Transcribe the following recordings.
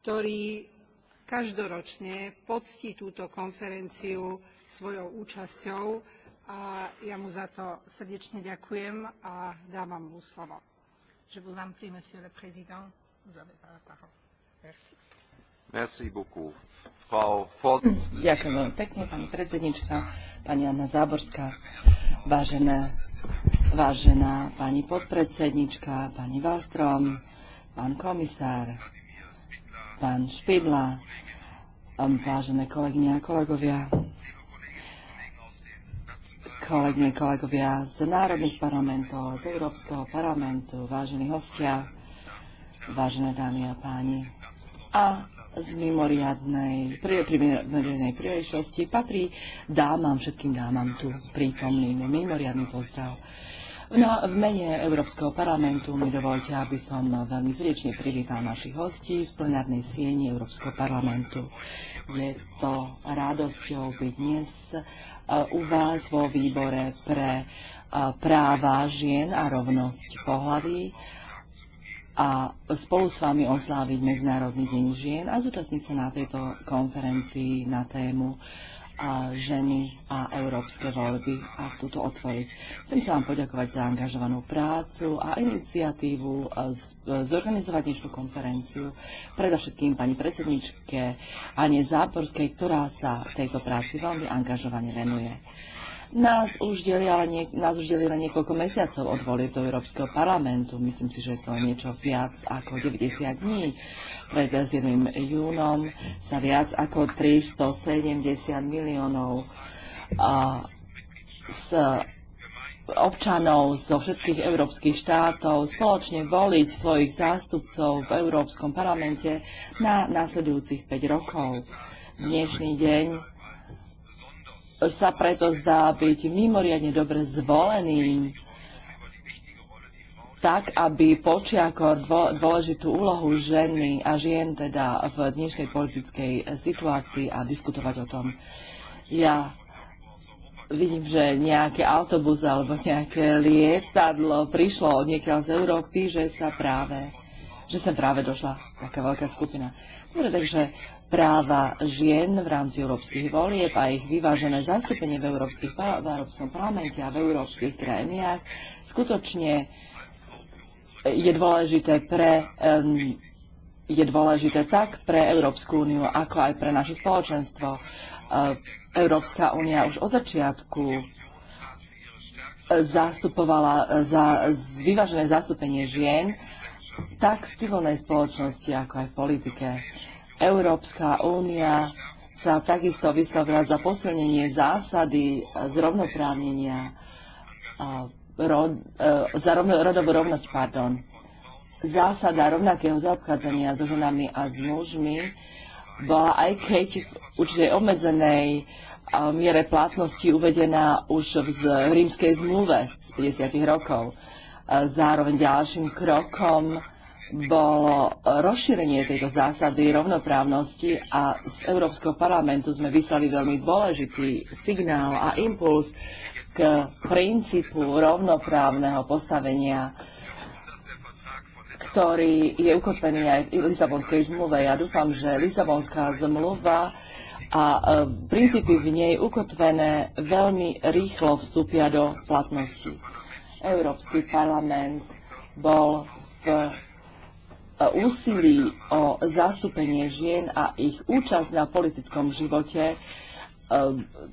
ktorý každoročne poctí túto konferenciu svojou účasťou a ja mu za to srdečne ďakujem a dávam mu slovo. Je vous en prie, monsieur le président, vous avez la parole. Merci. Merci beaucoup. Frau Ďakujem veľmi pekne, pani predsednička, pani Anna Záborská, vážená vážená pani podpredsednička, pani Valstrom, pán komisár, pán Špidla, um, vážené kolegyne a kolegovia, kolegyne, kolegovia z národných parlamentov, z Európskeho parlamentu, vážení hostia, vážené dámy a páni. A z mimoriadnej, pri, príležitosti patrí dámam, všetkým dámam tu prítomným mimoriadný pozdrav. Uh, No, v mene Európskeho parlamentu mi dovolte, aby som veľmi zriečne privítal našich hostí v plenárnej sieni Európskeho parlamentu. Je to radosťou byť dnes eh, u vás vo výbore pre eh, práva žien a rovnosť pohlaví a spolu s vami osláviť Medzinárodný deň žien a zúčastniť sa na tejto konferencii na tému uh, ženy a európske voľby a túto otvoriť. Chcem sa vám poďakovať za angažovanú prácu a iniciatívu e, e, zorganizovať dnešnú konferenciu, predovšetkým pani predsedničke Anie Záporskej, ktorá sa tejto práci veľmi angažovane venuje. Nás už delí, ale nie, nás už delí len niekoľko mesiacov od volieb do Európskeho parlamentu. Myslím si, že to je niečo viac ako 90 dní. Pred 7. júnom sa viac ako 370 miliónov a, s občanov zo všetkých európskych štátov spoločne voliť svojich zástupcov v Európskom parlamente na následujúcich 5 rokov. Dnešný deň sa preto zdá byť mimoriadne dobre zvoleným, tak aby počiakor dôležitú úlohu ženy a žien teda v dnešnej politickej situácii a diskutovať o tom. Ja vidím, že nejaký autobus alebo nejaké lietadlo prišlo od niekiaľ z Európy, že sa práve že sem práve došla taká veľká skupina. Dobre, takže práva žien v rámci európskych volieb a ich vyvážené zastúpenie v, európskych, v Európskom parlamente a v európskych krémiách skutočne eh, je dôležité pre je dôležité tak pre Európsku úniu, ako aj pre naše spoločenstvo. Eh, Európska únia už od začiatku eh, zastupovala za vyvážené zastúpenie žien tak v civilnej spoločnosti, ako aj v politike. Európska únia sa takisto vyslovila za posilnenie zásady zrovnoprávnenia, e, za rodovú rovnosť, pardon. Zásada rovnakého zaobchádzania so ženami a s mužmi bola aj keď v určitej obmedzenej e, miere platnosti uvedená už v rímskej zmluve z 50 rokov. E, zároveň ďalším krokom bolo rozšírenie tejto zásady rovnoprávnosti a z Európskeho parlamentu sme vyslali veľmi dôležitý signál a impuls k princípu rovnoprávneho postavenia ktorý je ukotvený aj v Lisabonskej zmluve. Ja dúfam, že Lisabonská zmluva a e, princípy v nej ukotvené veľmi rýchlo vstúpia do platnosti. Európsky parlament bol v úsilí o zastúpenie žien a ich účasť na politickom živote e,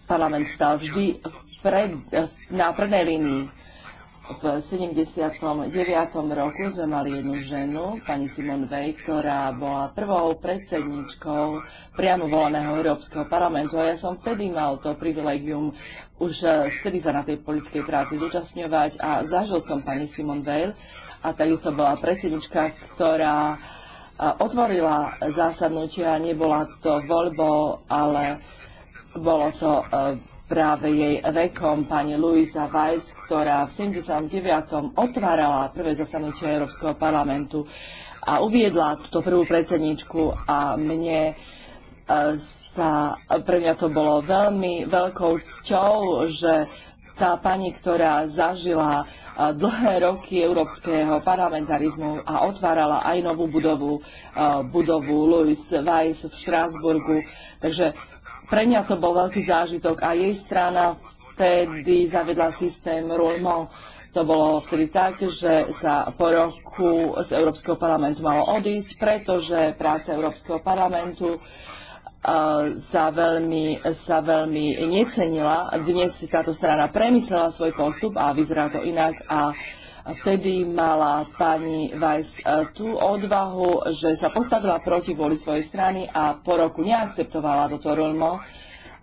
parlament stal vždy pred, na prvnej línii. V 79. roku sme mali jednu ženu, pani Simon Vej, ktorá bola prvou predsedničkou priamo voleného Európskeho parlamentu. A ja som vtedy mal to privilegium už e, vtedy sa na tej politickej práci zúčastňovať a zažil som pani Simon Veil, a takisto bola predsednička, ktorá otvorila zásadnutia. Nebola to voľbou, ale bolo to e, práve jej vekom pani Luisa Weiss, ktorá v 79. otvárala prvé zasadnutie Európskeho parlamentu a uviedla túto prvú predsedničku a mne e, sa, pre mňa to bolo veľmi veľkou cťou, že tá pani, ktorá zažila dlhé roky európskeho parlamentarizmu a otvárala aj novú budovu, budovu Louis Weiss v Štrásburgu. Takže pre mňa to bol veľký zážitok a jej strana vtedy zavedla systém Rulmo. to bolo vtedy tak, že sa po roku z Európskeho parlamentu malo odísť, pretože práca Európskeho parlamentu uh, sa veľmi, sa veľmi necenila. Dnes si táto strana premyslela svoj postup a vyzerá to inak a vtedy mala pani Weiss e, tú odvahu, že sa postavila proti voli svojej strany a po roku neakceptovala toto Rolmo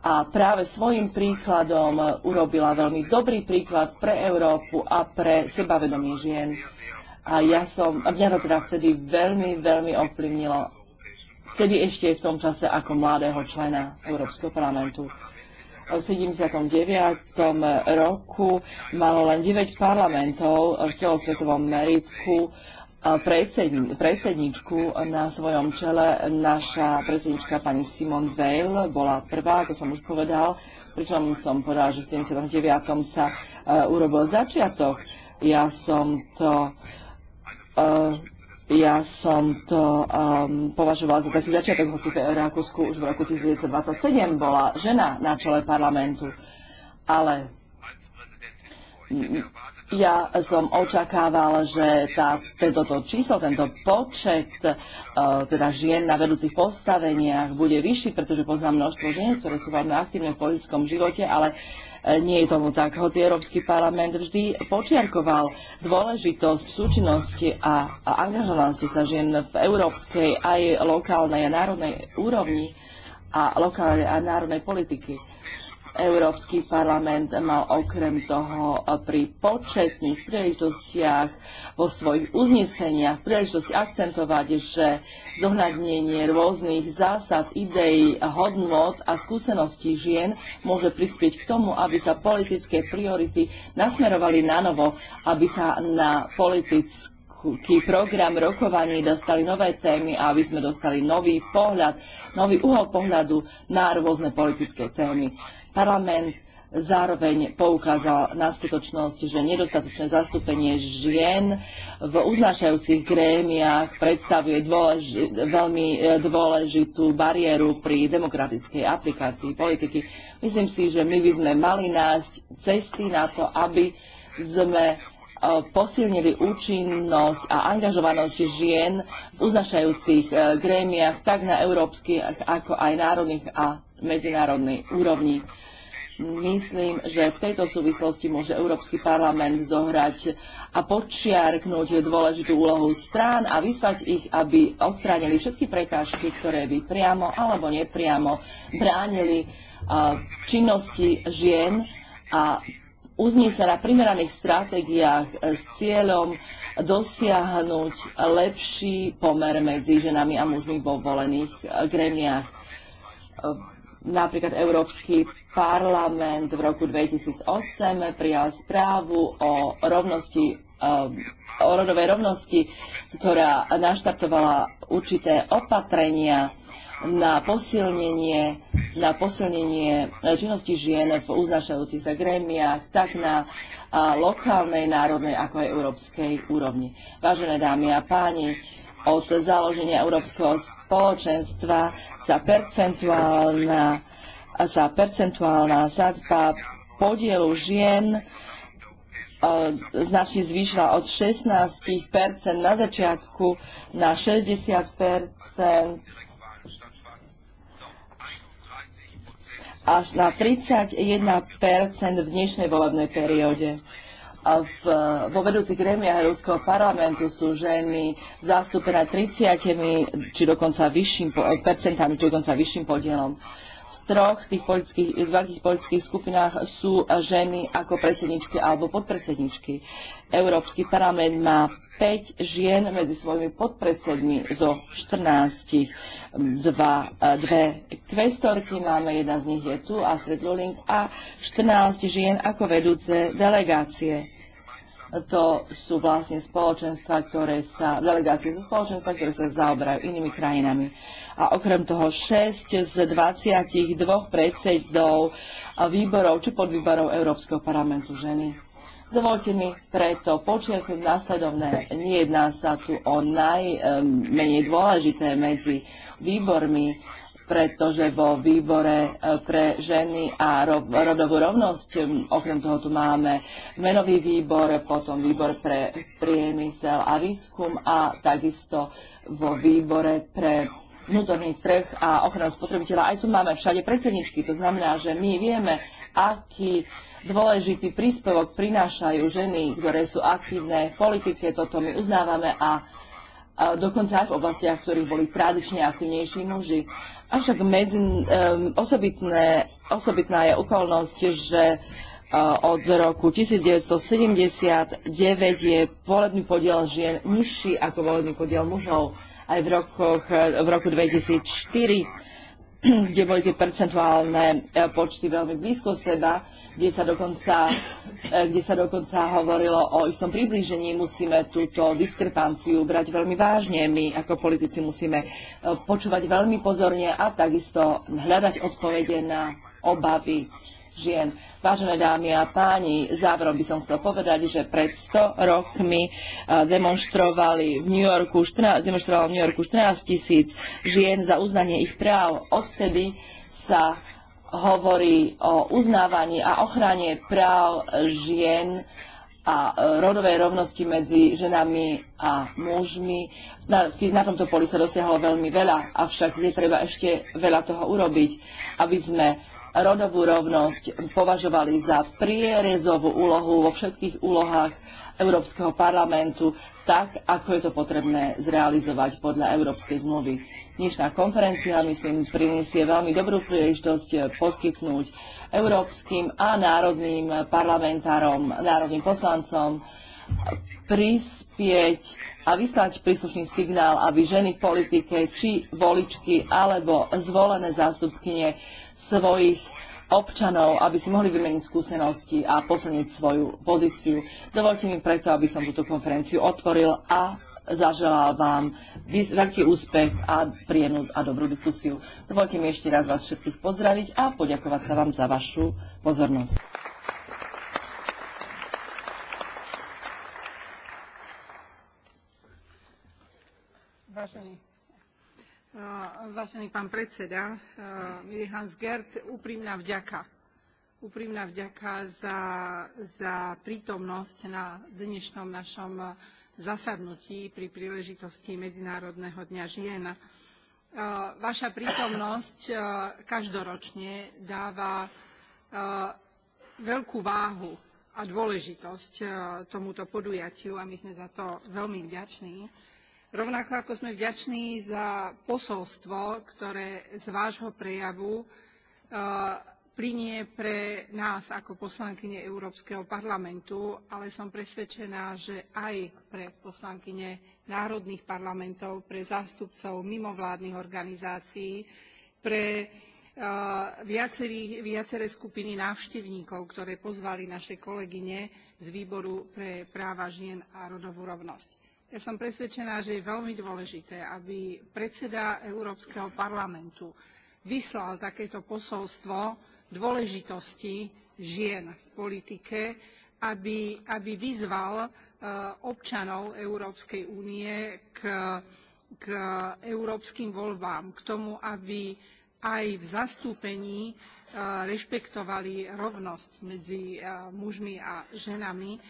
a práve svojim príkladom urobila veľmi dobrý príklad pre Európu a pre sebavedomie žien. A ja som, mňa to teda vtedy veľmi, veľmi ovplyvnilo vtedy ešte v tom čase ako mladého člena Európskeho parlamentu. V 79. roku malo len 9 parlamentov v celosvetovom meritku a predsedničku na svojom čele. Naša predsednička pani Simon Veil bola prvá, ako som už povedal, pričom som povedal, že v 79. sa e, urobil začiatok. Ja som to e, ja som to um, považovala za taký začiatok, hoci v Rakúsku už v roku 1927 bola žena na čele parlamentu. Ale ja som očakával, že tá, toto číslo, tento počet uh, teda žien na vedúcich postaveniach bude vyšší, pretože poznám množstvo žien, ktoré sú veľmi aktívne v politickom živote, ale e, nie je tomu tak, hoci Európsky parlament vždy počiarkoval dôležitosť súčinnosti a, a angažovanosti sa žien v európskej, aj lokálnej a národnej úrovni a lokálnej a národnej politiky. Európsky parlament mal okrem toho e, pri početných príležitostiach vo svojich uzneseniach príležitosť akcentovať, že zohľadnenie rôznych zásad, ideí, hodnot a skúseností žien môže prispieť k tomu, aby sa politické priority nasmerovali na novo, aby sa na politické program rokovaní dostali nové témy a aby sme dostali nový pohľad, nový uhol pohľadu na rôzne politické témy. Parlament zároveň poukázal na skutočnosť, že nedostatočné zastúpenie žien v uznášajúcich grémiách predstavuje dôleži- veľmi e, dôležitú bariéru pri demokratickej aplikácii politiky. Myslím si, že my by sme mali nájsť cesty na to, aby sme e, posilnili účinnosť a angažovanosť žien v uznašajúcich e, grémiách tak na európskych, ako aj národných a medzinárodnej úrovni. Myslím, že v tejto súvislosti môže Európsky parlament zohrať a počiarknúť dôležitú úlohu strán a vyslať ich, aby odstránili všetky prekážky, ktoré by priamo alebo nepriamo bránili činnosti žien a uzní sa na primeraných stratégiách s cieľom dosiahnuť lepší pomer medzi ženami a mužmi vo volených eh, gremiách Napríklad Európsky parlament v roku 2008 prijal správu o rovnosti ehm, o rodovej rovnosti, ktorá naštartovala určité opatrenia na posilnenie, na posilnenie e, činnosti žien v uznašajúcich sa grémiách, tak na lokálnej, národnej, ako aj európskej úrovni. Vážené dámy a páni, od založenia Európskeho spoločenstva sa percentuálna, sa percentuálna sadzba podielu žien e, značne zvýšila od 16 na začiatku na 60 až na 31 v dnešnej volebnej perióde v, eh, vo vedúcich gremiách Európskeho parlamentu sú ženy zastúpené 30 či dokonca vyšším, percentami, či dokonca vyšším podielom. Uh, troch tých politických, veľkých politických skupinách sú ženy ako predsedničky alebo podpredsedničky. Európsky parlament má 5 žien medzi svojimi podpredsedmi zo 14. Dva, dve kvestorky máme, jedna z nich je tu, Astrid Luling, a 14 žien ako vedúce delegácie to sú vlastne spoločenstva, ktoré sa, delegácie sú spoločenstva, ktoré sa zaoberajú inými krajinami. A okrem toho 6 z 22 predsedov výborov či podvýborov Európskeho parlamentu ženy. Dovolte mi preto počiatku následovné. Nejedná sa tu o najmenej dôležité medzi výbormi pretože vo výbore e, pre ženy a rodovú rovnosť, okrem toho tu máme menový výbor, potom výbor pre priemysel a výskum a takisto vo výbore pre vnútorný trh a ochranu spotrebiteľa. Aj tu máme všade predsedničky, to znamená, že my vieme, aký dôležitý príspevok prinášajú ženy, ktoré sú aktívne v politike, toto my uznávame a dokonca aj v oblastiach, ktorých boli tradične aktivnejší muži. Avšak medzi, um, osobitné, osobitná je okolnosť, že e, od roku 1979 je volebný podiel žien nižší ako volebný podiel mužov. Aj v, rokoch, e, v roku 2004 kde boli tie percentuálne e, počty veľmi blízko seba, kde sa dokonca, e, kde sa dokonca hovorilo o istom priblížení. Musíme túto diskrepanciu brať veľmi vážne. My ako politici musíme e, počúvať veľmi pozorne a takisto hľadať odpovede na obavy žien. Vážené dámy a páni, záverom by som chcel povedať, že pred 100 rokmi eh, demonstrovali v New Yorku 14, demonstrovalo v New Yorku 14 tisíc žien za uznanie ich práv. Odvtedy sa hovorí o uznávaní a ochrane práv žien a eh, rodovej rovnosti medzi ženami a mužmi. Na, na tomto poli sa dosiahlo veľmi veľa, avšak je treba ešte veľa toho urobiť, aby sme rodovú rovnosť považovali za prierezovú úlohu vo všetkých úlohách Európskeho parlamentu, tak ako je to potrebné zrealizovať podľa Európskej zmluvy. Dnešná konferencia, myslím, priniesie veľmi dobrú príležitosť poskytnúť európskym a národným parlamentárom, národným poslancom prispieť a vyslať príslušný signál, aby ženy v politike, či voličky alebo zvolené zástupkynie svojich občanov, aby si mohli vymeniť skúsenosti a posilniť svoju pozíciu. Dovolte mi preto, aby som túto konferenciu otvoril a zaželal vám veľký úspech a príjemnú a dobrú diskusiu. Dovolte mi ešte raz vás všetkých pozdraviť a poďakovať sa vám za vašu pozornosť. Vážený Eh, vážený pán predseda, eh, milý Hans Gert, úprimná vďaka. Úprimná vďaka za, za prítomnosť na dnešnom našom eh, zasadnutí pri príležitosti Medzinárodného dňa žien. Vaša prítomnosť každoročne dáva veľkú váhu a dôležitosť tomuto podujatiu a my sme za to veľmi vďační Rovnako ako sme vďační za posolstvo, ktoré z vášho prejavu e, plinie pre nás ako poslankyne Európskeho parlamentu, ale som presvedčená, že aj pre poslankyne národných parlamentov, pre zástupcov mimovládnych organizácií, pre e, viaceré skupiny návštevníkov, ktoré pozvali naše kolegyne z Výboru pre práva žien a rodovú rovnosť ja som presvedčená, že je veľmi dôležité, aby predseda Európskeho parlamentu vyslal takéto posolstvo dôležitosti žien v politike, aby, aby vyzval e, občanov Európskej únie k, k európskym voľbám, k tomu, aby aj v zastúpení e, rešpektovali rovnosť medzi e, mužmi a ženami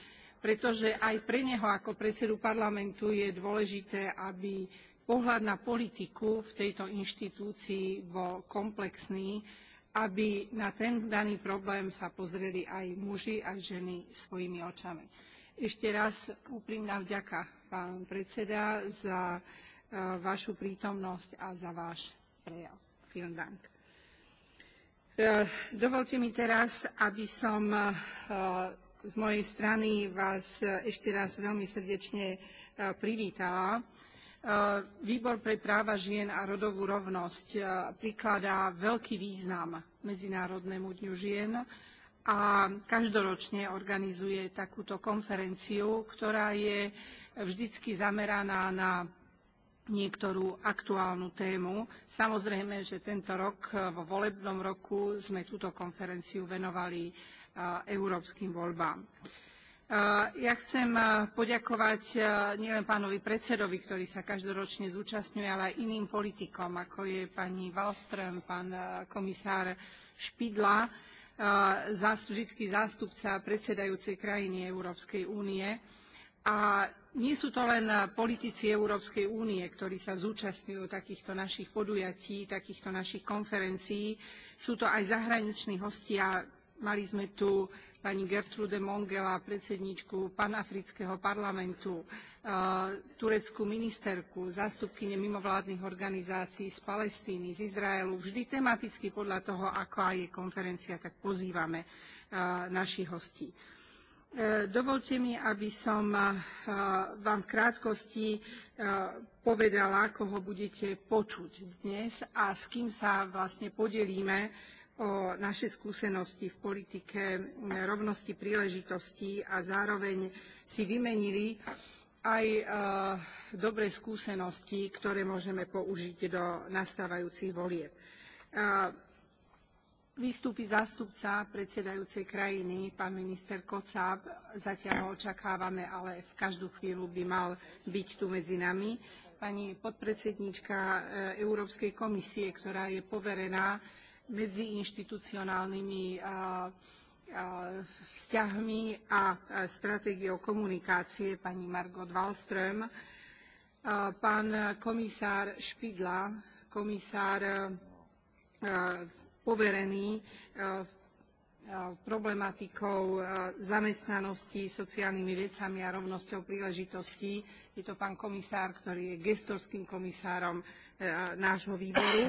pretože aj pre neho ako predsedu parlamentu je dôležité, aby pohľad na politiku v tejto inštitúcii bol komplexný, aby na ten daný problém sa pozreli aj muži, aj ženy svojimi očami. Ešte raz úprimná vďaka, pán predseda, za e, vašu prítomnosť a za váš prejav. Vielen Dank. E, dovolte mi teraz, aby som e, z mojej strany vás ešte raz veľmi srdečne e, privítala. E, výbor pre práva žien a rodovú rovnosť e, prikladá veľký význam Medzinárodnému dňu žien a každoročne organizuje takúto konferenciu, ktorá je vždycky zameraná na niektorú aktuálnu tému. Samozrejme, že tento rok, vo volebnom roku, sme túto konferenciu venovali európskym voľbám. Ja chcem poďakovať nielen pánovi predsedovi, ktorý sa každoročne zúčastňuje, ale aj iným politikom, ako je pani Wallström, pán komisár Špidla, vždycky zástupca predsedajúcej krajiny Európskej únie. A nie sú to len politici Európskej únie, ktorí sa zúčastňujú takýchto našich podujatí, takýchto našich konferencií. Sú to aj zahraniční hostia Mali sme tu pani Gertrude Mongela, predsedničku panafrického parlamentu, e, tureckú ministerku, zástupkyne mimovládnych organizácií z Palestíny, z Izraelu. Vždy tematicky podľa toho, aká je konferencia, tak pozývame e, našich hostí. E, dovolte mi, aby som vám v krátkosti povedala, koho budete počuť dnes a s kým sa vlastne podelíme o naše skúsenosti v politike rovnosti príležitostí a zároveň si vymenili aj e, dobré skúsenosti, ktoré môžeme použiť do nastávajúcich volieb. Výstupy e, vystúpi zástupca predsedajúcej krajiny, pán minister Kocáb. Zatiaľ ho očakávame, ale v každú chvíľu by mal byť tu medzi nami. Pani podpredsedníčka e, Európskej komisie, ktorá je poverená medziinštitucionálnymi vzťahmi a stratégiou komunikácie pani Margot Wallström. Pán komisár Špidla, komisár poverený problematikou zamestnanosti, sociálnymi vecami a rovnosťou príležitostí. Je to pán komisár, ktorý je gestorským komisárom e, nášho výboru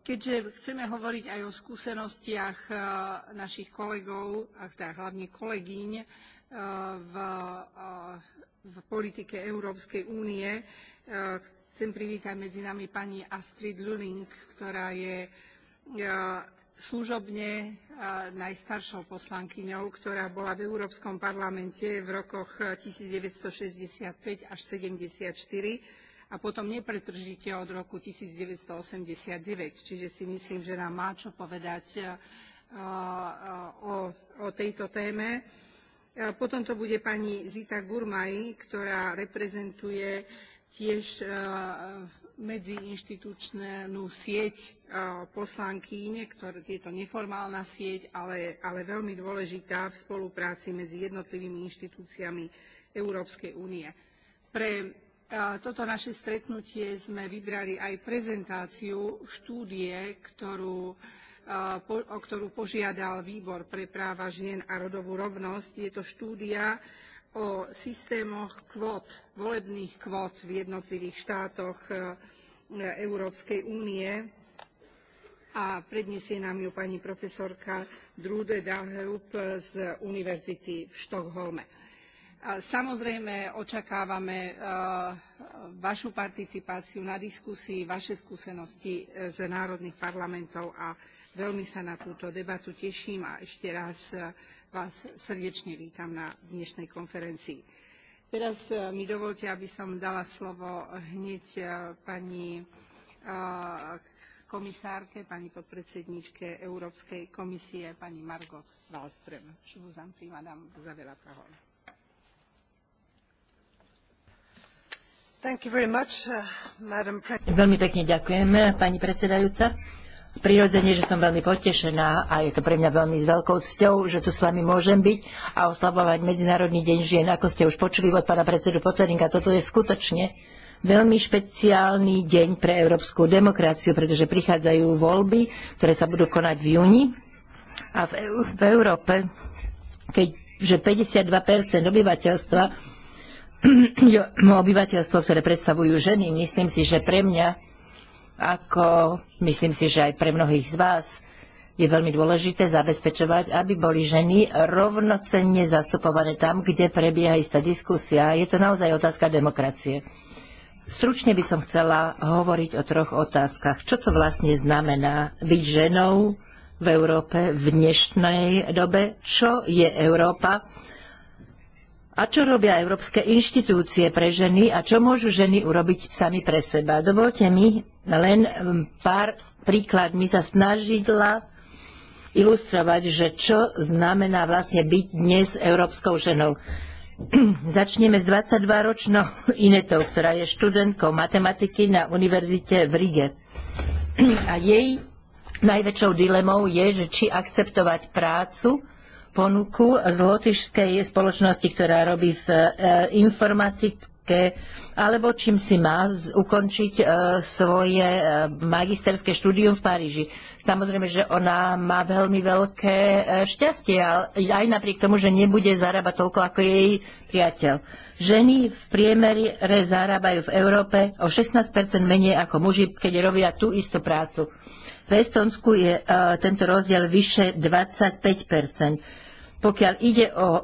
keďže chceme hovoriť aj o skúsenostiach e, našich kolegov, a teda hlavne kolegyň e, v, e, v politike Európskej únie, chcem privítať medzi nami pani Astrid Lulling, ktorá je služobne najstaršou poslankyňou, ktorá bola v Európskom parlamente v rokoch 1965 až 1974 a potom nepretržite od roku 1989. Čiže si myslím, že nám má čo povedať e, e, o, o tejto téme. E, potom to bude pani Zita Gurmaj, ktorá reprezentuje tiež medziinštitučnú sieť poslanky, niektoré je to neformálna sieť, ale, ale veľmi dôležitá v spolupráci medzi jednotlivými inštitúciami Európskej únie. Pre toto naše stretnutie sme vybrali aj prezentáciu štúdie, ktorú, o ktorú požiadal Výbor pre práva žien a rodovú rovnosť. Je to štúdia o systémoch kvót, volebných kvót v jednotlivých štátoch e, Európskej únie a predniesie nám ju pani profesorka Drude Dahlheup z Univerzity v Štokholme. Samozrejme, očakávame e, vašu participáciu na diskusii, vaše skúsenosti e, z národných parlamentov a veľmi sa na túto debatu teším a ešte raz e, vás srdečne vítam na dnešnej konferencii. Teraz mi dovolte, aby som dala slovo hneď pani komisárke, pani podpredsedničke Európskej komisie, pani Margot Wallström. Je vous en prie, madame, vous Uh, veľmi pekne ďakujem, uh, pani predsedajúca. Prirodzene, že som veľmi potešená a je to pre mňa veľmi veľkou cťou, že tu s vami môžem byť a oslavovať Medzinárodný deň žien, ako ste už počuli od pána predsedu Poteringa. Toto je skutočne veľmi špeciálny deň pre európsku demokraciu, pretože prichádzajú voľby, ktoré sa budú konať v júni a v, v Európe, keďže 52% obyvateľstva No, obyvateľstvo, ktoré predstavujú ženy. Myslím si, že pre mňa, ako myslím si, že aj pre mnohých z vás, je veľmi dôležité zabezpečovať, aby boli ženy rovnocenne zastupované tam, kde prebieha istá diskusia. Je to naozaj otázka demokracie. Stručne by som chcela hovoriť o troch otázkach. Čo to vlastne znamená byť ženou v Európe v dnešnej dobe? Čo je Európa? A čo robia európske inštitúcie pre ženy a čo môžu ženy urobiť sami pre seba? Dovolte mi len um, pár príklad mi sa snažila ilustrovať, že čo znamená vlastne byť dnes európskou ženou. Začneme s 22-ročnou Inetou, ktorá je študentkou matematiky na univerzite v Rige. a jej najväčšou dilemou je, že či akceptovať prácu, ponuku z lotyšskej spoločnosti, ktorá robí v e, informatike, alebo čím si má ukončiť e, svoje e, magisterské štúdium v Paríži. Samozrejme, že ona má veľmi veľké šťastie, ale aj napriek tomu, že nebude zarábať toľko ako jej priateľ. Ženy v priemere zarábajú v Európe o 16 menej ako muži, keď robia tú istú prácu. V Estonsku je uh, tento rozdiel vyše 25 pokiaľ ide o e,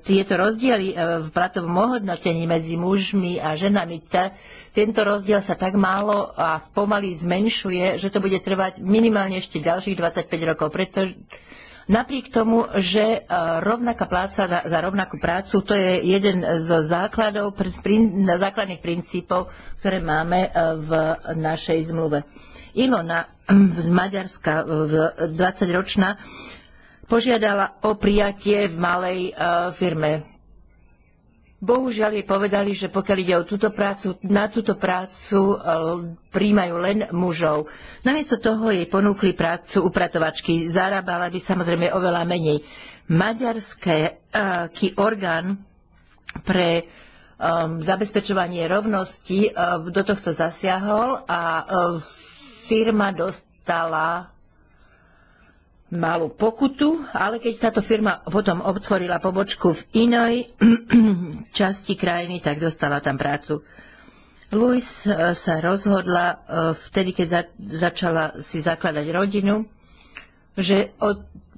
tieto rozdiely e, v platovom ohodnotení medzi mužmi a ženami, tento rozdiel sa tak málo a pomaly zmenšuje, že to bude trvať minimálne ešte ďalších 25 rokov, pretože Napriek tomu, že e, rovnaká pláca za rovnakú prácu, to je jeden zo základov, no, základných princípov, ktoré máme v našej zmluve. Ilona z Maďarska, 20-ročná, požiadala o prijatie v malej e, firme. Bohužiaľ jej povedali, že pokiaľ ide o túto prácu, na túto prácu e, príjmajú len mužov. Namiesto toho jej ponúkli prácu upratovačky. Zarábala by samozrejme oveľa menej. Maďarské uh, orgán pre um, zabezpečovanie rovnosti uh, do tohto zasiahol a uh, firma dostala malú pokutu, ale keď táto firma potom otvorila pobočku v inej časti krajiny, tak dostala tam prácu. Louis e, sa rozhodla e, vtedy, keď začala si zakladať rodinu, že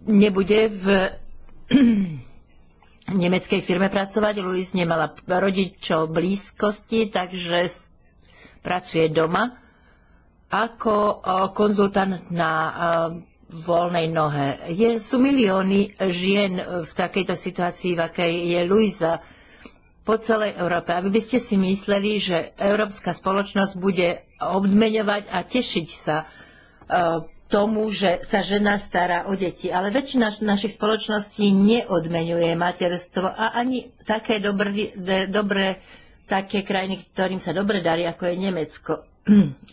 nebude v nemeckej firme pracovať. Louis nemala rodičov blízkosti, takže pracuje doma ako e, konzultant na voľnej nohe. Je, sú milióny žien v takejto situácii, v akej je Luisa po celej Európe. Aby by ste si mysleli, že európska spoločnosť bude obmeňovať a tešiť sa uh, tomu, že sa žena stará o deti. Ale väčšina našich spoločností neodmenuje materstvo a ani také dobré, dobré také krajiny, ktorým sa dobre darí, ako je Nemecko.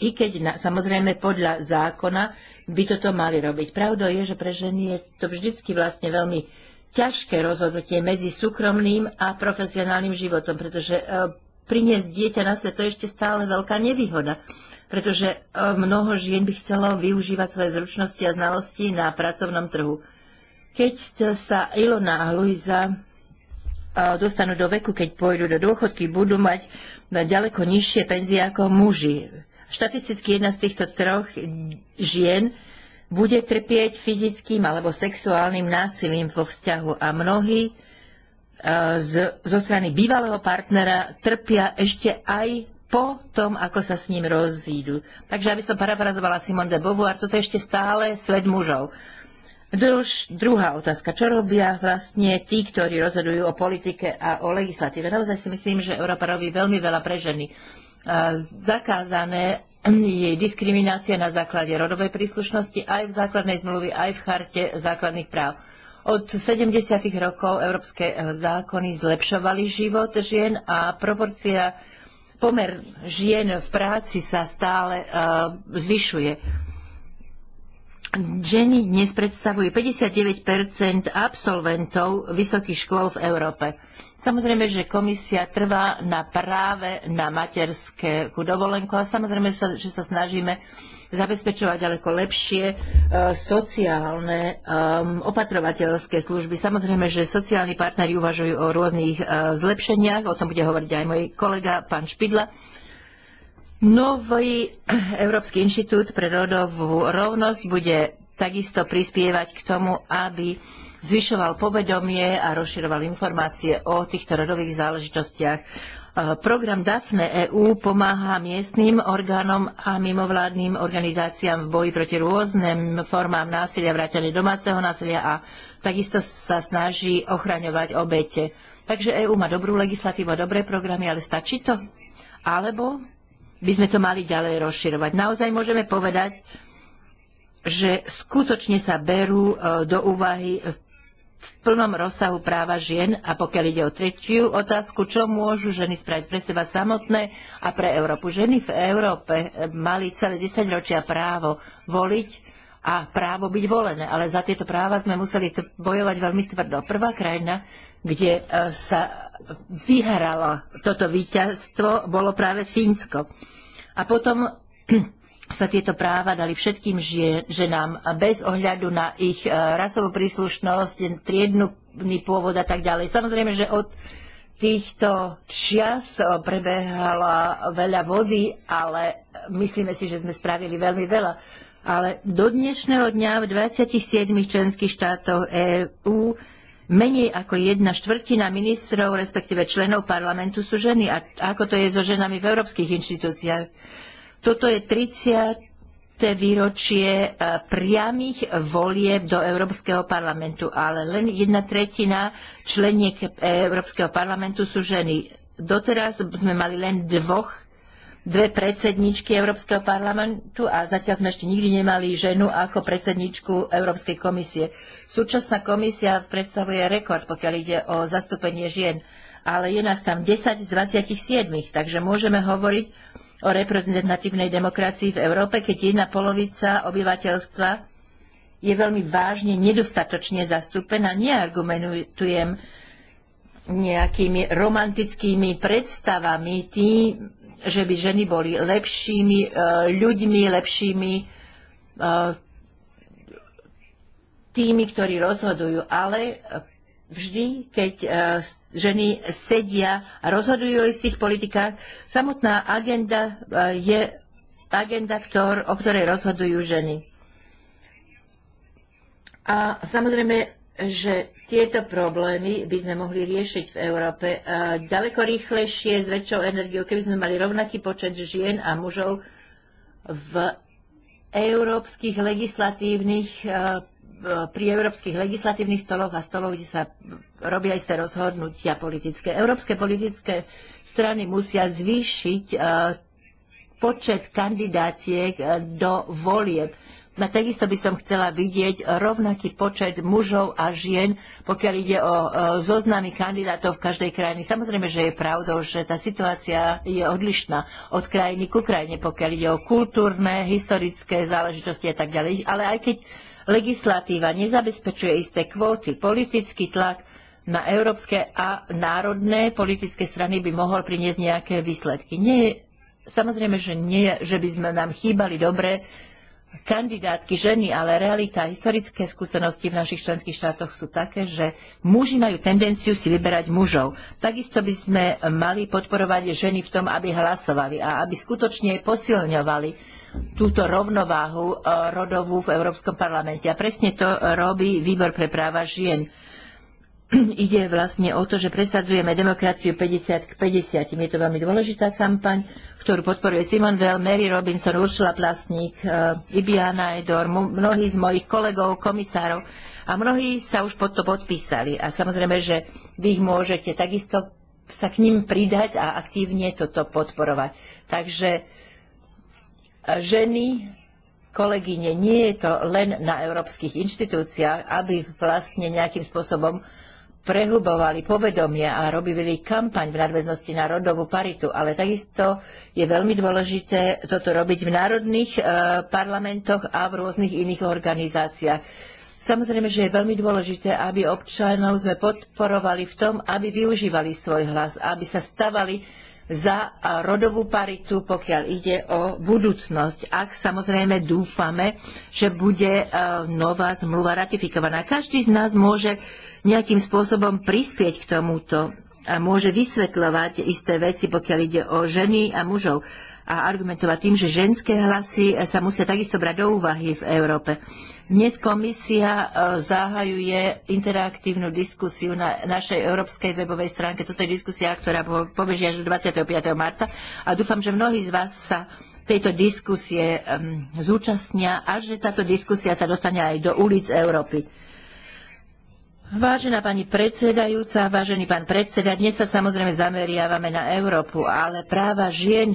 I keď na, samozrejme podľa zákona by toto mali robiť. Pravdou je, že pre ženy je to vždycky vlastne veľmi ťažké rozhodnutie medzi súkromným a profesionálnym životom, pretože e, priniesť dieťa na svet to je ešte stále veľká nevýhoda, pretože e, mnoho žien by chcelo využívať svoje zručnosti a znalosti na pracovnom trhu. Keď sa Ilona a Luisa e, dostanú do veku, keď pôjdu do dôchodky, budú mať ďaleko nižšie penzie ako muži štatisticky jedna z týchto troch žien bude trpieť fyzickým alebo sexuálnym násilím vo vzťahu a mnohí e, z, zo strany bývalého partnera trpia ešte aj po tom, ako sa s ním rozídu. Takže aby som parafrazovala Simone de Beauvoir, toto je ešte stále svet mužov. Druž, druhá otázka. Čo robia vlastne tí, ktorí rozhodujú o politike a o legislatíve? Naozaj si myslím, že Európa robí veľmi veľa pre ženy zakázané je diskriminácia na základe rodovej príslušnosti aj v základnej zmluve, aj v charte základných práv. Od 70. rokov európske e, zákony zlepšovali život žien a proporcia pomer žien v práci sa stále uh, zvyšuje. Ženy dnes predstavujú 59 absolventov vysokých škôl v Európe. Samozrejme, že komisia trvá na práve na materské dovolenku a samozrejme, že sa snažíme zabezpečovať ďaleko lepšie e, sociálne e, opatrovateľské služby. Samozrejme, že sociálni partneri uvažujú o rôznych e, zlepšeniach, o tom bude hovoriť aj môj kolega, pán Špidla. Nový Európsky inštitút pre rodovú rovnosť bude takisto prispievať k tomu, aby zvyšoval povedomie a rozširoval informácie o týchto rodových záležitostiach. E, program DAFNE EU pomáha miestnym orgánom a mimovládnym organizáciám v boji proti rôznym formám násilia, vrátane domáceho násilia a takisto sa snaží ochraňovať obete. Takže EÚ má dobrú legislatívu a dobré programy, ale stačí to? Alebo by sme to mali ďalej rozširovať? Naozaj môžeme povedať, že skutočne sa berú e, do úvahy v plnom rozsahu práva žien a pokiaľ ide o tretiu otázku, čo môžu ženy spraviť pre seba samotné a pre Európu. Ženy v Európe eh, mali celé 10 ročia právo voliť a právo byť volené, ale za tieto práva sme museli bojovať veľmi tvrdo. Prvá krajina, kde eh, sa vyhralo toto víťazstvo, bolo práve Fínsko. A potom sa tieto práva dali všetkým ženám bez ohľadu na ich e, rasovú príslušnosť, triedny pôvod a tak ďalej. Samozrejme, že od týchto čias e, prebehala veľa vody, ale myslíme si, že sme spravili veľmi veľa. Ale do dnešného dňa v 27 členských štátoch EÚ menej ako jedna štvrtina ministrov, respektíve členov parlamentu sú ženy. A ako to je so ženami v európskych inštitúciách? Toto je 30 výročie e, priamých volieb do Európskeho parlamentu, ale len jedna tretina členiek e, Európskeho parlamentu sú ženy. Doteraz sme mali len dvoch dve predsedničky Európskeho parlamentu a zatiaľ sme ešte nikdy nemali ženu ako predsedničku Európskej komisie. Súčasná komisia predstavuje rekord, pokiaľ ide o zastúpenie žien, ale je nás tam 10 z 27, takže môžeme hovoriť o reprezentatívnej demokracii v Európe, keď jedna polovica obyvateľstva je veľmi vážne nedostatočne zastúpená. Neargumentujem nejakými romantickými predstavami tým, že by ženy boli lepšími e, ľuďmi, lepšími e, tými, ktorí rozhodujú, ale vždy, keď e, ženy sedia a rozhodujú o istých politikách, samotná agenda e, je agenda, ktor, o ktorej rozhodujú ženy. A samozrejme, že tieto problémy by sme mohli riešiť v Európe e, ďaleko rýchlejšie, s väčšou energiou, keby sme mali rovnaký počet žien a mužov v európskych legislatívnych pri európskych legislatívnych stoloch a stoloch, kde sa robia isté rozhodnutia politické. Európske politické strany musia zvýšiť e, počet kandidátiek e, do volieb. A takisto by som chcela vidieť rovnaký počet mužov a žien, pokiaľ ide o e, zoznamy kandidátov v každej krajine. Samozrejme, že je pravdou, že tá situácia je odlišná od krajiny ku krajine, pokiaľ ide o kultúrne, historické záležitosti a tak ďalej. Ale aj keď legislatíva nezabezpečuje isté kvóty, politický tlak na európske a národné politické strany by mohol priniesť nejaké výsledky. Nie, samozrejme, že nie, že by sme nám chýbali dobre kandidátky ženy, ale realita a historické skúsenosti v našich členských štátoch sú také, že muži majú tendenciu si vyberať mužov. Takisto by sme mali podporovať ženy v tom, aby hlasovali a aby skutočne posilňovali túto rovnováhu e, rodovú v Európskom parlamente. A presne to robí Výbor pre práva žien. Ide vlastne o to, že presadzujeme demokraciu 50 k 50. Je to veľmi dôležitá kampaň, ktorú podporuje Simon Vell, Mary Robinson, Ursula Plastník, e, Ibiana Edor, mnohí z mojich kolegov, komisárov. A mnohí sa už pod to podpísali. A samozrejme, že vy ich môžete takisto sa k ním pridať a aktívne toto podporovať. Takže ženy, kolegyne, nie je to len na európskych inštitúciách, aby vlastne nejakým spôsobom prehubovali povedomie a robili kampaň v nadväznosti na rodovú paritu, ale takisto je veľmi dôležité toto robiť v národných e, parlamentoch a v rôznych iných organizáciách. Samozrejme, že je veľmi dôležité, aby občanov sme podporovali v tom, aby využívali svoj hlas, aby sa stavali za rodovú paritu, pokiaľ ide o budúcnosť. Ak samozrejme dúfame, že bude e, nová zmluva ratifikovaná. Každý z nás môže nejakým spôsobom prispieť k tomuto a môže vysvetľovať isté veci, pokiaľ ide o ženy a mužov a argumentovať tým, že ženské hlasy sa musia takisto brať do úvahy v Európe. Dnes komisia eh, zahajuje interaktívnu diskusiu na našej európskej webovej stránke. Toto je diskusia, ktorá pobeží až do 25. marca a dúfam, že mnohí z vás sa tejto diskusie um, zúčastnia a že táto diskusia sa dostane aj do ulic Európy. Vážená pani predsedajúca, vážený pán predseda, dnes sa samozrejme zameriavame na Európu, ale práva žien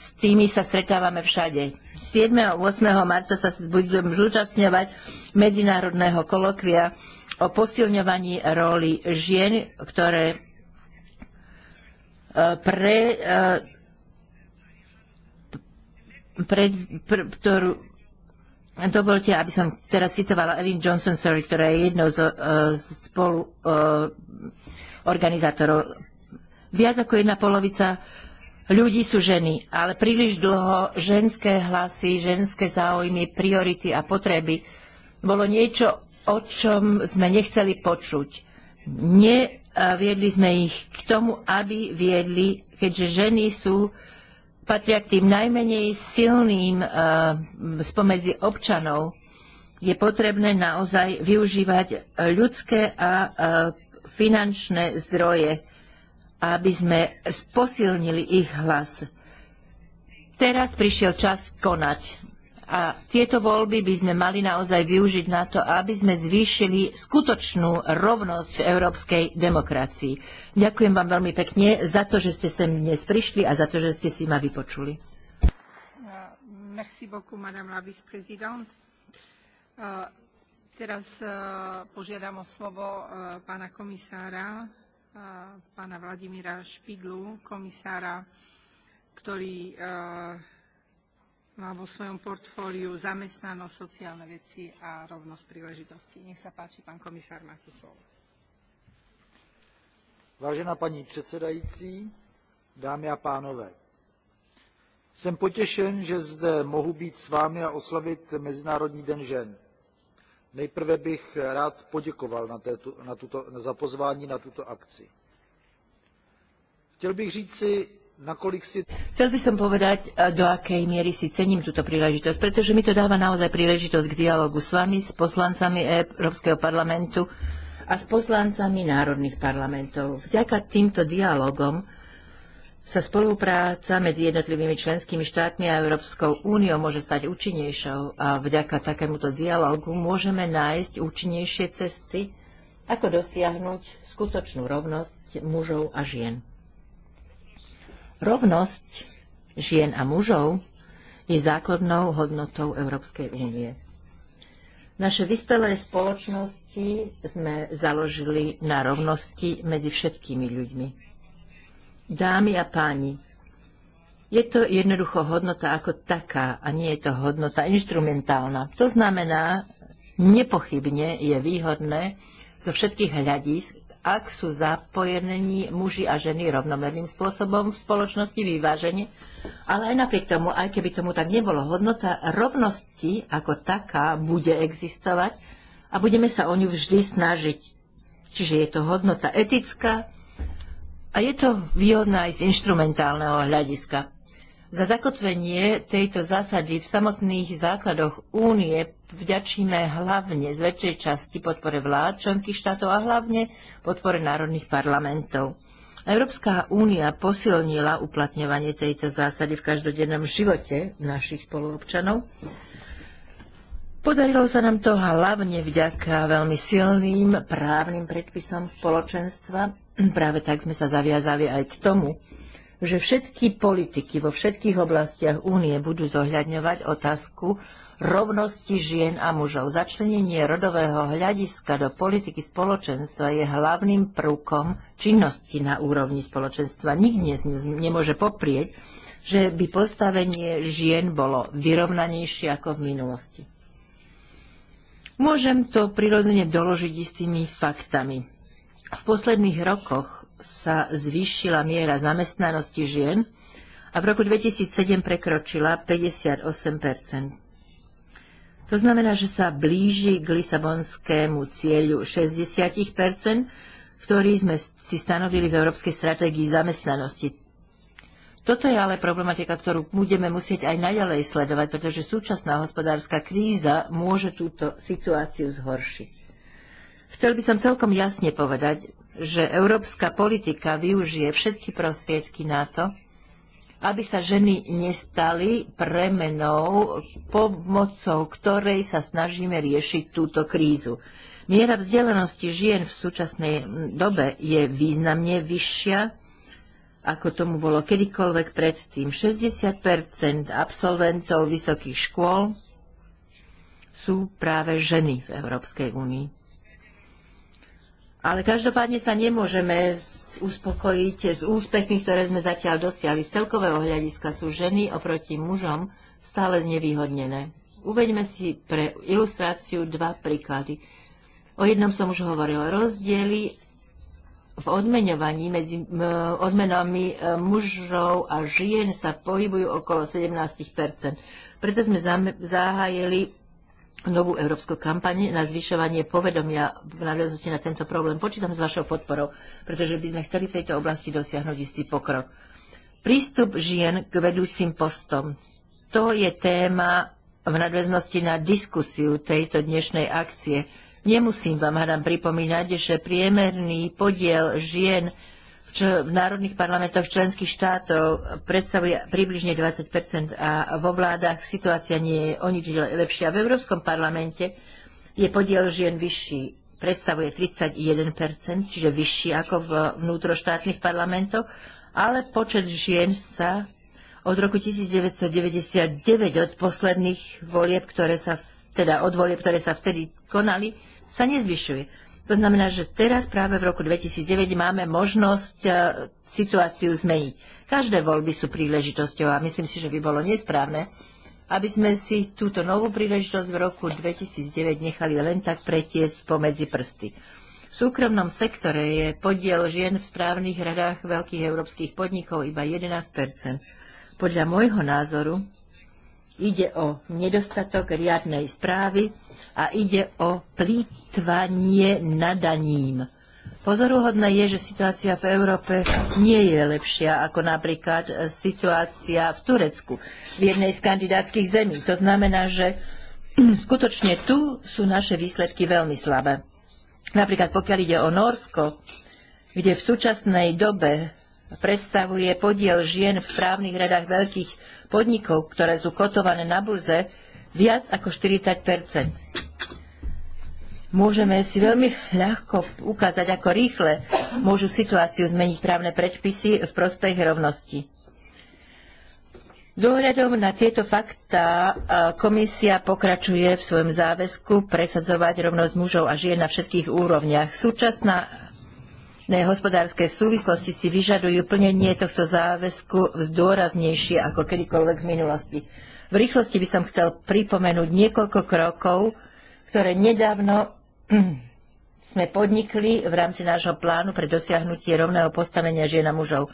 s tými sa stretávame všade. 7. a 8. marca sa budem zúčastňovať medzinárodného kolokvia o posilňovaní roli žien, ktoré e, pre, e, pre, pre ktorú, Dovolte, aby som teraz citovala Ellen Johnson, sorry, ktorá je jednou z, z e, spolu uh, organizátorov. Viac ako jedna polovica uh, ľudí sú ženy, ale príliš dlho ženské hlasy, ženské záujmy, priority a potreby bolo niečo, o čom sme nechceli počuť. Neviedli sme ich k tomu, aby viedli, keďže ženy sú patria k tým najmenej silným uh, spomedzi občanov, je potrebné naozaj využívať ľudské a uh, finančné zdroje aby sme posilnili ich hlas. Teraz prišiel čas konať. A tieto voľby by sme mali naozaj využiť na to, aby sme zvýšili skutočnú rovnosť v európskej demokracii. Ďakujem vám veľmi pekne za to, že ste sem dnes prišli a za to, že ste si ma vypočuli. Merci beaucoup, madame la vice-présidente. Uh, teraz uh, požiadam o slovo uh, pána komisára pána Vladimíra Špidlu, komisára, ktorý e, má vo svojom portfóliu zamestnanosť, sociálne veci a rovnosť príležitostí. Nech sa páči, pán komisár, máte slovo. Vážená paní předsedající, dámy a pánové, jsem potěšen, že zde mohu být s vámi a oslavit Mezinárodní den žen Nejprve bych rád poděkoval na na tuto, za pozvání na tuto akci. Chtěl bych říci, nakolik si... Chcel by som povedať, eh, do akej miery si cením túto príležitosť, pretože mi to dáva naozaj príležitosť k dialogu s vami, s poslancami Európskeho parlamentu a s poslancami národných parlamentov. Vďaka týmto dialogom sa spolupráca medzi jednotlivými členskými štátmi a Európskou úniou môže stať účinnejšou a vďaka takémuto dialogu môžeme nájsť účinnejšie cesty, ako dosiahnuť skutočnú rovnosť mužov a žien. Rovnosť žien a mužov je základnou hodnotou Európskej únie. Naše vyspelé spoločnosti sme založili na rovnosti medzi všetkými ľuďmi. Dámy a páni, je to jednoducho hodnota ako taká a nie je to hodnota instrumentálna. To znamená, nepochybne je výhodné zo všetkých hľadísk, ak sú zapojení muži a ženy rovnomerným spôsobom v spoločnosti vyváženie, ale aj napriek tomu, aj keby tomu tak nebolo, hodnota rovnosti ako taká bude existovať a budeme sa o ňu vždy snažiť. Čiže je to hodnota etická, a je to výhodné aj z inštrumentálneho hľadiska. Za zakotvenie tejto zásady v samotných základoch únie vďačíme hlavne z väčšej časti podpore vlád členských štátov a hlavne podpore národných parlamentov. Európska únia posilnila uplatňovanie tejto zásady v každodennom živote našich spoluobčanov. Podarilo sa nám to hlavne vďaka veľmi silným právnym predpisom spoločenstva práve tak sme sa zaviazali aj k tomu, že všetky politiky vo všetkých oblastiach únie budú zohľadňovať otázku rovnosti žien a mužov. Začlenenie rodového hľadiska do politiky spoločenstva je hlavným prvkom činnosti na úrovni spoločenstva. Nikto nemôže poprieť, že by postavenie žien bolo vyrovnanejšie ako v minulosti. Môžem to prirodzene doložiť istými faktami. V posledných rokoch sa zvýšila miera zamestnanosti žien a v roku 2007 prekročila 58 To znamená, že sa blíži k lisabonskému cieľu 60 ktorý sme si stanovili v Európskej stratégii zamestnanosti. Toto je ale problematika, ktorú budeme musieť aj naďalej sledovať, pretože súčasná hospodárska kríza môže túto situáciu zhoršiť. Chcel by som celkom jasne povedať, že európska politika využije všetky prostriedky na to, aby sa ženy nestali premenou pomocou, ktorej sa snažíme riešiť túto krízu. Miera vzdelanosti žien v súčasnej dobe je významne vyššia, ako tomu bolo kedykoľvek predtým. 60 absolventov vysokých škôl sú práve ženy v Európskej únii. Ale každopádne sa nemôžeme uspokojiť s úspechmi, ktoré sme zatiaľ dosiahli. Z celkového hľadiska sú ženy oproti mužom stále znevýhodnené. Uveďme si pre ilustráciu dva príklady. O jednom som už hovoril. Rozdiely v odmeňovaní medzi odmenami e, mužov a žien sa pohybujú okolo 17 Preto sme zahájili novú európsku kampaň na zvyšovanie povedomia v nadväznosti na tento problém. Počítam s vašou podporou, pretože by sme chceli v tejto oblasti dosiahnuť istý pokrok. Prístup žien k vedúcim postom. To je téma v nadväznosti na diskusiu tejto dnešnej akcie. Nemusím vám, hádam, pripomínať, že priemerný podiel žien v národných parlamentoch členských štátov predstavuje približne 20 a vo vládach situácia nie je o nič lepšia. V Európskom parlamente je podiel žien vyšší, predstavuje 31 čiže vyšší ako v vnútroštátnych parlamentoch, ale počet žien sa od roku 1999, od posledných volieb, ktoré sa, teda od volieb, ktoré sa vtedy konali, sa nezvyšuje. To znamená, že teraz práve v roku 2009 máme možnosť e, situáciu zmeniť. Každé voľby sú príležitosťou a myslím si, že by bolo nesprávne, aby sme si túto novú príležitosť v roku 2009 nechali len tak pretiec pomedzi prsty. V súkromnom sektore je podiel žien v správnych radách veľkých európskych podnikov iba 11 Podľa môjho názoru ide o nedostatok riadnej správy a ide o plýtvanie nadaním. Pozoruhodné je, že situácia v Európe nie je lepšia ako napríklad situácia v Turecku, v jednej z kandidátskych zemí. To znamená, že skutočne tu sú naše výsledky veľmi slabé. Napríklad pokiaľ ide o Norsko, kde v súčasnej dobe predstavuje podiel žien v správnych radách veľkých podnikov, ktoré sú kotované na burze, viac ako 40 Môžeme si veľmi ľahko ukázať, ako rýchle môžu situáciu zmeniť právne predpisy v prospech rovnosti. Zohľadom na tieto fakta komisia pokračuje v svojom záväzku presadzovať rovnosť mužov a žien na všetkých úrovniach. Súčasná Vnútroštátne hospodárske súvislosti si vyžadujú plnenie tohto záväzku dôraznejšie ako kedykoľvek v minulosti. V rýchlosti by som chcel pripomenúť niekoľko krokov, ktoré nedávno sme podnikli v rámci nášho plánu pre dosiahnutie rovného postavenia žien a mužov.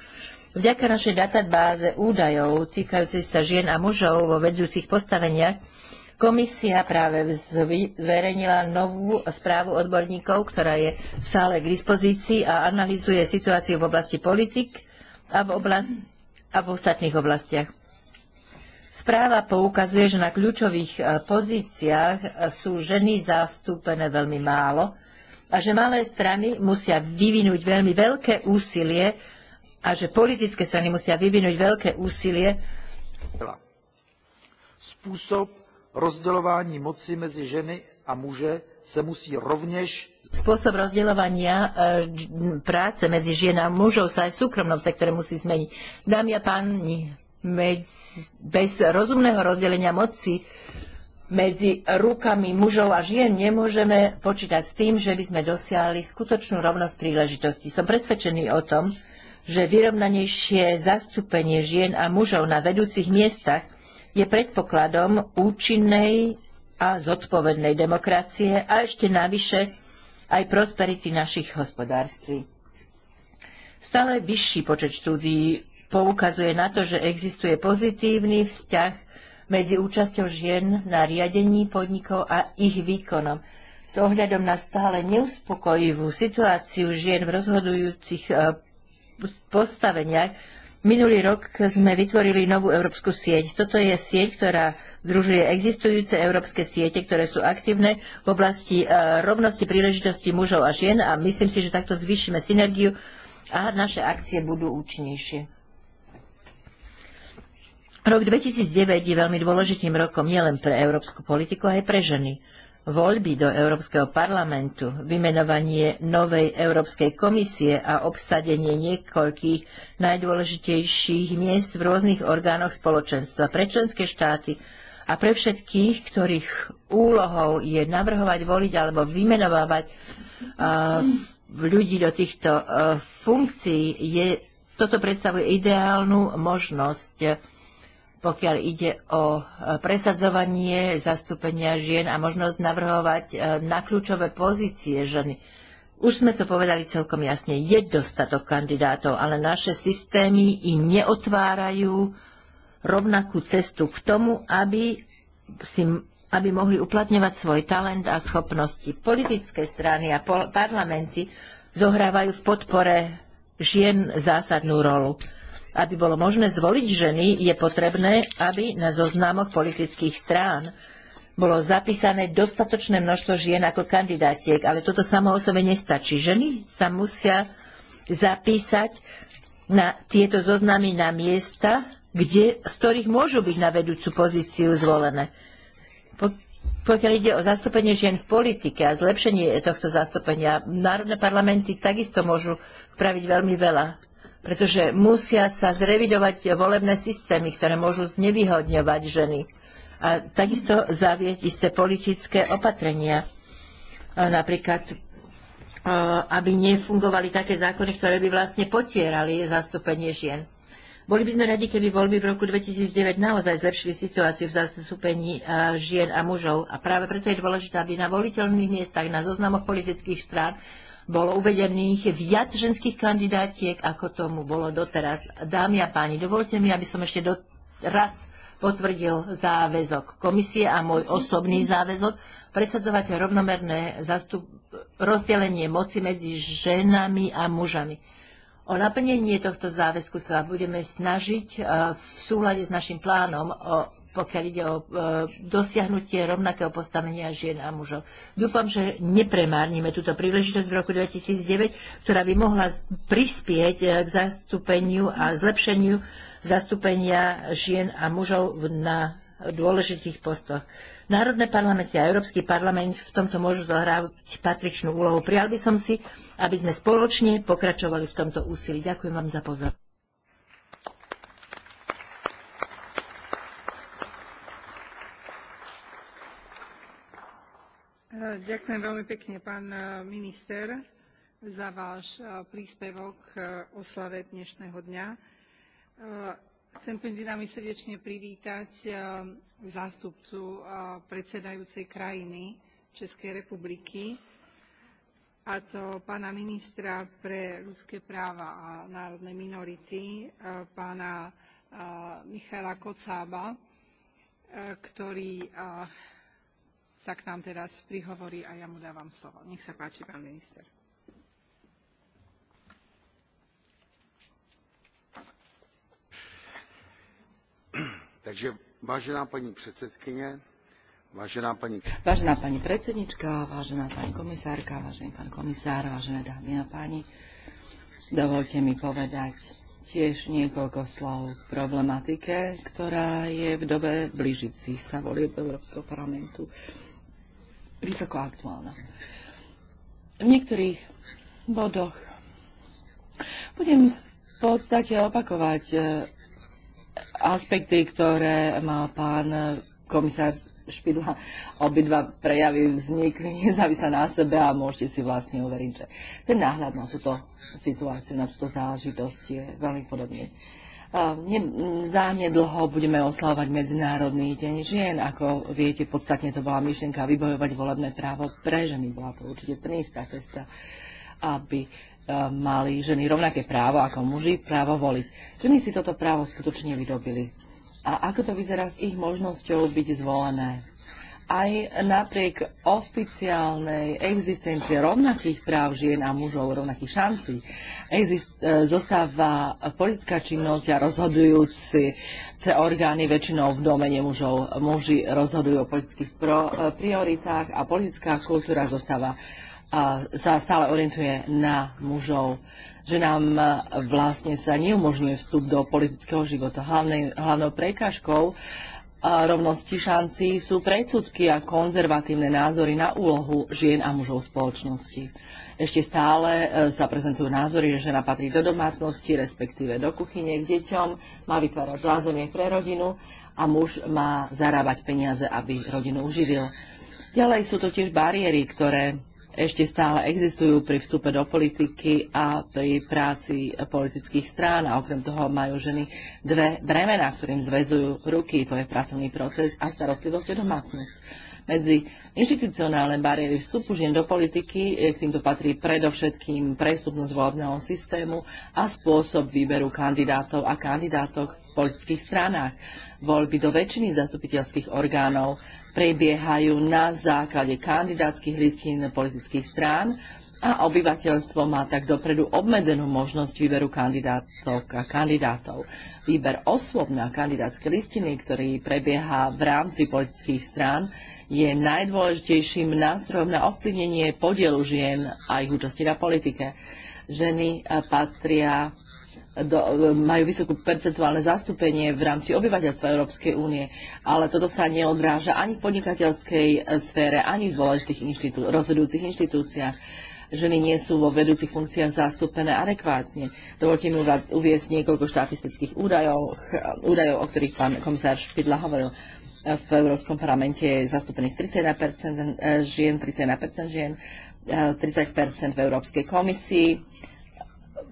Vďaka našej databáze údajov týkajúcej sa žien a mužov vo vedúcich postaveniach Komisia práve zverejnila novú správu odborníkov, ktorá je v sále k dispozícii a analizuje situáciu v oblasti politik a v, oblast, a v ostatných oblastiach. Správa poukazuje, že na kľúčových e, pozíciách e, sú ženy zastúpené veľmi málo a že malé strany musia vyvinúť veľmi veľké úsilie a že politické strany musia vyvinúť veľké úsilie. Spôsob, rozdeľování moci medzi ženy a muže sa musí rovnež... Spôsob rozdeľovania e, práce medzi žien a mužov sa aj v súkromnom sektore musí zmeniť. Dámy a páni, bez rozumného rozdelenia moci medzi rukami mužov a žien nemôžeme počítať s tým, že by sme dosiahli skutočnú rovnosť príležitosti. Som presvedčený o tom, že vyrovnanejšie zastúpenie žien a mužov na vedúcich miestach je predpokladom účinnej a zodpovednej demokracie a ešte navyše aj prosperity našich hospodárství. Stále vyšší počet štúdií poukazuje na to, že existuje pozitívny vzťah medzi účasťou žien na riadení podnikov a ich výkonom. S ohľadom na stále neuspokojivú situáciu žien v rozhodujúcich eh, postaveniach Minulý rok sme vytvorili novú európsku sieť. Toto je sieť, ktorá združuje existujúce európske siete, ktoré sú aktívne v oblasti e, rovnosti príležitostí mužov a žien a myslím si, že takto zvýšime synergiu a naše akcie budú účinnejšie. Rok 2009 je veľmi dôležitým rokom nielen pre európsku politiku, aj pre ženy voľby do Európskeho parlamentu, vymenovanie novej Európskej komisie a obsadenie niekoľkých najdôležitejších miest v rôznych orgánoch spoločenstva pre členské štáty a pre všetkých, ktorých úlohou je navrhovať, voliť alebo vymenovávať uh, ľudí do týchto uh, funkcií, je, toto predstavuje ideálnu možnosť pokiaľ ide o e, presadzovanie zastúpenia žien a možnosť navrhovať e, na kľúčové pozície ženy. Už sme to povedali celkom jasne, je dostatok kandidátov, ale naše systémy im neotvárajú rovnakú cestu k tomu, aby, si, aby mohli uplatňovať svoj talent a schopnosti. Politické strany a parlamenty zohrávajú v podpore žien zásadnú rolu aby bolo možné zvoliť ženy, je potrebné, aby na zoznamoch politických strán bolo zapísané dostatočné množstvo žien ako kandidátiek, ale toto samo o sebe nestačí. Ženy sa musia zapísať na tieto zoznamy na miesta, kde, z ktorých môžu byť na vedúcu pozíciu zvolené. Po, pokiaľ ide o zastúpenie žien v politike a zlepšenie tohto zastúpenia, národné parlamenty takisto môžu spraviť veľmi veľa pretože musia sa zrevidovať volebné systémy, ktoré môžu znevýhodňovať ženy. A takisto zaviesť isté politické opatrenia. Napríklad, e, aby nefungovali také zákony, ktoré by vlastne potierali zastúpenie žien. Boli by sme radi, keby voľby v roku 2009 naozaj zlepšili situáciu v zastúpení e, žien a mužov. A práve preto je dôležité, aby na voliteľných miestach, na zoznamoch politických strán bolo uvedených viac ženských kandidátiek, ako tomu bolo doteraz. Dámy a páni, dovolte mi, aby som ešte do, raz potvrdil záväzok komisie a môj osobný záväzok presadzovať rovnomerné zastup- rozdelenie moci medzi ženami a mužami. O naplnenie tohto záväzku sa budeme snažiť eh, v súlade s našim plánom o pokiaľ ide o e, dosiahnutie rovnakého postavenia žien a mužov. Dúfam, že nepremárnime túto príležitosť v roku 2009, ktorá by mohla prispieť e, k zastúpeniu a zlepšeniu zastúpenia žien a mužov na dôležitých postoch. Národné parlamenty a Európsky parlament v tomto môžu zohrávať patričnú úlohu. Prijal by som si, aby sme spoločne pokračovali v tomto úsilí. Ďakujem vám za pozornosť. Ďakujem veľmi pekne, pán e, minister, za váš e, príspevok k e, oslave dnešného dňa. Chcem medzi nami srdečne privítať zástupcu predsedajúcej krajiny Českej republiky, a to pána ministra pre ľudské práva a národné minority, pána Michaela Kocába, ktorý sa k nám teraz prihovorí a ja mu dávam slovo. Nech sa páči, pán minister. Takže vážená pani predsedkynie, vážená pani... Vážená pani predsednička, vážená pani komisárka, vážený pán komisár, vážené dámy a páni, dovolte mi povedať tiež niekoľko slov problematike, ktorá je v dobe blížicich sa volieb Európskeho parlamentu vysoko aktuálna. V niektorých bodoch budem v podstate opakovať eh, aspekty, ktoré mal pán komisár Špidla. Obidva prejavy vznikli nezávisle na sebe a môžete si vlastne overiť, že ten náhľad na túto situáciu, na túto záležitosť je veľmi podobný. Ne, dlho budeme oslavovať Medzinárodný deň žien. Ako viete, podstatne to bola myšlienka vybojovať volebné právo pre ženy. Bola to určite trnistá cesta, aby mali ženy rovnaké právo ako muži, právo voliť. Ženy si toto právo skutočne vydobili a ako to vyzerá s ich možnosťou byť zvolené. Aj napriek oficiálnej existencie rovnakých práv žien a mužov, rovnakých šancí, exist, e, zostáva politická činnosť a rozhodujúci orgány väčšinou v domene mužov. Muži rozhodujú o politických pro, e, prioritách a politická kultúra zostáva a sa stále orientuje na mužov že nám e, vlastne sa neumožňuje vstup do politického života. Hlavnej, hlavnou prekážkou e, rovnosti šancí sú predsudky a konzervatívne názory na úlohu žien a mužov v spoločnosti. Ešte stále e, sa prezentujú názory, že žena patrí do domácnosti, respektíve do kuchyne k deťom, má vytvárať zázemie pre rodinu a muž má zarábať peniaze, aby rodinu uživil. Ďalej sú to tiež bariéry, ktoré ešte stále existujú pri vstupe do politiky a pri práci politických strán a okrem toho majú ženy dve bremena, ktorým zväzujú ruky, to je pracovný proces a starostlivosť o domácnosť. Medzi inštitucionálne bariéry vstupu žien do politiky, eh, k týmto patrí predovšetkým prestupnosť volebného systému a spôsob výberu kandidátov a kandidátok v politických stranách, voľby do väčšiny zastupiteľských orgánov, prebiehajú na základe kandidátskych listín politických strán a obyvateľstvo má tak dopredu obmedzenú možnosť výberu kandidátok a kandidátov. Výber osôb na kandidátske listiny, ktorý prebieha v rámci politických strán, je najdôležitejším nástrojom na ovplyvnenie podielu žien a ich účasti na politike. Ženy eh, patria do, majú vysokú percentuálne zastúpenie v rámci obyvateľstva Európskej únie, ale toto sa neodráža ani v podnikateľskej eh, sfére, ani v dôležitých inštitú- rozhodujúcich inštitúciách. Ženy nie sú vo vedúcich funkciách zastúpené adekvátne. Dovolte mi uviesť niekoľko štatistických údajov, údajov, o ktorých pán komisár Špidla hovoril. Eh, v Európskom parlamente je zastúpených 31% eh, žien, 31% žien, 30% v Európskej komisii,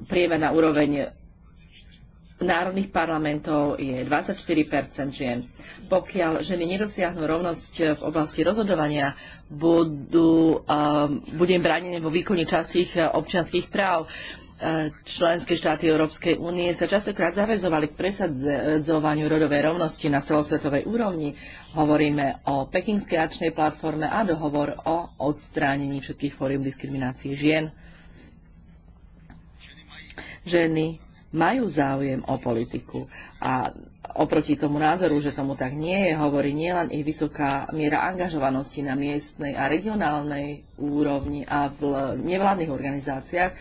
priemerná úroveň národných parlamentov je 24 žien. Pokiaľ ženy nedosiahnu rovnosť v oblasti rozhodovania, budú, um, budem bránené vo výkone častých eh, občianských práv eh, členské štáty Európskej únie sa častokrát zavezovali k presadzovaniu rodovej rovnosti na celosvetovej úrovni. Hovoríme o pekinskej akčnej platforme a dohovor o odstránení všetkých fóriem diskriminácií žien. Ženy majú záujem o politiku a oproti tomu názoru, že tomu tak nie je, hovorí nielen ich vysoká miera angažovanosti na miestnej a regionálnej úrovni a v nevládnych organizáciách,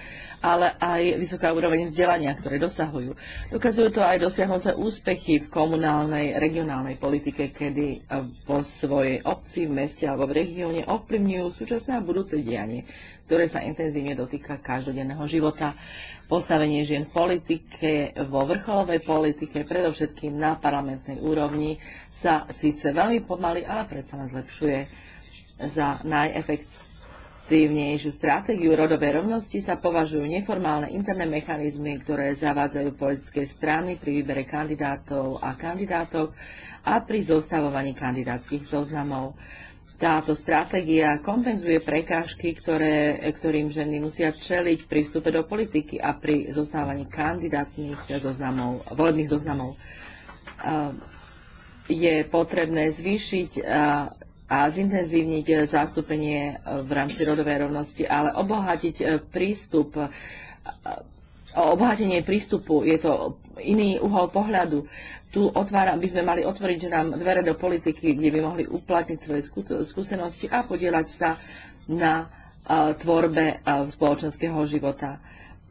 ale aj vysoká úroveň vzdelania, ktoré dosahujú. Dokazujú to aj dosiahnuté úspechy v komunálnej, regionálnej politike, kedy vo svojej obci, v meste alebo v regióne ovplyvňujú súčasné a budúce dianie, ktoré sa intenzívne dotýka každodenného života. Postavenie žien v politike, vo vrcholovej politike, predovšetkým na parlamentnej úrovni sa síce veľmi pomaly, ale predsa len zlepšuje. Za najefektívnejšiu stratégiu rodovej rovnosti sa považujú neformálne interné mechanizmy, ktoré zavádzajú politické strany pri výbere kandidátov a kandidátok a pri zostavovaní kandidátskych zoznamov. Táto stratégia kompenzuje prekážky, ktoré, ktorým ženy musia čeliť pri vstupe do politiky a pri zostávaní kandidátnych zoznamov, volebných zoznamov. Ehm, je potrebné zvýšiť a zintenzívniť e, zastúpenie e, v rámci rodovej rovnosti, ale obohatiť e, prístup obohatenie prístupu, je to iný uhol pohľadu. Tu otvára, by sme mali otvoriť že nám dvere do politiky, kde by mohli uplatniť svoje skúsenosti a podielať sa na tvorbe spoločenského života.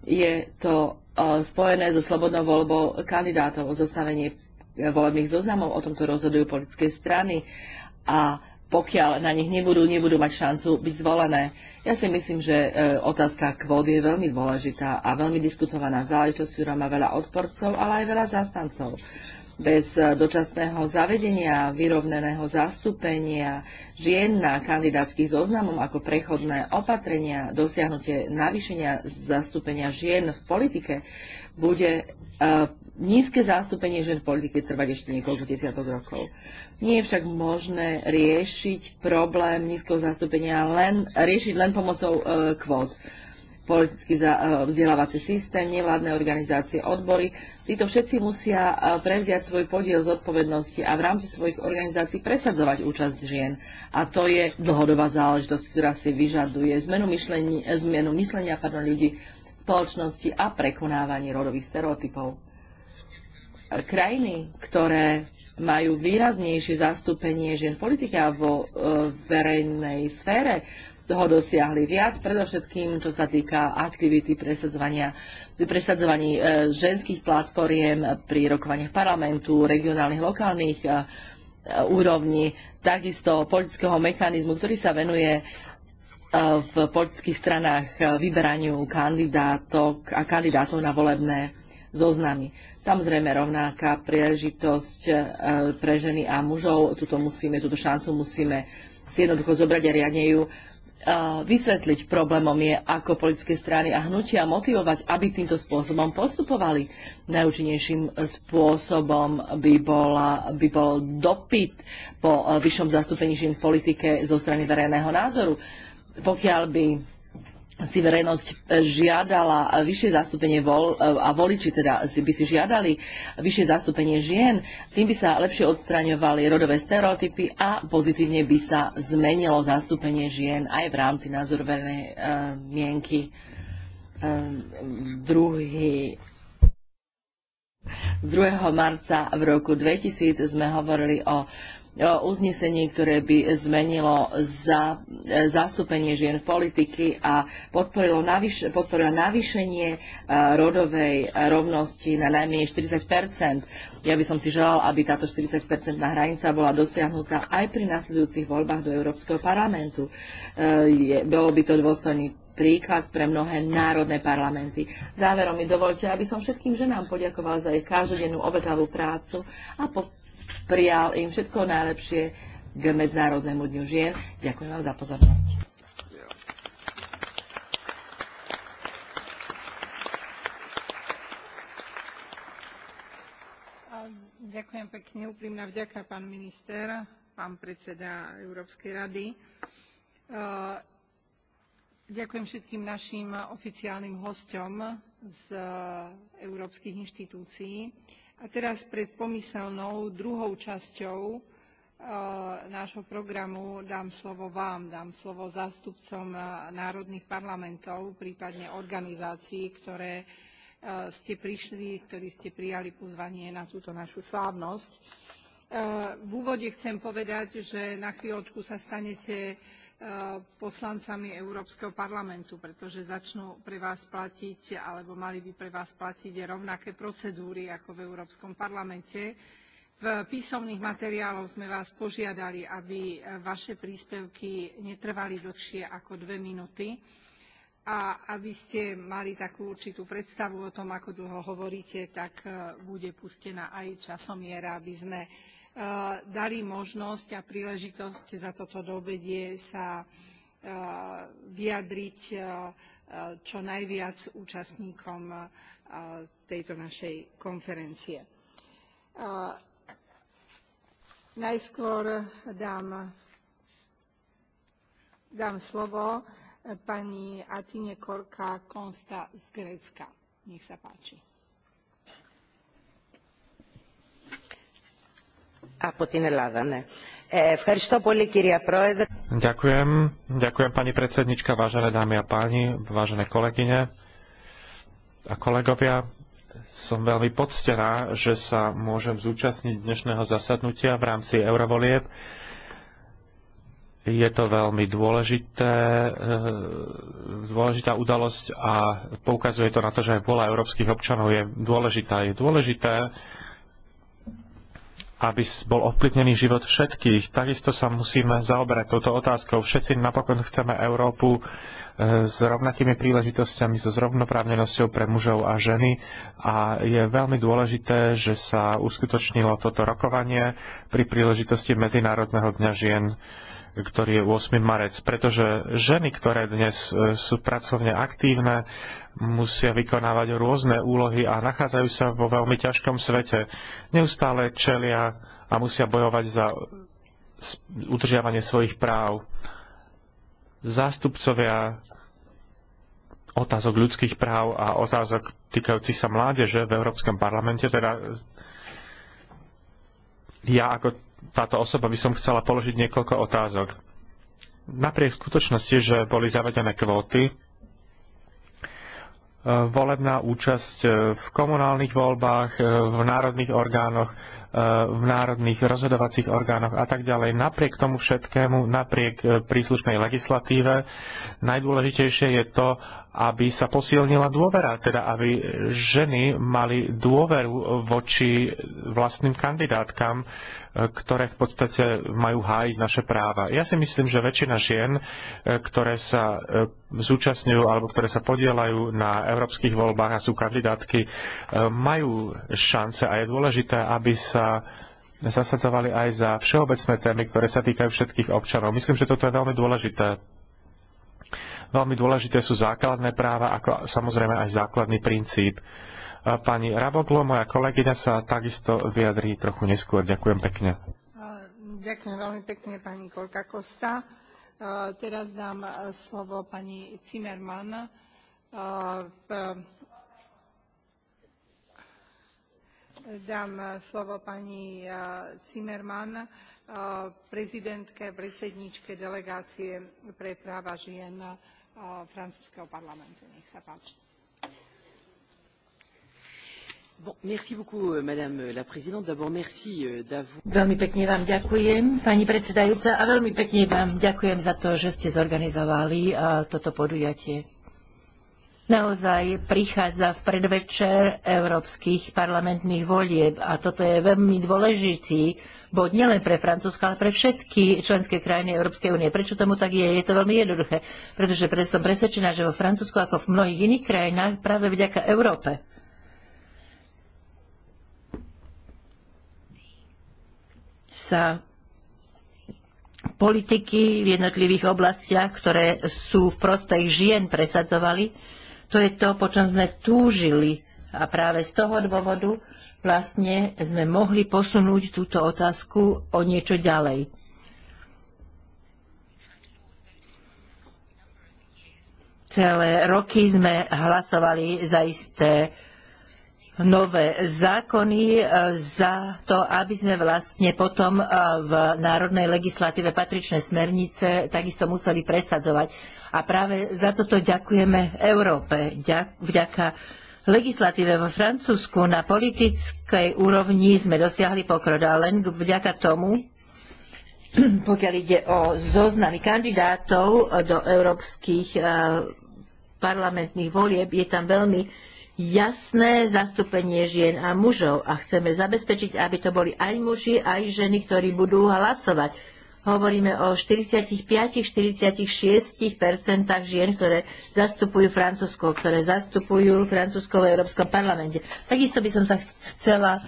Je to spojené so slobodnou voľbou kandidátov o zostavenie E, volebných zoznamov, o tomto rozhodujú politické strany a pokiaľ na nich nebudú, nebudú mať šancu byť zvolené. Ja si myslím, že e, otázka kvót je veľmi dôležitá a veľmi diskutovaná záležitosť, ktorá má veľa odporcov, ale aj veľa zástancov bez eh, dočasného zavedenia vyrovneného zastúpenia žien na kandidátskych zoznamom ako prechodné opatrenia, dosiahnutie navýšenia zastúpenia žien v politike, bude eh, nízke zastúpenie žien v politike trvať ešte niekoľko desiatok rokov. Nie je však možné riešiť problém nízkeho zastúpenia len, riešiť len pomocou e, kvót politicky e, vzdelávací systém, nevládne organizácie, odbory. Títo všetci musia e, prevziať svoj podiel zodpovednosti a v rámci svojich organizácií presadzovať účasť žien. A to je dlhodobá záležitosť, ktorá si vyžaduje zmenu, myšlení, e, zmenu myslenia pardon, ľudí, spoločnosti a prekonávanie rodových stereotypov. Krajiny, ktoré majú výraznejšie zastúpenie žien politika vo e, verejnej sfére, toho dosiahli viac, predovšetkým čo sa týka aktivity presadzovania, presadzovaní e, ženských platformiem pri rokovaniach parlamentu, regionálnych, lokálnych e, e, úrovni, takisto politického mechanizmu, ktorý sa venuje v politických stranách vyberaniu kandidátok a kandidátov na volebné zoznamy. Samozrejme, rovnaká príležitosť pre ženy a mužov, túto, musíme, túto šancu musíme si jednoducho zobrať a riadne ju vysvetliť problémom je ako politické strany a hnutia motivovať, aby týmto spôsobom postupovali. Najúčinnejším spôsobom by, bola, by bol dopyt po eh, vyššom zastúpení žien v politike zo strany verejného názoru. Pokiaľ by si verejnosť e, žiadala vyššie zastúpenie vol, e, a voliči teda si, by si žiadali vyššie zastúpenie žien, tým by sa lepšie odstraňovali rodové stereotypy a pozitívne by sa zmenilo zastúpenie žien aj v rámci názoru e, mienky. E, druhý 2. marca v roku 2000 sme hovorili o uznesenie, ktoré by zmenilo za, e, zastúpenie žien v politiky a podporilo, navýš- podporilo navýšenie e, rodovej rovnosti na najmenej 40 Ja by som si želal, aby táto 40-percentná hranica bola dosiahnutá aj pri nasledujúcich voľbách do Európskeho parlamentu. E, je, bolo by to dôstojný príklad pre mnohé národné parlamenty. Záverom mi dovolte, aby som všetkým ženám poďakoval za ich každodennú obetavú prácu a po Prijal im všetko najlepšie k Medzinárodnému dňu žien. Ďakujem vám za pozornosť. Ďakujem pekne, úprimná vďaka, pán minister, pán predseda Európskej rady. E, ďakujem všetkým našim oficiálnym hostom z európskych inštitúcií a teraz pred pomyselnou druhou časťou e, nášho programu dám slovo vám, dám slovo zástupcom e, národných parlamentov, prípadne organizácií, ktoré e, ste prišli, ktorí ste prijali pozvanie na túto našu slávnosť. v úvode chcem povedať, že na chvíľočku sa stanete poslancami Európskeho parlamentu, pretože začnú pre vás platiť, alebo mali by pre vás platiť rovnaké procedúry ako v Európskom parlamente. V písomných materiáloch sme vás požiadali, aby vaše príspevky netrvali dlhšie ako dve minúty a aby ste mali takú určitú predstavu o tom, ako dlho hovoríte, tak bude pustená aj časomiera, aby sme dali možnosť a príležitosť za toto dobedie sa vyjadriť čo najviac účastníkom tejto našej konferencie. Najskôr dám, dám slovo pani Atine Korka Konsta z Grécka. Nech sa páči. Ďakujem. Ďakujem, pani predsednička, vážené dámy a páni, vážené kolegyne a kolegovia. Som veľmi poctená, že sa môžem zúčastniť dnešného zasadnutia v rámci eurovolieb. Je to veľmi dôležité, e, dôležitá udalosť a poukazuje to na to, že aj vôľa európskych občanov je dôležitá. Je dôležité, aby bol ovplyvnený život všetkých. Takisto sa musíme zaoberať touto otázkou. Všetci napokon chceme Európu e, s rovnakými príležitosťami, so zrovnoprávnenosťou pre mužov a ženy a je veľmi dôležité, že sa uskutočnilo toto rokovanie pri príležitosti Medzinárodného dňa žien ktorý je 8. marec, pretože ženy, ktoré dnes e, sú pracovne aktívne, musia vykonávať rôzne úlohy a nachádzajú sa vo veľmi ťažkom svete. Neustále čelia a musia bojovať za udržiavanie svojich práv. Zástupcovia otázok ľudských práv a otázok týkajúcich sa mládeže v Európskom parlamente, teda ja ako táto osoba by som chcela položiť niekoľko otázok. Napriek skutočnosti, že boli zavedené kvóty, e, volebná účasť e, v komunálnych voľbách, e, v národných orgánoch, v národných rozhodovacích orgánoch a tak ďalej. Napriek tomu všetkému, napriek príslušnej legislatíve, najdôležitejšie je to, aby sa posilnila dôvera, teda aby ženy mali dôveru voči vlastným kandidátkam, e, ktoré v podstate majú hájiť naše práva. Ja si myslím, že väčšina žien, e, ktoré sa e, zúčastňujú alebo ktoré sa podielajú na európskych voľbách a sú kandidátky, majú šance a je dôležité, aby sa zasadzovali aj za všeobecné témy, ktoré sa týkajú všetkých občanov. Myslím, že toto je veľmi dôležité Veľmi dôležité sú základné práva, ako samozrejme aj základný princíp. Pani Raboglo, moja kolegyňa, sa takisto vyjadrí trochu neskôr. Ďakujem pekne. Ďakujem veľmi pekne, pani Kolka Kosta. Teraz dám slovo pani Cimerman. Dám slovo pani Cimerman, prezidentke, predsedníčke delegácie pre práva žien francúzského parlamentu. Nech sa páči. Euh, euh, euh, veľmi pekne vám ďakujem, pani predsedajúca, a veľmi pekne vám ďakujem za to, že ste zorganizovali uh, toto podujatie naozaj prichádza v predvečer európskych parlamentných volieb a toto je veľmi dôležitý bod nielen pre Francúzsko, ale pre všetky členské krajiny Európskej únie. Prečo tomu tak je? Je to veľmi jednoduché, pretože pre som presvedčená, že vo Francúzsku ako v mnohých iných krajinách práve vďaka Európe sa politiky v jednotlivých oblastiach, ktoré sú v prospech žien presadzovali, to je to, po čom sme túžili a práve z toho dôvodu vlastne sme mohli posunúť túto otázku o niečo ďalej. Celé roky sme hlasovali za isté nové zákony e, za to, aby sme vlastne potom e, v národnej legislatíve patričné smernice takisto museli presadzovať. A práve za toto ďakujeme Európe. Vďaka legislatíve vo Francúzsku na politickej úrovni sme dosiahli pokrok a len vďaka tomu, pokiaľ ide o zoznamy kandidátov do európskych eh, parlamentných volieb, je tam veľmi jasné zastúpenie žien a mužov a chceme zabezpečiť, aby to boli aj muži, aj ženy, ktorí budú hlasovať hovoríme o 45-46 žien, ktoré zastupujú Francúzsko, ktoré zastupujú Francúzsko v Európskom parlamente. Takisto by som sa chcela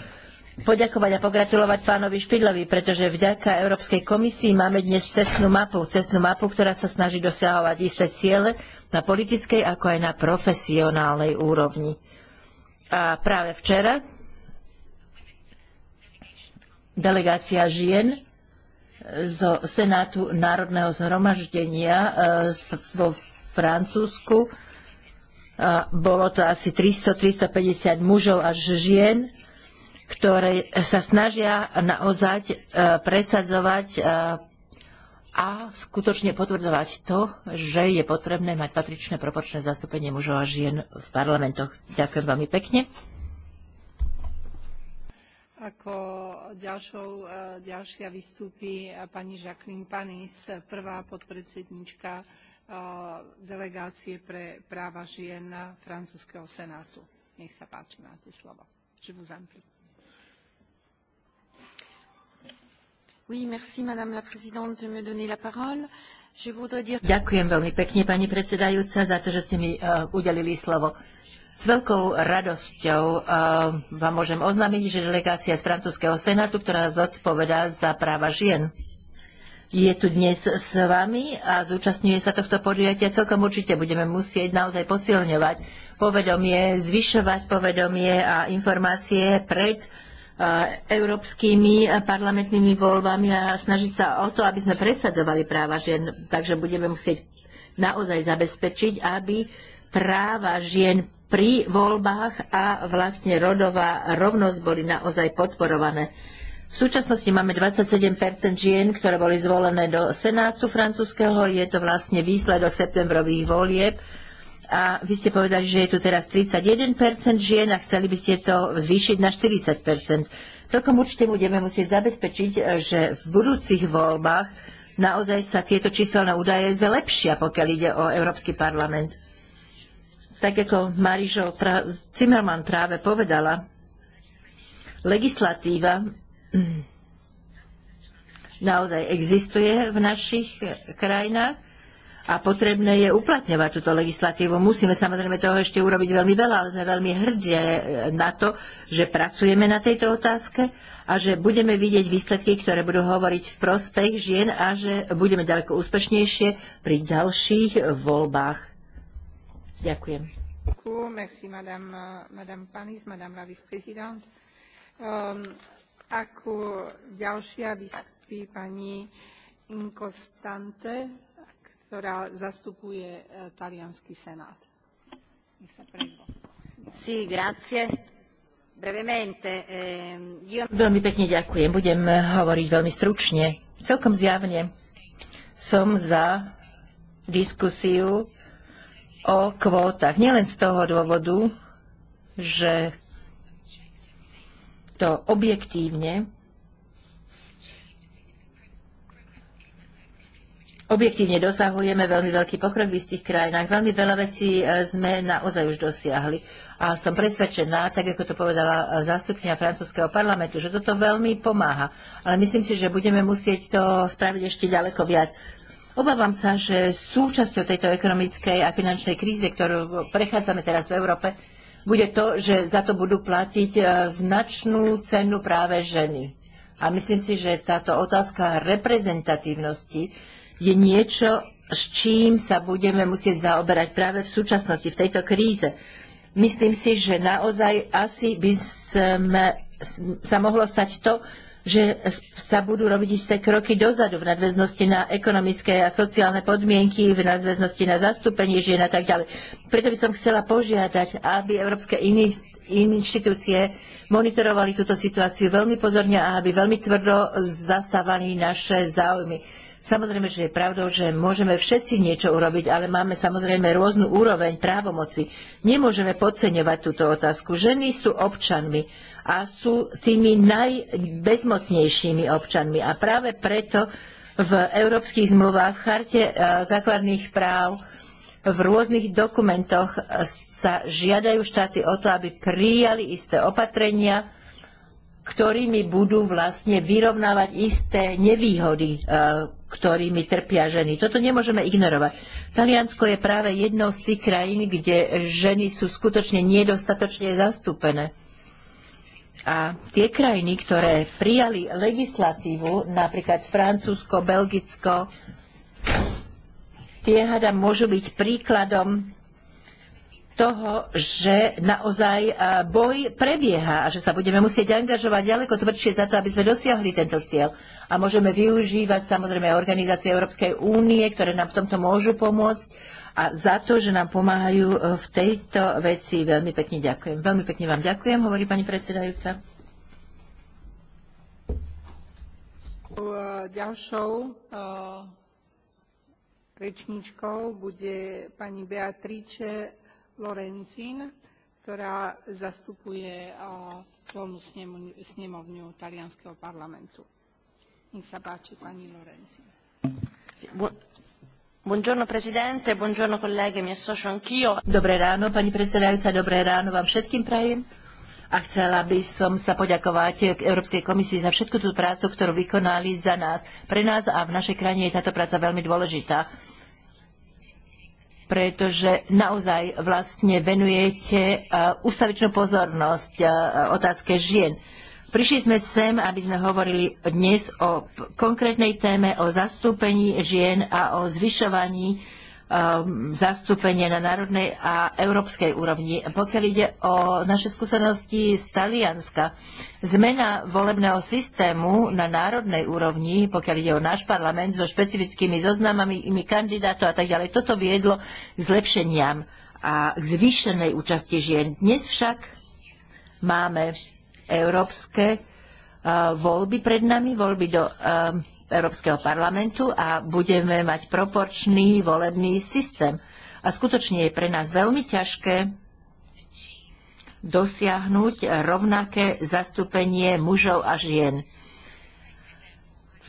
poďakovať a pogratulovať pánovi Špidlovi, pretože vďaka Európskej komisii máme dnes cestnú mapu, cestnú mapu, ktorá sa snaží dosahovať isté ciele na politickej ako aj na profesionálnej úrovni. A práve včera delegácia žien zo Senátu Národného zhromaždenia eh, vo Francúzsku. Eh, bolo to asi 300-350 mužov až žien, ktoré sa snažia naozaj eh, presadzovať a skutočne potvrdzovať to, že je potrebné mať patričné proporčné zastúpenie mužov a žien v parlamentoch. Ďakujem veľmi pekne. Ako ďalšou, e, ďalšia vystúpi e, pani Jacqueline Panis, prvá podpredsednička e, delegácie pre práva žien francúzského senátu. Nech sa páči, máte slovo. Je vous en prie. Oui, merci Madame la Présidente de me donner la parole. Je voudrais dire... Ďakujem veľmi pekne, pani predsedajúca, za to, že ste mi uh, udelili slovo. Uh, s veľkou radosťou eh, vám môžem oznámiť, že delegácia z francúzského senátu, ktorá zodpovedá za práva žien, je tu dnes s vami a zúčastňuje sa tohto podujatia. Celkom určite budeme musieť naozaj posilňovať povedomie, zvyšovať povedomie a informácie pred eh, európskymi parlamentnými voľbami a snažiť sa o to, aby sme presadzovali práva žien. Takže budeme musieť naozaj zabezpečiť, aby práva žien pri voľbách a vlastne rodová rovnosť boli naozaj podporované. V súčasnosti máme 27 žien, ktoré boli zvolené do Senátu francúzského. Je to vlastne výsledok septembrových volieb. A vy ste povedali, že je tu teraz 31 žien a chceli by ste to zvýšiť na 40 Celkom určite budeme musieť zabezpečiť, že v budúcich voľbách naozaj sa tieto číselné údaje zlepšia, pokiaľ ide o Európsky parlament. Tak ako Marižo pra- Zimmerman práve povedala, legislatíva naozaj existuje v našich krajinách a potrebné je uplatňovať túto legislatívu. Musíme samozrejme toho ešte urobiť veľmi veľa, ale sme veľmi hrdie na to, že pracujeme na tejto otázke a že budeme vidieť výsledky, ktoré budú hovoriť v prospech žien a že budeme ďaleko úspešnejšie pri ďalších voľbách. Ďakujem. Merci, madame, madame Panis, madame la vice-présidente. Um, ako ďalšia vystupí pani Inconstante, ktorá zastupuje eh, talianský senát. Nech sa prejde. Sí, grazie. Brevemente, eh, io... Veľmi pekne ďakujem. Budem eh, hovoriť veľmi stručne. Celkom zjavne som za diskusiu o kvótach. Nielen z toho dôvodu, že to objektívne objektívne dosahujeme veľmi veľký pokrok v istých krajinách. Veľmi veľa vecí e, sme naozaj už dosiahli. A som presvedčená, tak ako to povedala e, zástupňa francúzského parlamentu, že toto veľmi pomáha. Ale myslím si, že budeme musieť to spraviť ešte ďaleko viac. Obávam sa, že súčasťou tejto ekonomickej a finančnej krízy, ktorú prechádzame teraz v Európe, bude to, že za to budú platiť e, značnú cenu práve ženy. A myslím si, že táto otázka reprezentatívnosti je niečo, s čím sa budeme musieť zaoberať práve v súčasnosti, v tejto kríze. Myslím si, že naozaj asi by sme sa mohlo stať to, že sa budú robiť isté kroky dozadu v nadväznosti na ekonomické a sociálne podmienky, v nadväznosti na zastúpenie žien a tak ďalej. Preto by som chcela požiadať, aby Európske inštitúcie monitorovali túto situáciu veľmi pozorne a aby veľmi tvrdo zastávali naše záujmy. Samozrejme, že je pravdou, že môžeme všetci niečo urobiť, ale máme samozrejme rôznu úroveň právomoci. Nemôžeme podceňovať túto otázku. Ženy sú občanmi a sú tými najbezmocnejšími občanmi. A práve preto v európskych zmluvách, v charte e, základných práv, v rôznych dokumentoch sa žiadajú štáty o to, aby prijali isté opatrenia, ktorými budú vlastne vyrovnávať isté nevýhody, e, ktorými trpia ženy. Toto nemôžeme ignorovať. Taliansko je práve jednou z tých krajín, kde ženy sú skutočne nedostatočne zastúpené. A tie krajiny, ktoré prijali legislatívu, napríklad Francúzsko, Belgicko, tie hada môžu byť príkladom toho, že naozaj e, boj prebieha a že sa budeme musieť angažovať ďaleko tvrdšie za to, aby sme dosiahli tento cieľ. A môžeme využívať samozrejme organizácie Európskej únie, ktoré nám v tomto môžu pomôcť a za to, že nám pomáhajú e, v tejto veci. Veľmi pekne ďakujem. Veľmi pekne vám ďakujem, hovorí pani predsedajúca. Ďalšou e, e, rečničkou bude pani Beatrice Lorenzin, ktorá zastupuje dolnú snemovňu Talianského parlamentu. Nech sa páči, pani Lorenzin. Buongiorno presidente, buongiorno colleghe, mi associo anch'io. Dobré ráno, pani predsedajúca, dobré ráno vám všetkým prajem. A chcela by som sa poďakovať Európskej komisii za všetku tú prácu, ktorú vykonali za nás. Pre nás a v našej krajine je táto práca veľmi dôležitá pretože naozaj vlastne venujete ústavičnú pozornosť otázke žien. Prišli sme sem, aby sme hovorili dnes o konkrétnej téme, o zastúpení žien a o zvyšovaní um, zastúpenia na národnej a európskej úrovni. Pokiaľ ide o naše skúsenosti z Talianska, zmena volebného systému na národnej úrovni, pokiaľ ide o náš parlament so špecifickými zoznamami kandidátov a tak ďalej, toto viedlo k zlepšeniam a k zvýšenej účasti žien. Dnes však máme európske eh, voľby pred nami, voľby do eh, Európskeho parlamentu a budeme mať proporčný volebný systém. A skutočne je pre nás veľmi ťažké dosiahnuť rovnaké zastúpenie mužov a žien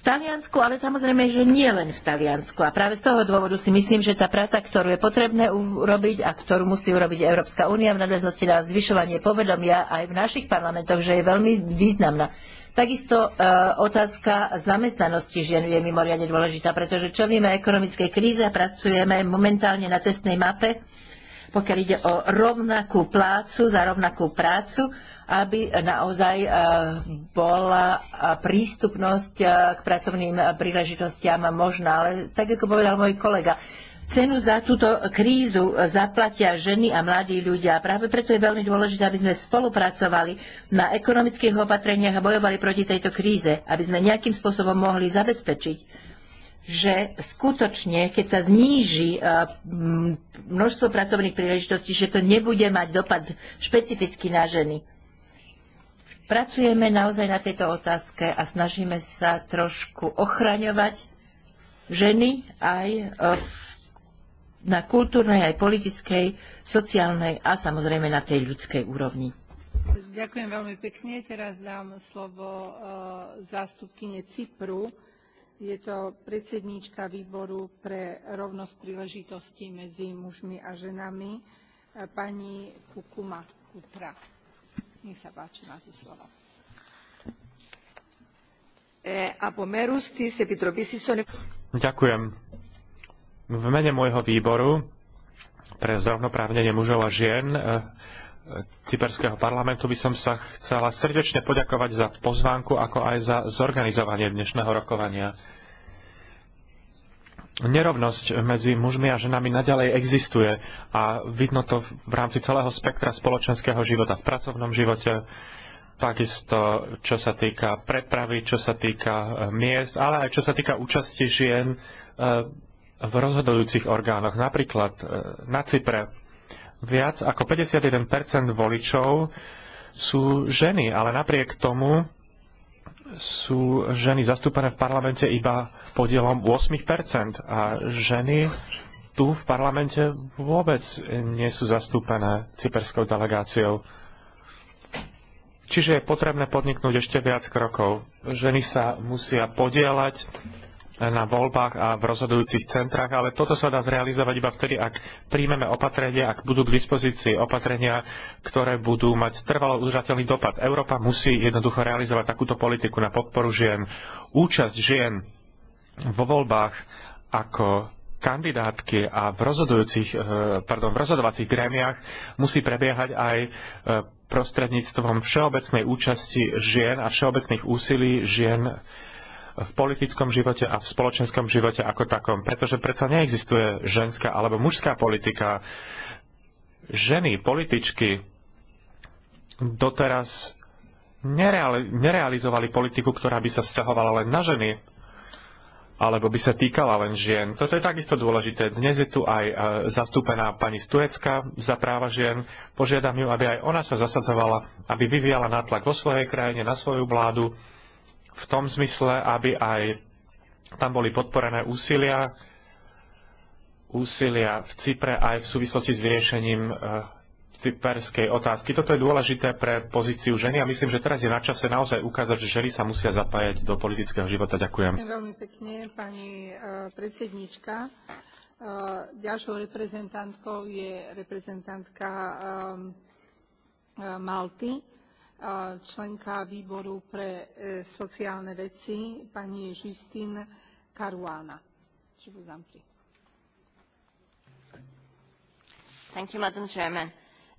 Taliansku, ale samozrejme, že nie len v Taliansku. A práve z toho dôvodu si myslím, že tá práca, ktorú je potrebné urobiť a ktorú musí urobiť Európska únia v nadväznosti na zvyšovanie povedomia aj v našich parlamentoch, že je veľmi významná. Takisto e, otázka zamestnanosti žien je mimoriadne dôležitá, pretože čelíme ekonomickej kríze a pracujeme momentálne na cestnej mape, pokiaľ ide o rovnakú plácu za rovnakú prácu aby naozaj eh, bola eh, prístupnosť eh, k pracovným príležitostiam možná. Ale tak, ako povedal môj kolega, Cenu za túto krízu zaplatia ženy a mladí ľudia. Práve preto je veľmi dôležité, aby sme spolupracovali na ekonomických opatreniach a bojovali proti tejto kríze, aby sme nejakým spôsobom mohli zabezpečiť, že skutočne, keď sa zníži množstvo pracovných príležitostí, že to nebude mať dopad špecificky na ženy. Pracujeme naozaj na tejto otázke a snažíme sa trošku ochraňovať ženy aj e, v, na kultúrnej, aj politickej, sociálnej a samozrejme na tej ľudskej úrovni. Ďakujem veľmi pekne. Teraz dám slovo e, zástupkyne Cypru. Je to predsedníčka výboru pre rovnosť príležitostí medzi mužmi a ženami, e, pani Kukuma Kutra. Nech sa páči, máte slovo. E, Ďakujem. V mene môjho výboru pre zrovnoprávnenie mužov a žien e, Cyperského parlamentu by som sa chcela srdečne poďakovať za pozvánku, ako aj za zorganizovanie dnešného rokovania nerovnosť medzi mužmi a ženami naďalej existuje a vidno to v rámci celého spektra spoločenského života, v pracovnom živote, takisto čo sa týka prepravy, čo sa týka e, miest, ale aj čo sa týka účasti žien e, v rozhodujúcich orgánoch. Napríklad e, na Cypre viac ako 51% voličov sú ženy, ale napriek tomu sú ženy zastúpené v parlamente iba podielom 8% a ženy tu v parlamente vôbec nie sú zastúpené cyperskou delegáciou. Čiže je potrebné podniknúť ešte viac krokov. Ženy sa musia podielať na voľbách a v rozhodujúcich centrách, ale toto sa dá zrealizovať iba vtedy, ak príjmeme opatrenia, ak budú k dispozícii opatrenia, ktoré budú mať trvalo udržateľný dopad. Európa musí jednoducho realizovať takúto politiku na podporu žien. Účasť žien vo voľbách ako kandidátky a v, rozhodujúcich, eh, pardon, v rozhodovacích grémiách musí prebiehať aj eh, prostredníctvom všeobecnej účasti žien a všeobecných úsilí žien v politickom živote a v spoločenskom živote ako takom. Pretože predsa neexistuje ženská alebo mužská politika. Ženy, političky doteraz nereali- nerealizovali politiku, ktorá by sa vzťahovala len na ženy alebo by sa týkala len žien. Toto je takisto dôležité. Dnes je tu aj e, zastúpená pani Stuecka za práva žien. Požiadam ju, aby aj ona sa zasadzovala, aby vyvíjala nátlak vo svojej krajine, na svoju vládu, v tom zmysle, aby aj tam boli podporené úsilia, úsilia v Cypre aj v súvislosti s vyriešením eh, cyperskej otázky. Toto je dôležité pre pozíciu ženy a myslím, že teraz je na čase naozaj ukázať, že ženy sa musia zapájať do politického života. Ďakujem. Veľmi pekne, pani eh, predsednička. Eh, ďalšou reprezentantkou je reprezentantka Malty členka výboru pre e, sociálne veci pani Justine Caruana. Thank you, Madam Chairman.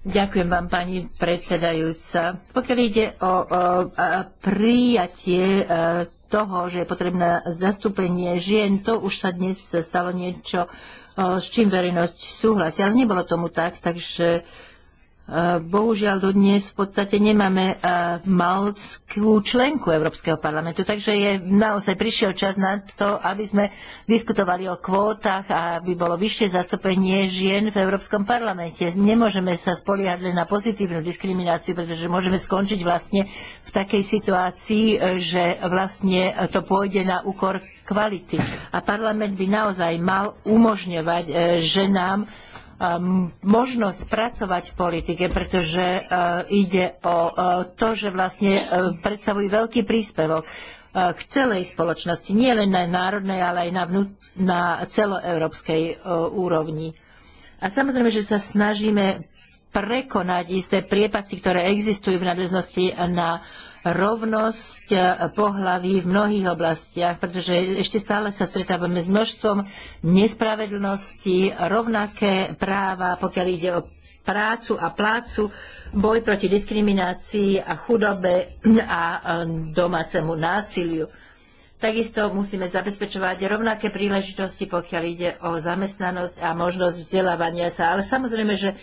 Ďakujem vám, pani predsedajúca. Pokiaľ ide o, o prijatie e, toho, že je potrebné zastúpenie žien, to už sa dnes stalo niečo, e, s čím verejnosť súhlasí. Ale nebolo tomu tak, takže bohužiaľ do dnes v podstate nemáme e, malskú členku Európskeho parlamentu, takže je naozaj prišiel čas na to, aby sme diskutovali o kvótach a aby bolo vyššie zastúpenie žien v Európskom parlamente. Nemôžeme sa spoliehať len na pozitívnu diskrimináciu, pretože môžeme skončiť vlastne v takej situácii, e, že vlastne to pôjde na úkor kvality. A parlament by naozaj mal umožňovať e, ženám Um, možnosť pracovať v politike, pretože uh, ide o uh, to, že vlastne uh, predstavujú veľký príspevok k celej spoločnosti, nie len na národnej, ale aj na, vnú, na celoeurópskej úrovni. A samozrejme, že sa snažíme prekonať isté priepasti, ktoré existujú v nadväznosti na uh, rovnosť eh, pohlaví v mnohých oblastiach, pretože ešte stále sa stretávame s množstvom nespravedlnosti, rovnaké práva, pokiaľ ide o prácu a plácu, boj proti diskriminácii a chudobe a eh, domácemu násiliu. Takisto musíme zabezpečovať rovnaké príležitosti, pokiaľ ide o zamestnanosť a možnosť vzdelávania sa. Ale samozrejme, že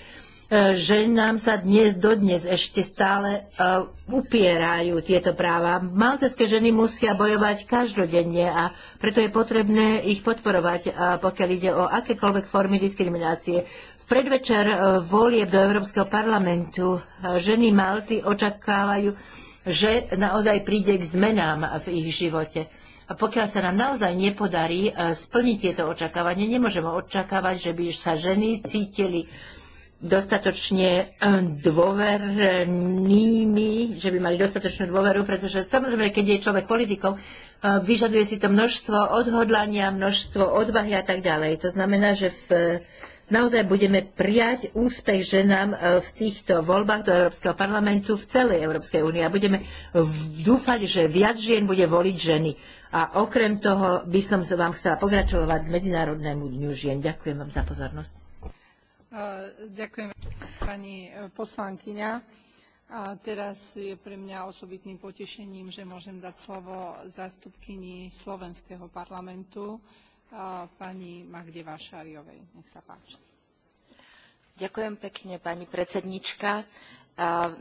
E, že nám sa dnes, dodnes ešte stále uh, upierajú tieto práva. Malteské ženy musia bojovať každodenne a preto je potrebné ich podporovať, uh, pokiaľ ide o akékoľvek formy diskriminácie. V predvečer uh, volieb do Európskeho parlamentu uh, ženy Malty očakávajú, že naozaj príde k zmenám v ich živote. A pokiaľ sa nám naozaj nepodarí splniť tieto očakávanie, nemôžeme očakávať, že by sa ženy cítili dostatočne eh, dôvernými, že by mali dostatočnú dôveru, pretože samozrejme, keď je človek politikou, eh, vyžaduje si to množstvo odhodlania, množstvo odvahy a tak ďalej. To znamená, že v, naozaj budeme prijať úspech ženám eh, v týchto voľbách do Európskeho parlamentu v celej Európskej únie a budeme dúfať, že viac žien bude voliť ženy. A okrem toho by som vám chcela pogratulovať Medzinárodnému dňu žien. Ďakujem vám za pozornosť. Ďakujem pani poslankyňa. A teraz je pre mňa osobitným potešením, že môžem dať slovo zástupkyni slovenského parlamentu, pani Magde Vášáriovej. Nech sa páči. Ďakujem pekne, pani predsednička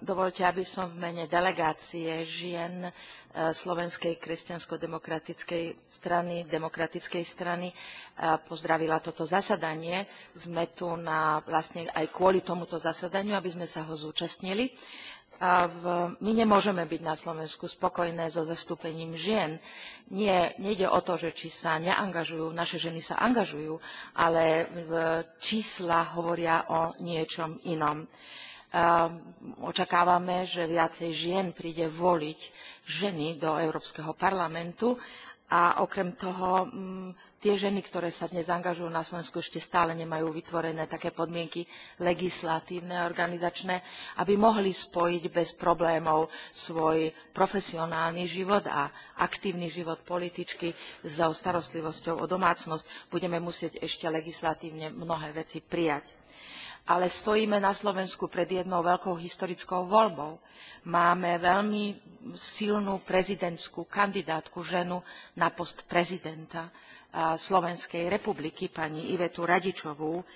Dovolte, aby som v mene delegácie žien e, Slovenskej kresťansko-demokratickej strany, demokratickej strany, e, pozdravila toto zasadanie. Sme tu na, vlastne aj kvôli tomuto zasadaniu, aby sme sa ho zúčastnili. my nemôžeme byť na Slovensku spokojné so zastúpením žien. Nie, nejde o to, že či sa neangažujú, naše ženy sa angažujú, ale čísla hovoria o niečom inom. Uh, Ehm, očakávame, že viacej žien príde voliť ženy do Európskeho parlamentu a okrem toho mm, tie ženy, ktoré sa dnes angažujú na Slovensku, ešte stále nemajú vytvorené také podmienky legislatívne a organizačné, aby mohli spojiť bez problémov svoj profesionálny život a aktívny život političky so starostlivosťou o domácnosť. Budeme musieť ešte legislatívne mnohé veci prijať ale stojíme na Slovensku pred jednou veľkou historickou voľbou. Máme veľmi silnú prezidentskú kandidátku ženu na post prezidenta Slovenskej republiky, pani Ivetu Radičovú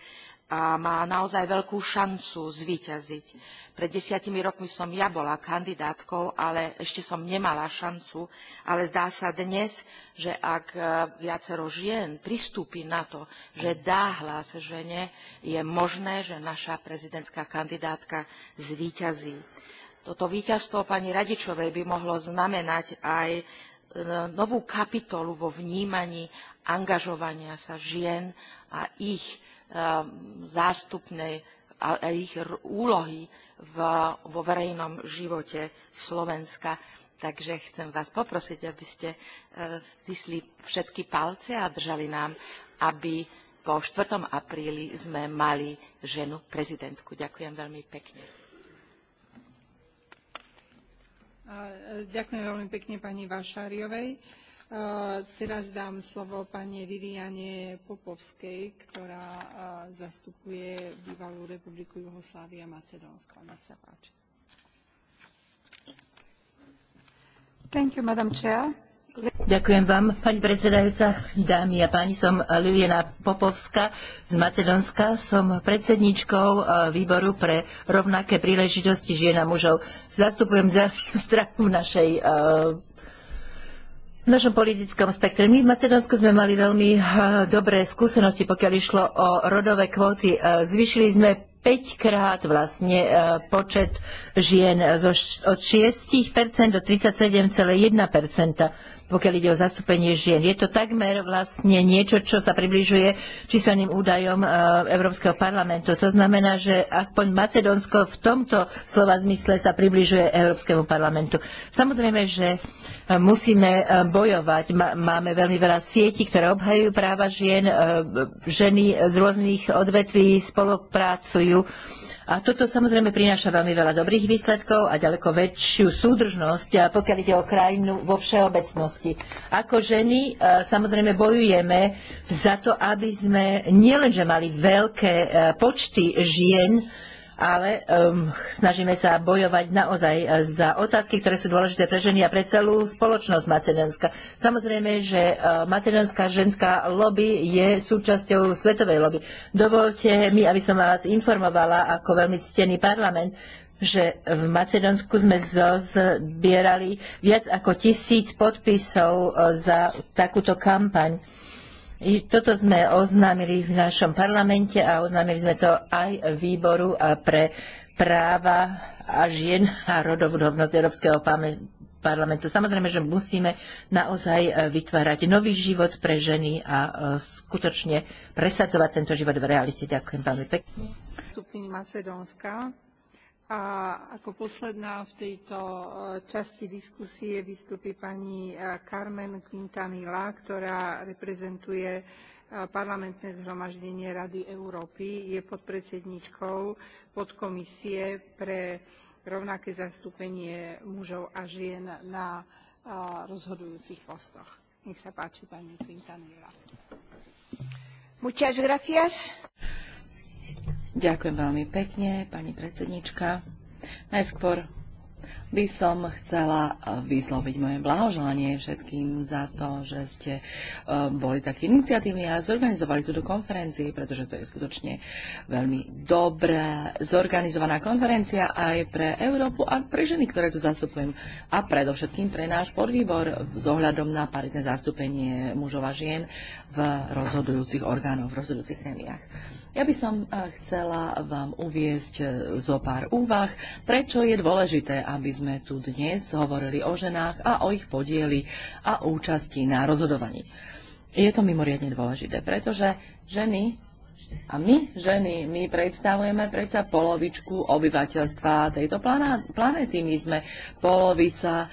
a má naozaj veľkú šancu zvíťaziť. Pred desiatimi rokmi som ja bola kandidátkou, ale ešte som nemala šancu, ale zdá sa dnes, že ak e, viacero žien pristúpi na to, že dá hlas žene, je možné, že naša prezidentská kandidátka zvíťazí. Toto víťazstvo pani Radičovej by mohlo znamenať aj e, novú kapitolu vo vnímaní angažovania sa žien a ich Eh, zástupnej a ich úlohy vo verejnom živote Slovenska. Takže chcem vás poprosiť, aby ste stisli eh, všetky palce a držali nám, aby po 4. apríli sme mali ženu prezidentku. Ďakujem veľmi pekne. E, ďakujem veľmi pekne pani Vášáriovej. E, teraz dám slovo pani Viviane Popovskej, ktorá e, zastupuje bývalú republiku Juhoslávia Macedónsko. Nech sa páči. Thank you, Madam Chair. Ďakujem vám, pani predsedajúca, dámy a páni, som Liliana Popovská z Macedónska, som predsedničkou e, výboru pre rovnaké príležitosti žien a mužov. Zastupujem za stranu v našej v našom politickom spektre. My v Macedónsku sme mali veľmi eh, dobré skúsenosti, pokiaľ išlo o rodové kvóty. Eh, zvyšili sme 5 krát vlastne eh, počet žien od 6% do 37,1% pokiaľ ide o zastúpenie žien. Je to takmer vlastne niečo, čo sa približuje číselným údajom e, Európskeho parlamentu. To znamená, že aspoň Macedónsko v tomto slova zmysle sa približuje Európskemu parlamentu. Samozrejme, že e, musíme e, bojovať. Máme veľmi veľa sietí, ktoré obhajujú práva žien. Ženy z rôznych odvetví spolupracujú a toto samozrejme prináša veľmi veľa dobrých výsledkov a ďaleko väčšiu súdržnosť, pokiaľ ide o krajinu vo všeobecnosti. Ako ženy e, samozrejme bojujeme za to, aby sme nielenže mali veľké e, počty žien, ale um, snažíme sa bojovať naozaj e, za otázky, ktoré sú dôležité pre ženy a pre celú spoločnosť Macedónska. Samozrejme, že uh, macedónska ženská lobby je súčasťou svetovej lobby. Dovolte mi, aby som vás informovala ako veľmi ctený parlament, že v Macedónsku sme zbierali viac ako tisíc podpisov e, za takúto kampaň toto sme oznámili v našom parlamente a oznámili sme to aj výboru pre práva a žien a rodovú rovnosť Európskeho parlamentu. Samozrejme, že musíme naozaj e, vytvárať nový život pre ženy a e, skutočne presadzovať tento život v realite. Ďakujem veľmi pekne. Macedónska. A ako posledná v tejto eh, časti diskusie vystúpi pani eh, Carmen Quintanilla, ktorá reprezentuje eh, parlamentné zhromaždenie Rady Európy. Je podpredsedníčkou podkomisie pre rovnaké zastúpenie mužov a žien na rozhodujúcich postoch. Nech sa páči, pani Quintanilla. Muchas gracias. Ďakujem veľmi pekne, pani predsednička. Najskôr by som chcela eh, vysloviť moje blahoželanie všetkým za to, že ste eh, boli takí iniciatívni a zorganizovali túto konferenciu, pretože to je skutočne veľmi dobrá zorganizovaná konferencia aj pre Európu a pre ženy, ktoré tu zastupujem a predovšetkým pre náš podvýbor s ohľadom na paritné zastúpenie mužov a žien v rozhodujúcich orgánoch, v rozhodujúcich remiách. Ja by som eh, chcela vám uviesť zo pár úvah, prečo je dôležité, aby sme tu dnes hovorili o ženách a o ich podieli a účasti na rozhodovaní. Je to mimoriadne dôležité, pretože ženy a my, ženy, my predstavujeme predsa polovičku obyvateľstva tejto planéty. My sme polovica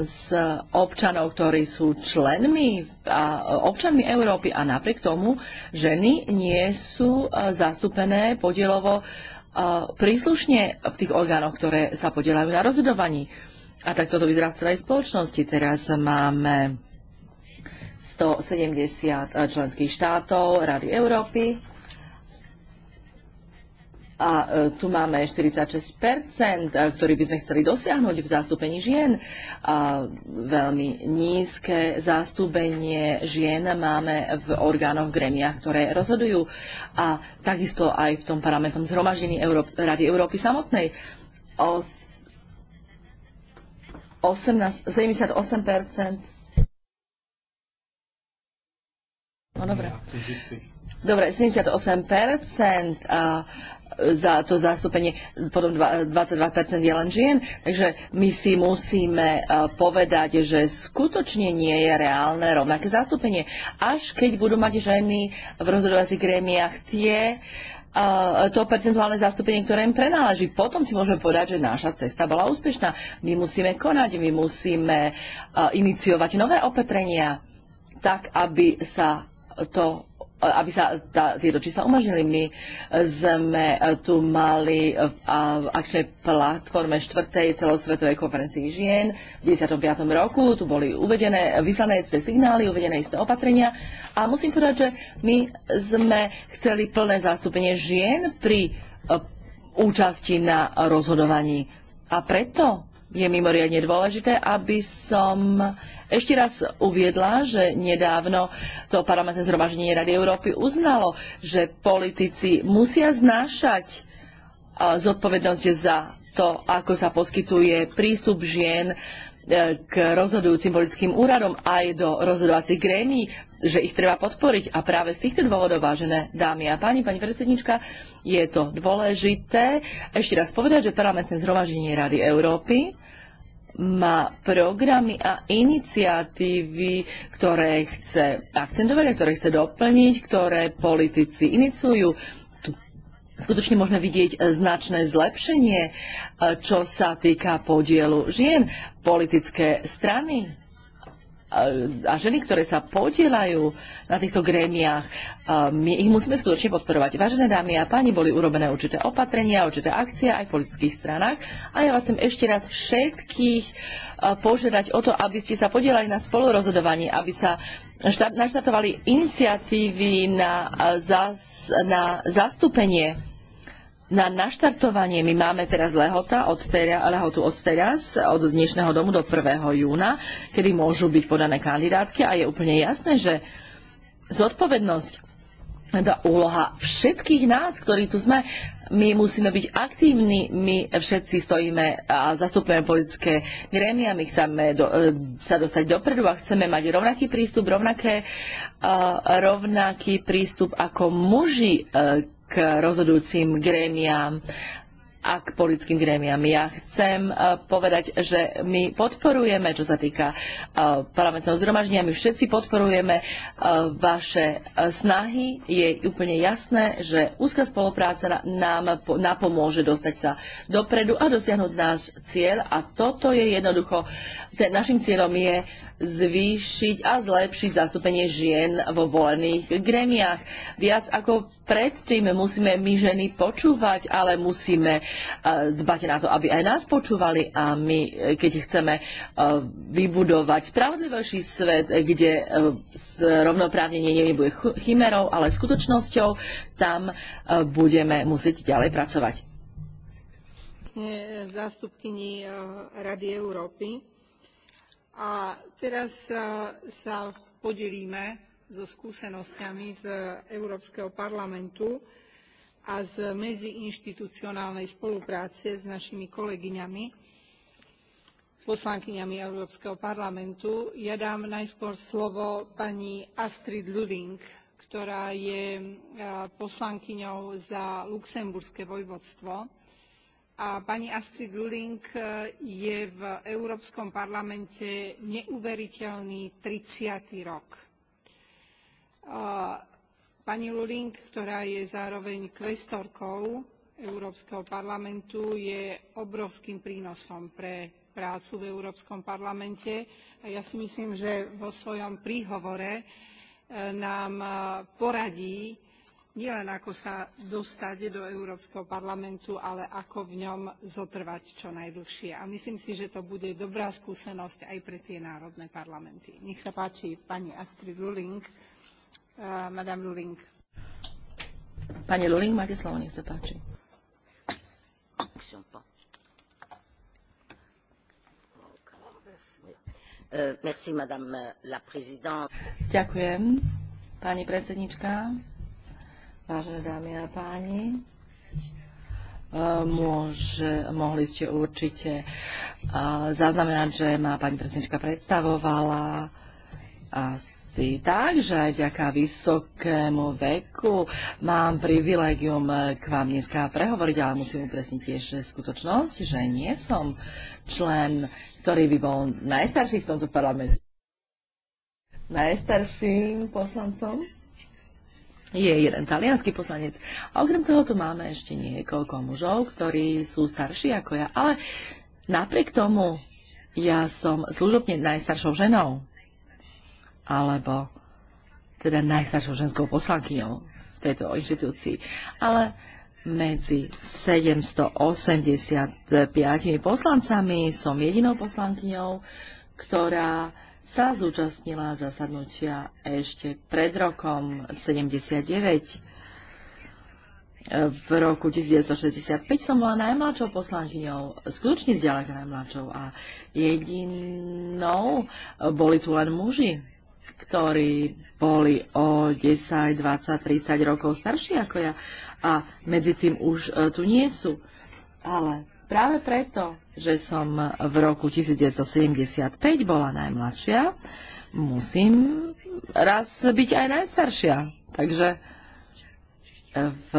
s občanov, ktorí sú členmi a občanmi Európy a napriek tomu ženy nie sú zastúpené podielovo Eh, príslušne v tých orgánoch, ktoré sa podielajú na rozhodovaní. A tak toto vyzerá v celej spoločnosti. Teraz máme 170 členských štátov Rady Európy a e, tu máme 46%, e, ktorý by sme chceli dosiahnuť v zastúpení žien. A veľmi nízke zastúpenie žien máme v orgánoch, v gremiách, ktoré rozhodujú a takisto aj v tom parlamentom zhromaždení Európ- Rady Európy samotnej. O 18, 78% No dobre. Dobre, 78% za to zastúpenie potom 22% je len žien. Takže my si musíme e, povedať, že skutočne nie je reálne rovnaké zastúpenie. Až keď budú mať ženy v rozhodovacích grémiách tie, e, to percentuálne zastúpenie, ktoré im prenáleží. Potom si môžeme povedať, že naša cesta bola úspešná. My musíme konať, my musíme e, iniciovať nové opetrenia tak aby sa to aby sa tá, tieto čísla umožnili. My sme e, tu mali v, v akčnej platforme 4. celosvetovej konferencii žien v 15. roku. Tu boli uvedené, vyslané isté signály, uvedené isté opatrenia. A musím povedať, že my sme chceli plné zastúpenie žien pri e, účasti na rozhodovaní. A preto je mimoriadne dôležité, aby som ešte raz uviedla, že nedávno to parlamentné zhromaždenie Rady Európy uznalo, že politici musia znášať eh, zodpovednosť za to, ako sa poskytuje prístup žien k rozhodujúcim politickým úradom aj do rozhodovacích grémí, že ich treba podporiť. A práve z týchto dôvodov, vážené dámy a páni, pani predsednička, je to dôležité ešte raz povedať, že parlamentné zhromaždenie Rady Európy má programy a iniciatívy, ktoré chce akcentovať a ktoré chce doplniť, ktoré politici iniciujú skutočne môžeme vidieť e, značné zlepšenie, e, čo sa týka podielu žien. Politické strany e, a ženy, ktoré sa podielajú na týchto grémiách, my ich musíme skutočne podporovať. Vážené dámy a páni, boli urobené určité opatrenia, určité akcie aj v politických stranách a ja vás chcem ešte raz všetkých požiadať o to, aby ste sa podielali na spolurozhodovanie, aby sa štát, naštartovali iniciatívy na, zas, na zastúpenie na naštartovanie my máme teraz lehota od teria, lehotu od teraz, od dnešného domu do 1. júna, kedy môžu byť podané kandidátky a je úplne jasné, že zodpovednosť teda úloha všetkých nás, ktorí tu sme. My musíme byť aktívni, my všetci stojíme a zastupujeme politické grémia, my chceme do, e, sa dostať dopredu a chceme mať rovnaký prístup, rovnaké, e, rovnaký prístup ako muži e, k rozhodujúcim grémiám a k politickým grémiam. Ja chcem e, povedať, že my podporujeme, čo sa týka e, parlamentného zhromaždenia, my všetci podporujeme e, vaše snahy. Je úplne jasné, že úzka spolupráca nám napomôže dostať sa dopredu a dosiahnuť náš cieľ. A toto je jednoducho, ten, našim cieľom je zvýšiť a zlepšiť zastúpenie žien vo volených gremiách. Viac ako predtým musíme my ženy počúvať, ale musíme e, dbať na to, aby aj nás počúvali a my, e, keď chceme e, vybudovať spravodlivejší svet, kde rovnoprávnenie nebude chimerou, ale skutočnosťou, tam budeme musieť ďalej pracovať. Zástupkyni Rady Európy a teraz sa podelíme so skúsenosťami z Európskeho parlamentu a z medziinštitucionálnej spolupráce s našimi kolegyňami poslankyňami Európskeho parlamentu. Ja dám najskôr slovo pani Astrid Lulling, ktorá je eh, poslankyňou za luxemburské vojvodstvo a pani Astrid Lulling e, je v Európskom parlamente neuveriteľný tridsiaty rok. E, pani Lulling, ktorá je zároveň kvestorkou Európskeho parlamentu, je obrovským prínosom pre prácu v Európskom parlamente a ja si myslím, že vo svojom príhovore e, nám poradí, nielen ako sa dostať do Európskeho parlamentu, ale ako v ňom zotrvať čo najdlhšie. A myslím si, že to bude dobrá skúsenosť aj pre tie národné parlamenty. Nech sa páči pani Astrid Luling. Uh, Madame Luling. Pani Luling, máte slovo, nech sa páči. Eh, Ďakujem, pani predsednička. Vážené dámy a páni, e, môže, mohli ste určite e, zaznamenať, že ma pani predsednička predstavovala asi tak, že aj ďaká vysokému veku mám privilegium e, k vám dneska prehovoriť, ale musím upresniť tiež skutočnosť, že nie som člen, ktorý by bol najstarší v tomto parlamente. Najstarším poslancom je jeden talianský poslanec. A okrem toho tu máme ešte niekoľko mužov, ktorí sú starší ako ja. Ale napriek tomu ja som služobne najstaršou ženou. Alebo teda najstaršou ženskou poslankyňou v tejto inštitúcii. Ale medzi 785 poslancami som jedinou poslankyňou, ktorá sa zúčastnila zasadnutia ešte pred rokom 79. V roku 1965 som bola najmladšou poslankyňou, skutočne zďaleka najmladšou a jedinou boli tu len muži, ktorí boli o 10, 20, 30 rokov starší ako ja a medzi tým už e, tu nie sú. Ale práve preto že som v roku 1975 bola najmladšia, musím raz byť aj najstaršia. Takže e, v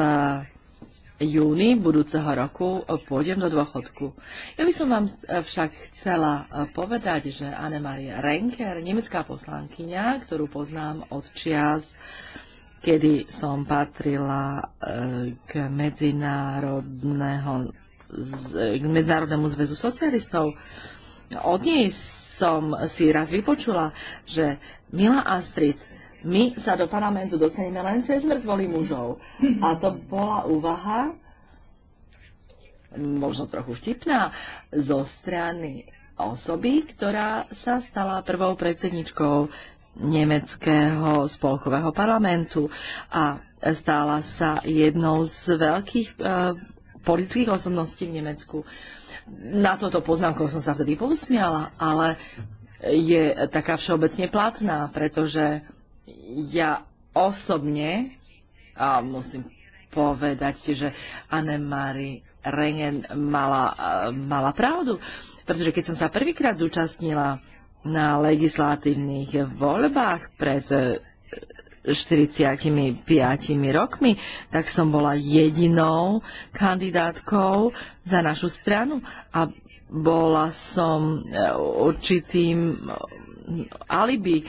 júni budúceho roku pôjdem do dôchodku. Ja by som vám e, však chcela e, povedať, že Anne-Marie Renker, nemecká poslankyňa, ktorú poznám od čias, kedy som patrila k medzinárodného k Medzinárodnému zväzu socialistov. Od nej som si raz vypočula, že Mila Astrid, my sa do parlamentu dostaneme len cez mŕtvoly mužov. A to bola úvaha, možno trochu vtipná, zo strany osoby, ktorá sa stala prvou predsedničkou nemeckého spolkového parlamentu a stala sa jednou z veľkých e, politických osobností v Nemecku. Na toto poznámku som sa vtedy pousmiala, ale je taká všeobecne platná, pretože ja osobne, a musím povedať, že Anne-Marie Rengen mala, mala pravdu, pretože keď som sa prvýkrát zúčastnila na legislatívnych voľbách pred 45 rokmi, tak som bola jedinou kandidátkou za našu stranu a bola som e, určitým e, alibi.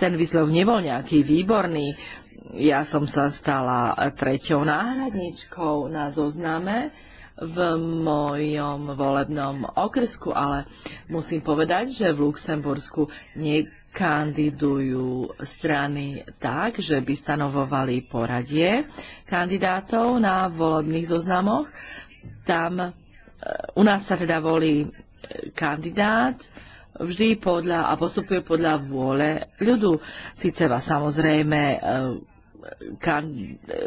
Ten výslov nebol nejaký výborný. Ja som sa stala treťou náhradničkou na zozname v mojom volebnom okrsku, ale musím povedať, že v Luxembursku nie kandidujú strany tak, že by stanovovali poradie kandidátov na volebných zoznamoch. Tam e, u nás sa teda volí e, kandidát vždy podľa a postupuje podľa vôle ľudu. Sice vás samozrejme e,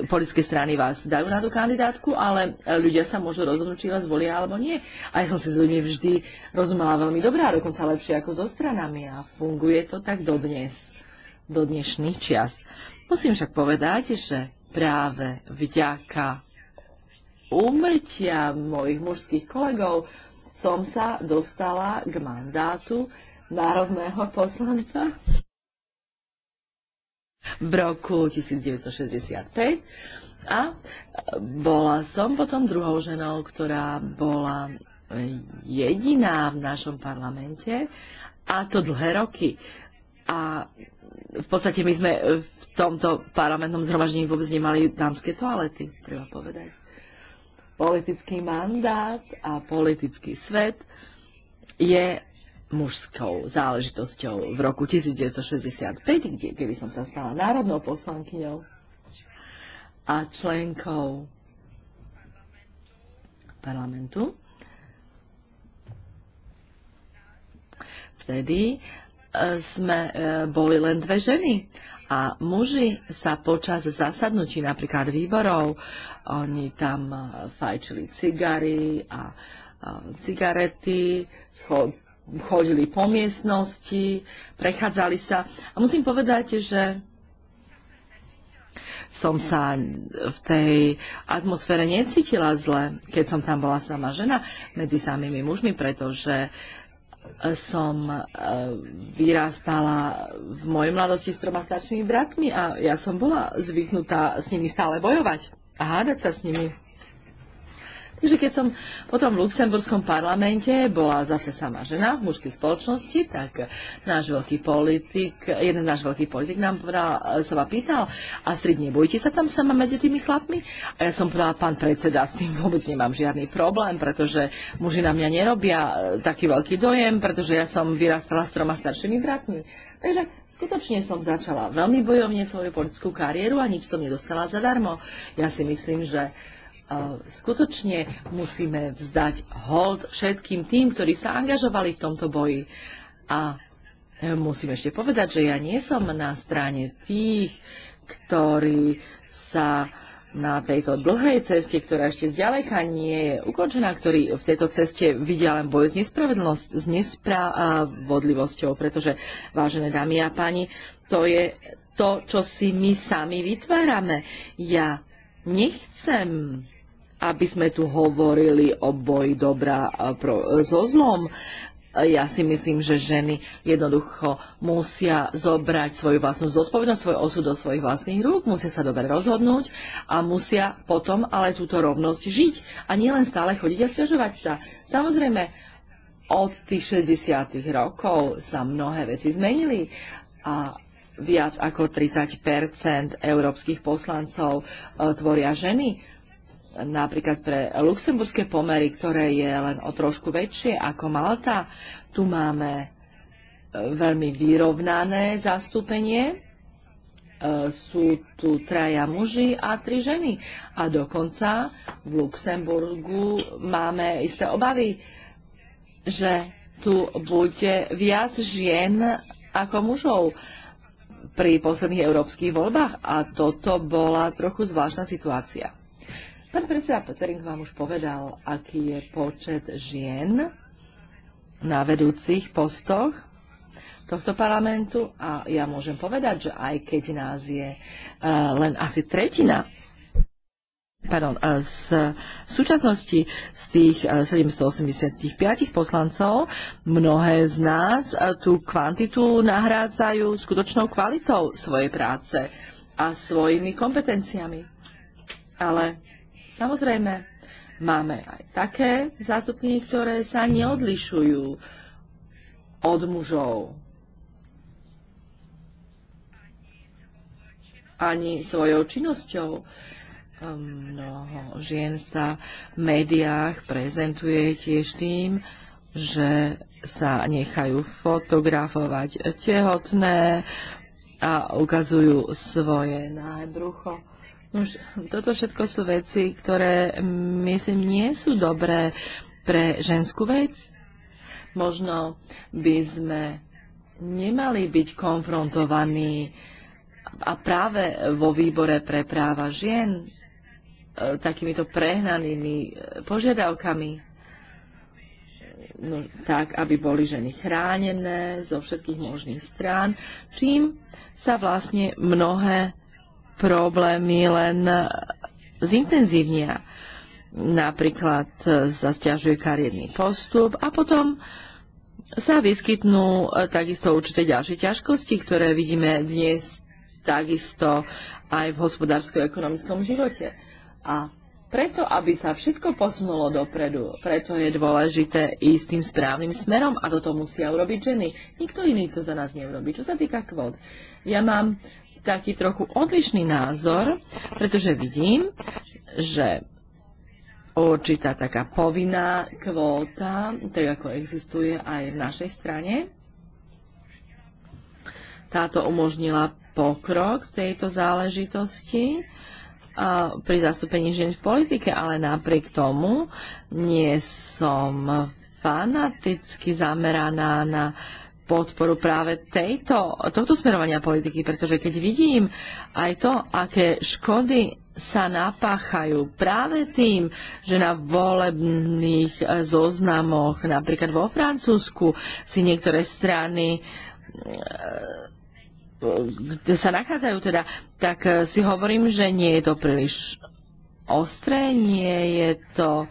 politické strany vás dajú na tú kandidátku, ale ľudia sa môžu rozhodnúť, či vás volia alebo nie. A ja som si s ľuďmi vždy rozumela veľmi dobrá, dokonca lepšie ako so stranami a funguje to tak dodnes, do dnešných čias. Musím však povedať, že práve vďaka úmrtia mojich mužských kolegov som sa dostala k mandátu národného poslanca v roku 1965 a bola som potom druhou ženou, ktorá bola jediná v našom parlamente a to dlhé roky. A v podstate my sme v tomto parlamentnom zhromaždení vôbec nemali dámske toalety, treba povedať. Politický mandát a politický svet je mužskou záležitosťou v roku 1965, kedy som sa stala národnou poslankyňou a členkou parlamentu. Vtedy e, sme e, boli len dve ženy a muži sa počas zasadnutí napríklad výborov, oni tam fajčili cigary a, cigarety, chodili po miestnosti, prechádzali sa. A musím povedať, že som sa v tej atmosfére necítila zle, keď som tam bola sama žena medzi samými mužmi, pretože som e, vyrastala v mojej mladosti s troma staršími bratmi a ja som bola zvyknutá s nimi stále bojovať a hádať sa s nimi. Takže keď som potom v luxemburskom parlamente bola zase sama žena v mužskej spoločnosti, tak náš veľký politik, jeden náš veľký politik nám povedal, sa ma pýtal, a strid, nebojte sa tam sama medzi tými chlapmi? A ja som povedala, pán predseda, s tým vôbec nemám žiadny problém, pretože muži na mňa nerobia e, taký veľký dojem, pretože ja som vyrastala s troma staršími bratmi. Takže Skutočne som začala veľmi bojovne svoju politickú kariéru a nič som nedostala zadarmo. Ja si myslím, že skutočne musíme vzdať hold všetkým tým, ktorí sa angažovali v tomto boji. A musím ešte povedať, že ja nie som na strane tých, ktorí sa na tejto dlhej ceste, ktorá ešte zďaleka nie je ukončená, ktorý v tejto ceste vidia len boj s, s nespravodlivosťou, pretože, vážené dámy a páni, to je to, čo si my sami vytvárame. Ja nechcem aby sme tu hovorili o boji dobra pro, so zlom. Ja si myslím, že ženy jednoducho musia zobrať svoju vlastnú zodpovednosť, svoj osud do svojich vlastných rúk, musia sa dobre rozhodnúť a musia potom ale túto rovnosť žiť a nielen stále chodiť a stiažovať sa. Samozrejme, od tých 60. rokov sa mnohé veci zmenili a viac ako 30 európskych poslancov e, tvoria ženy napríklad pre luxemburské pomery, ktoré je len o trošku väčšie ako Malta. Tu máme e, veľmi vyrovnané zastúpenie. E, sú tu traja muži a tri ženy. A dokonca v Luxemburgu máme isté obavy, že tu bude viac žien ako mužov pri posledných európskych voľbách. A toto bola trochu zvláštna situácia. Pán predseda Petering vám už povedal, aký je počet žien na vedúcich postoch tohto parlamentu a ja môžem povedať, že aj keď nás je uh, len asi tretina pardon, eh, z, v súčasnosti z tých 785 eh, poslancov mnohé z nás tú kvantitu nahrádzajú skutočnou kvalitou svojej práce a svojimi kompetenciami. Ale Samozrejme, máme aj také zástupky, ktoré sa neodlišujú od mužov. Ani svojou činnosťou. Ehm, mnoho žien sa v médiách prezentuje tiež tým, že sa nechajú fotografovať tehotné a ukazujú svoje nahé brucho. Už toto všetko sú veci, ktoré, myslím, nie sú dobré pre ženskú vec. Možno by sme nemali byť konfrontovaní a práve vo výbore pre práva žien e, takýmito prehnanými e, požiadavkami no, tak, aby boli ženy chránené zo všetkých možných strán, čím sa vlastne mnohé problémy len e, zintenzívnia. Napríklad e, zasťažuje kariérny postup a potom sa vyskytnú e, takisto určité ďalšie ťažkosti, ktoré vidíme dnes takisto aj v hospodársko-ekonomickom živote. A preto, aby sa všetko posunulo dopredu, preto je dôležité ísť tým správnym smerom a toto musia urobiť ženy. Nikto iný to za nás neurobi. Čo sa týka kvót, ja mám taký trochu odlišný názor, pretože vidím, že určitá taká povinná kvóta, tak ako existuje aj v našej strane, táto umožnila pokrok v tejto záležitosti pri zastúpení žien v politike, ale napriek tomu nie som fanaticky zameraná na uh, podporu práve tejto, tohto smerovania politiky, pretože keď vidím aj to, aké škody sa napáchajú práve tým, že na volebných eh, zoznamoch, napríklad vo Francúzsku, si niektoré strany e, sa nachádzajú teda, tak eh, si hovorím, že nie je to príliš ostré, nie je to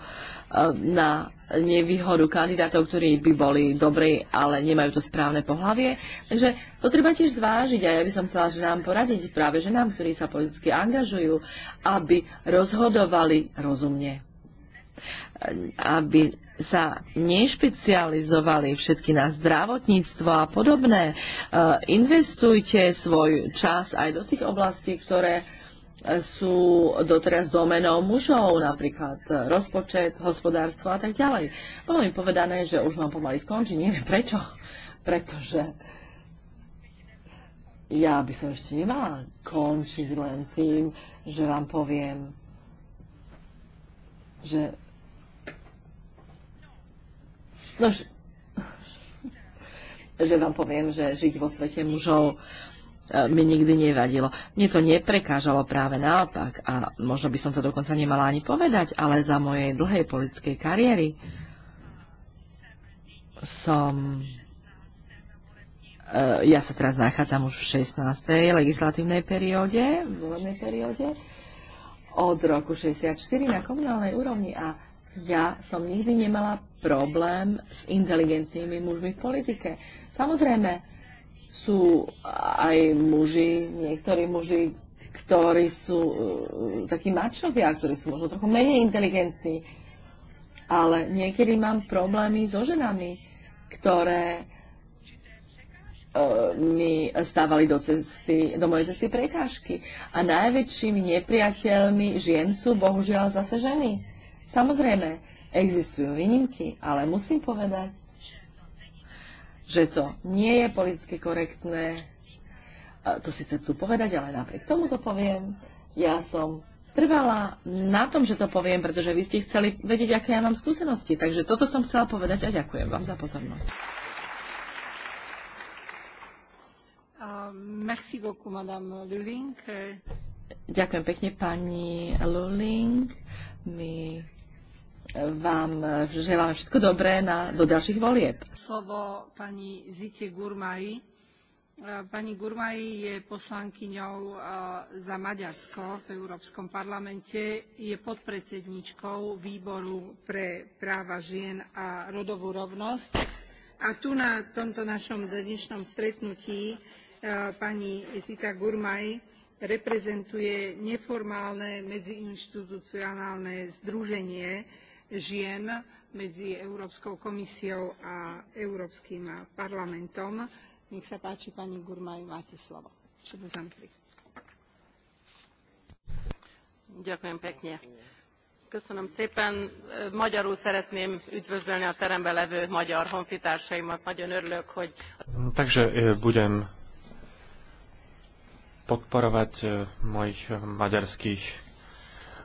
na nevýhodu kandidátov, ktorí by boli dobrí, ale nemajú to správne pohlavie. Takže to treba tiež zvážiť a ja by som chcela, že nám poradiť práve ženám, ktorí sa politicky angažujú, aby rozhodovali rozumne. Aby sa nešpecializovali všetky na zdravotníctvo a podobné. E, investujte svoj čas aj do tých oblastí, ktoré sú doteraz domenou mužov, napríklad rozpočet, hospodárstvo a tak ďalej. Bolo mi povedané, že už mám pomaly skončiť, neviem prečo, pretože ja by som ešte nemala končiť len tým, že vám poviem, že... Nož, že vám poviem, že žiť vo svete mužov mi nikdy nevadilo. Mne to neprekážalo práve naopak a možno by som to dokonca nemala ani povedať, ale za mojej dlhej politickej kariéry som... E, ja sa teraz nachádzam už v 16. legislatívnej perióde, volebnej perióde, od roku 64 na komunálnej úrovni a ja som nikdy nemala problém s inteligentnými mužmi v politike. Samozrejme, sú aj muži, niektorí muži, ktorí sú uh, takí mačovia, ktorí sú možno trochu menej inteligentní. Ale niekedy mám problémy so ženami, ktoré e, mi stávali do, cesty, do mojej cesty prekážky. A najväčšími nepriateľmi žien sú bohužiaľ zase ženy. Samozrejme, existujú výnimky, ale musím povedať, že to nie je politicky korektné. To si chcem tu povedať, ale napriek tomu to poviem. Ja som trvala na tom, že to poviem, pretože vy ste chceli vedieť, aké ja mám skúsenosti. Takže toto som chcela povedať a ďakujem vám za pozornosť. merci beaucoup, madame Luling. Ďakujem pekne, pani Luling. My vám, e, želám všetko dobré na, do ďalších volieb. Slovo pani Zite Gurmaji. E, pani Gurmaji je poslankyňou e, za Maďarsko v Európskom parlamente. Je podpredsedničkou výboru pre práva žien a rodovú rovnosť. A tu na tomto našom dnešnom stretnutí pani Zita Gurmaj reprezentuje neformálne medziinštitucionálne združenie žien medzi Európskou komisiou a Európskym parlamentom. Nech sa páči, pani Gurmaj, máte slovo. Ďakujem pekne. Köszönöm szépen. Magyarul szeretném üdvözölni a teremben levő magyar honfitársaimat. Nagyon örülök, hogy... Takže e, budem podporovať e, mojich maďarských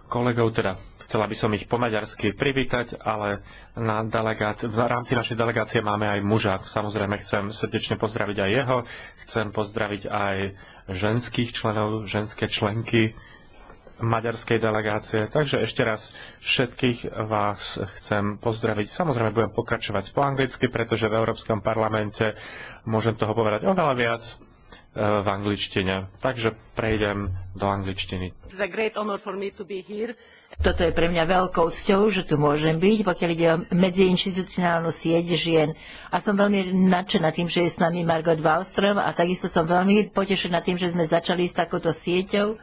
kolegov, teda chcela by som ich po maďarsky privítať, ale na delegáci- v rámci našej delegácie máme aj muža. Samozrejme chcem srdečne pozdraviť aj jeho, chcem pozdraviť aj ženských členov, ženské členky maďarskej delegácie. Takže ešte raz všetkých vás chcem pozdraviť. Samozrejme budem pokračovať po anglicky, pretože v Európskom parlamente môžem toho povedať oveľa viac, Eh, v angličtine. Takže prejdem do angličtiny. Toto je pre mňa veľkou cťou, že tu môžem byť, pokiaľ ide o medziinstitucionálnu sieť žien. A som veľmi nadšená tým, že je s nami Margot Wallström a takisto som veľmi potešená tým, že sme začali s takouto sieťou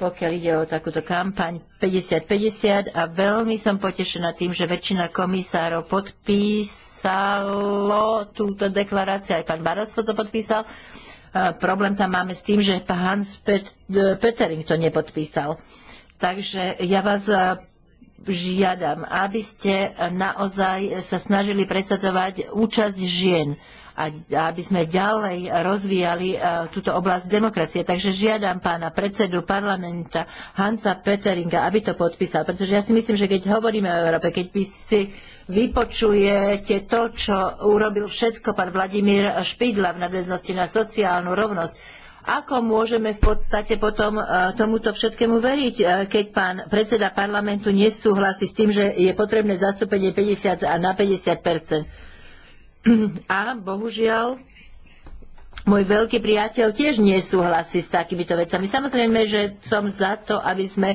pokiaľ ide o takúto kampaň 50-50 a veľmi som potešená tým, že väčšina komisárov podpísalo túto deklaráciu, aj pán Baros to podpísal problém tam máme s tým, že Hans e, Petering to nepodpísal. Takže ja vás e, žiadam, aby ste naozaj sa snažili presadzovať účasť žien a aby sme ďalej rozvíjali e, túto oblasť demokracie. Takže žiadam pána predsedu parlamenta Hansa Peteringa, aby to podpísal, pretože ja si myslím, že keď hovoríme o Európe, keď by si vypočujete to, čo urobil všetko pán Vladimír Špidla v nadväznosti na sociálnu rovnosť. Ako môžeme v podstate potom e, tomuto všetkému veriť, e, keď pán predseda parlamentu nesúhlasí s tým, že je potrebné zastúpenie 50 a na 50 A bohužiaľ, môj veľký priateľ tiež nesúhlasí s takýmito vecami. Samozrejme, že som za to, aby sme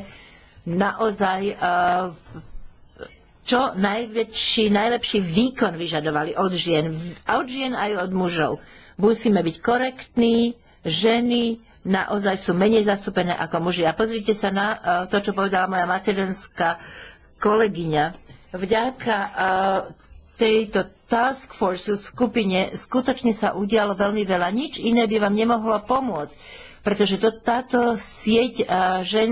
naozaj uh, čo najväčší, najlepší výkon vyžadovali od žien. A od žien aj od mužov. Musíme byť korektní, ženy naozaj sú menej zastúpené ako muži. A pozrite sa na e, to, čo povedala moja macedonská kolegyňa. Vďaka e, tejto task force skupine skutočne sa udialo veľmi veľa. Nič iné by vám nemohlo pomôcť pretože to, táto sieť e, žen,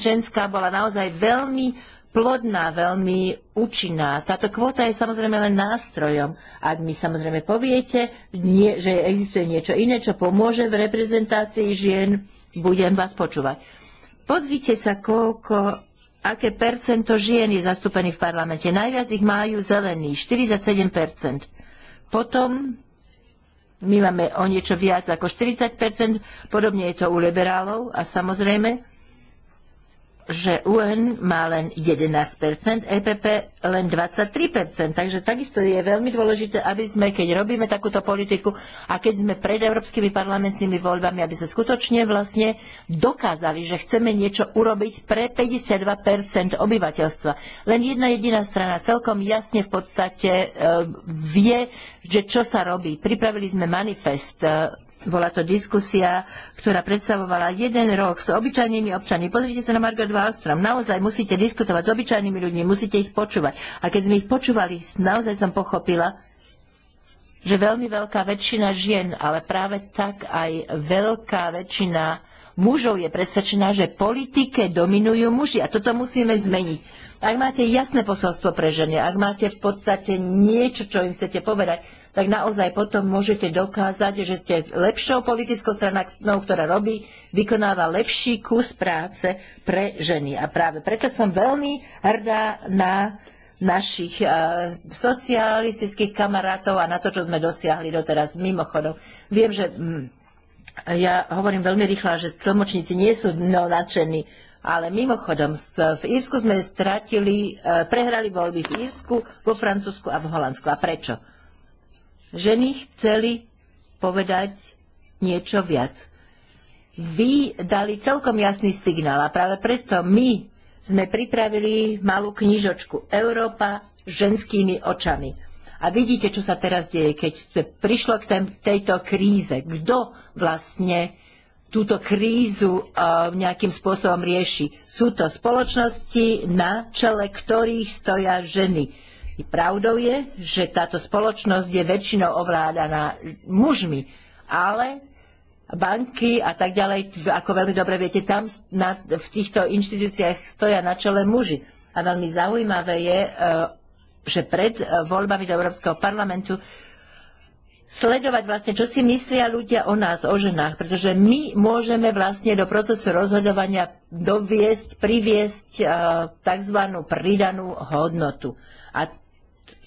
ženská bola naozaj veľmi plodná, veľmi účinná. Táto kvóta je samozrejme len nástrojom. Ak mi samozrejme poviete, nie, že existuje niečo iné, čo pomôže v reprezentácii žien, budem vás počúvať. Pozrite sa, koľko, aké percento žien je zastúpených v parlamente. Najviac ich majú zelení, 47%. Potom my máme o niečo viac ako 40%, podobne je to u liberálov a samozrejme že UN má len 11%, EPP len 23%. Takže takisto je veľmi dôležité, aby sme, keď robíme takúto politiku a keď sme pred európskymi parlamentnými voľbami, aby sa skutočne vlastne dokázali, že chceme niečo urobiť pre 52% obyvateľstva. Len jedna jediná strana celkom jasne v podstate e, vie, že čo sa robí. Pripravili sme manifest e, bola to diskusia, ktorá predstavovala jeden rok s obyčajnými občanmi. Pozrite sa na Margot Wallström. Naozaj musíte diskutovať s obyčajnými ľuďmi, musíte ich počúvať. A keď sme ich počúvali, naozaj som pochopila, že veľmi veľká väčšina žien, ale práve tak aj veľká väčšina mužov je presvedčená, že politike dominujú muži a toto musíme zmeniť. Ak máte jasné posolstvo pre ženy, ak máte v podstate niečo, čo im chcete povedať, tak naozaj potom môžete dokázať, že ste lepšou politickou stranou, ktorá robí, vykonáva lepší kus práce pre ženy. A práve preto som veľmi hrdá na našich uh, socialistických kamarátov a na to, čo sme dosiahli doteraz. Mimochodom, viem, že mm, ja hovorím veľmi rýchlo, že tlmočníci nie sú mnou nadšení, ale mimochodom, v Írsku sme stratili, uh, prehrali voľby v Írsku, vo Francúzsku a v Holandsku. A prečo? ženy chceli povedať niečo viac. Vy dali celkom jasný signál a práve preto my sme pripravili malú knižočku Európa ženskými očami. A vidíte, čo sa teraz deje, keď prišlo k tejto kríze. Kto vlastne túto krízu uh, nejakým spôsobom rieši. Sú to spoločnosti, na čele ktorých stoja ženy Pravdou je, že táto spoločnosť je väčšinou ovládaná mužmi, ale banky a tak ďalej, ako veľmi dobre viete, tam na, v týchto inštitúciách stoja na čele muži. A veľmi zaujímavé je, e, že pred e, voľbami do Európskeho parlamentu sledovať vlastne, čo si myslia ľudia o nás, o ženách, pretože my môžeme vlastne do procesu rozhodovania doviesť, priviesť e, tzv. pridanú hodnotu. A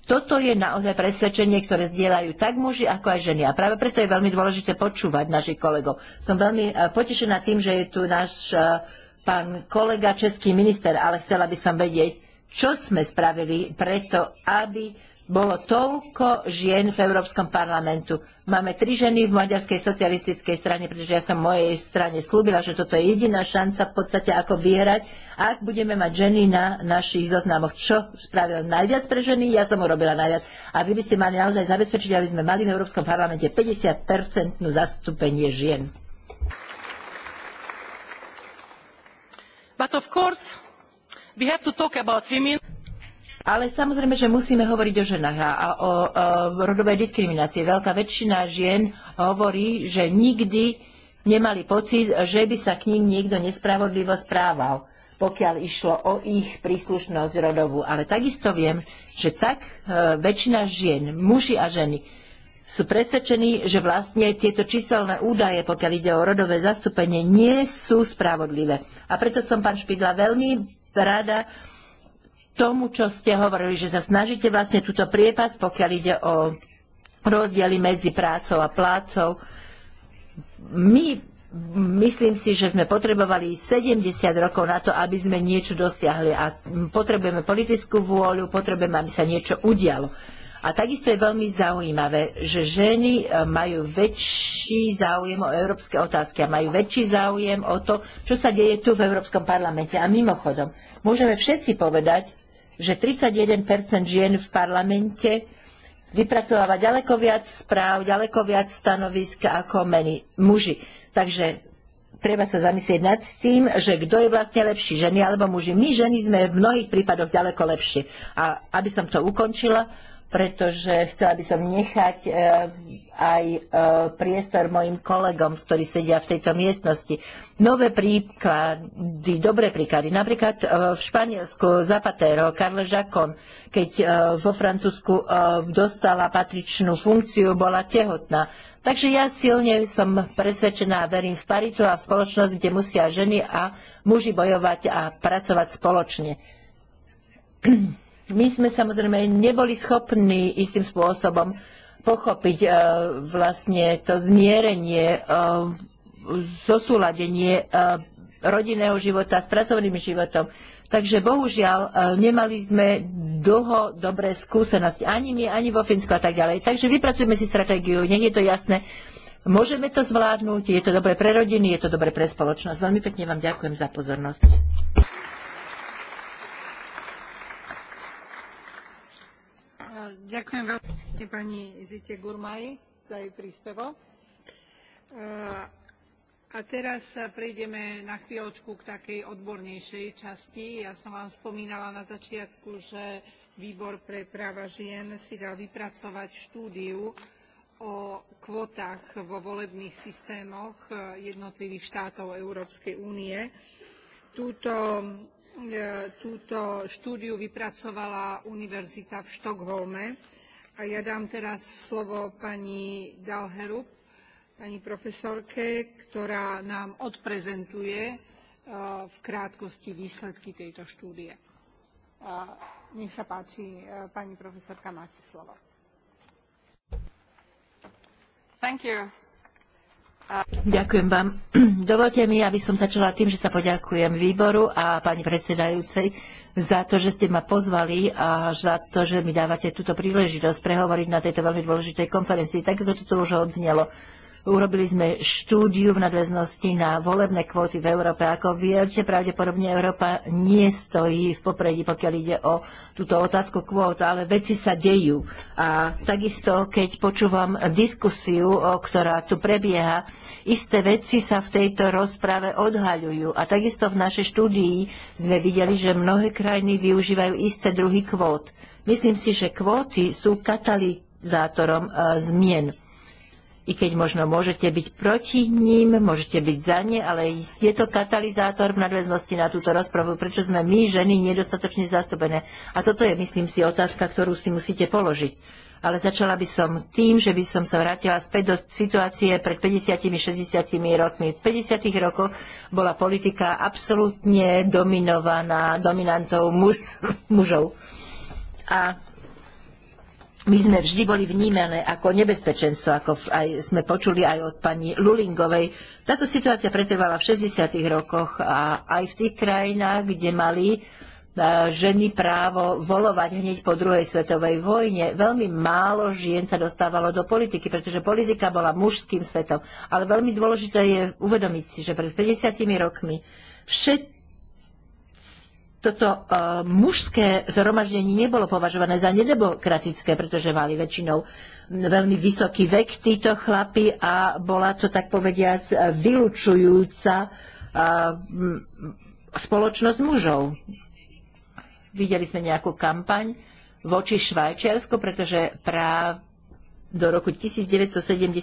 toto je naozaj presvedčenie, ktoré zdieľajú tak muži, ako aj ženy. A práve preto je veľmi dôležité počúvať našich kolegov. Som veľmi eh, potešená tým, že je tu náš eh, pán kolega, český minister, ale chcela by som vedieť, čo sme spravili preto, aby bolo toľko žien v Európskom parlamentu. Máme tri ženy v Maďarskej socialistickej strane, pretože ja som mojej strane slúbila, že toto je jediná šanca v podstate ako vyhrať, ak budeme mať ženy na našich zoznamoch. Čo spravil najviac pre ženy? Ja som urobila najviac. A vy by ste mali naozaj zabezpečiť, aby sme mali v Európskom parlamente 50-percentnú zastúpenie žien. But of course, we have to talk about women. Ale samozrejme, že musíme hovoriť o ženách a o, o rodovej diskriminácii. Veľká väčšina žien hovorí, že nikdy nemali pocit, že by sa k ním niekto nespravodlivo správal pokiaľ išlo o ich príslušnosť rodovú. Ale takisto viem, že tak e, väčšina žien, muži a ženy, sú presvedčení, že vlastne tieto číselné údaje, pokiaľ ide o rodové zastúpenie, nie sú spravodlivé. A preto som, pán Špidla, veľmi rada tomu, čo ste hovorili, že sa snažíte vlastne túto priepas, pokiaľ ide o rozdiely medzi prácou a plácou. My myslím si, že sme potrebovali 70 rokov na to, aby sme niečo dosiahli a potrebujeme politickú vôľu, potrebujeme, aby sa niečo udialo. A takisto je veľmi zaujímavé, že ženy e, majú väčší záujem o európske otázky a majú väčší záujem o to, čo sa deje tu v Európskom parlamente. A mimochodom, môžeme všetci povedať, že 31 žien v parlamente vypracováva ďaleko viac správ, ďaleko viac stanovisk ako meni, muži. Takže treba sa zamyslieť nad tým, že kto je vlastne lepší, ženy alebo muži. My ženy sme v mnohých prípadoch ďaleko lepšie. A aby som to ukončila, pretože chcela by som nechať eh, aj eh, priestor mojim kolegom, ktorí sedia v tejto miestnosti. Nové príklady, dobré príklady. Napríklad eh, v Španielsku Zapatero, Karle Jacon, keď vo Francúzsku dostala patričnú funkciu, bola tehotná. Takže ja silne som presvedčená a verím v paritu a v spoločnosť, kde musia ženy a muži bojovať a pracovať spoločne My sme samozrejme neboli schopní istým spôsobom pochopiť e, vlastne to zmierenie, e, zosúladenie e, rodinného života s pracovným životom. Takže bohužiaľ nemali sme dlho dobré skúsenosti, ani my, ani vo Fínsku a tak ďalej. Takže vypracujeme si stratégiu, nech je to jasné. Môžeme to zvládnuť, je to dobre pre rodiny, je to dobre pre spoločnosť. Veľmi pekne vám ďakujem za pozornosť. Ďakujem veľmi pekne pani Zite Gurmai za jej príspevok. A teraz prejdeme na chvíľočku k takej odbornejšej časti. Ja som vám spomínala na začiatku, že výbor pre práva žien si dal vypracovať štúdiu o kvotách vo volebných systémoch jednotlivých štátov Európskej únie. Túto E, túto štúdiu vypracovala Univerzita v Štokholme. A ja dám teraz slovo pani Dalherup, pani profesorke, ktorá nám odprezentuje e, v krátkosti výsledky tejto štúdie. Nech sa páči, e, pani profesorka, máte slovo. Thank you. Ďakujem vám. Dovolte mi, aby som začala tým, že sa poďakujem výboru a pani predsedajúcej za to, že ste ma pozvali a za to, že mi dávate túto príležitosť prehovoriť na tejto veľmi dôležitej konferencii, tak ako to tu už odznelo. Urobili sme štúdiu v nadväznosti na volebné kvóty v Európe. Ako vierte, pravdepodobne Európa nestojí v popredí, pokiaľ ide o túto otázku kvót, ale veci sa dejú. A takisto, keď počúvam diskusiu, ktorá tu prebieha, isté veci sa v tejto rozprave odhaľujú. A takisto v našej štúdii sme videli, že mnohé krajiny využívajú isté druhy kvót. Myslím si, že kvóty sú katalizátorom e, zmien i keď možno môžete byť proti ním, môžete byť za ne, ale je to katalizátor v nadväznosti na túto rozpravu, prečo sme my, ženy, nedostatočne zastúpené. A toto je, myslím si, otázka, ktorú si musíte položiť. Ale začala by som tým, že by som sa vrátila späť do situácie pred 50-60 rokmi. V 50 rokoch bola politika absolútne dominovaná dominantou muž, mužov. A my sme vždy boli vnímané ako nebezpečenstvo, ako aj sme počuli aj od pani Lulingovej. Táto situácia pretrvala v 60. rokoch a aj v tých krajinách, kde mali e, ženy právo volovať hneď po druhej svetovej vojne. Veľmi málo žien sa dostávalo do politiky, pretože politika bola mužským svetom. Ale veľmi dôležité je uvedomiť si, že pred 50 rokmi všetky toto uh, mužské zhromaždenie nebolo považované za nedemokratické, pretože mali väčšinou veľmi vysoký vek títo chlapy a bola to tak povediac vylučujúca uh, spoločnosť mužov. Videli sme nejakú kampaň voči Švajčiarsku, pretože práv do roku 1971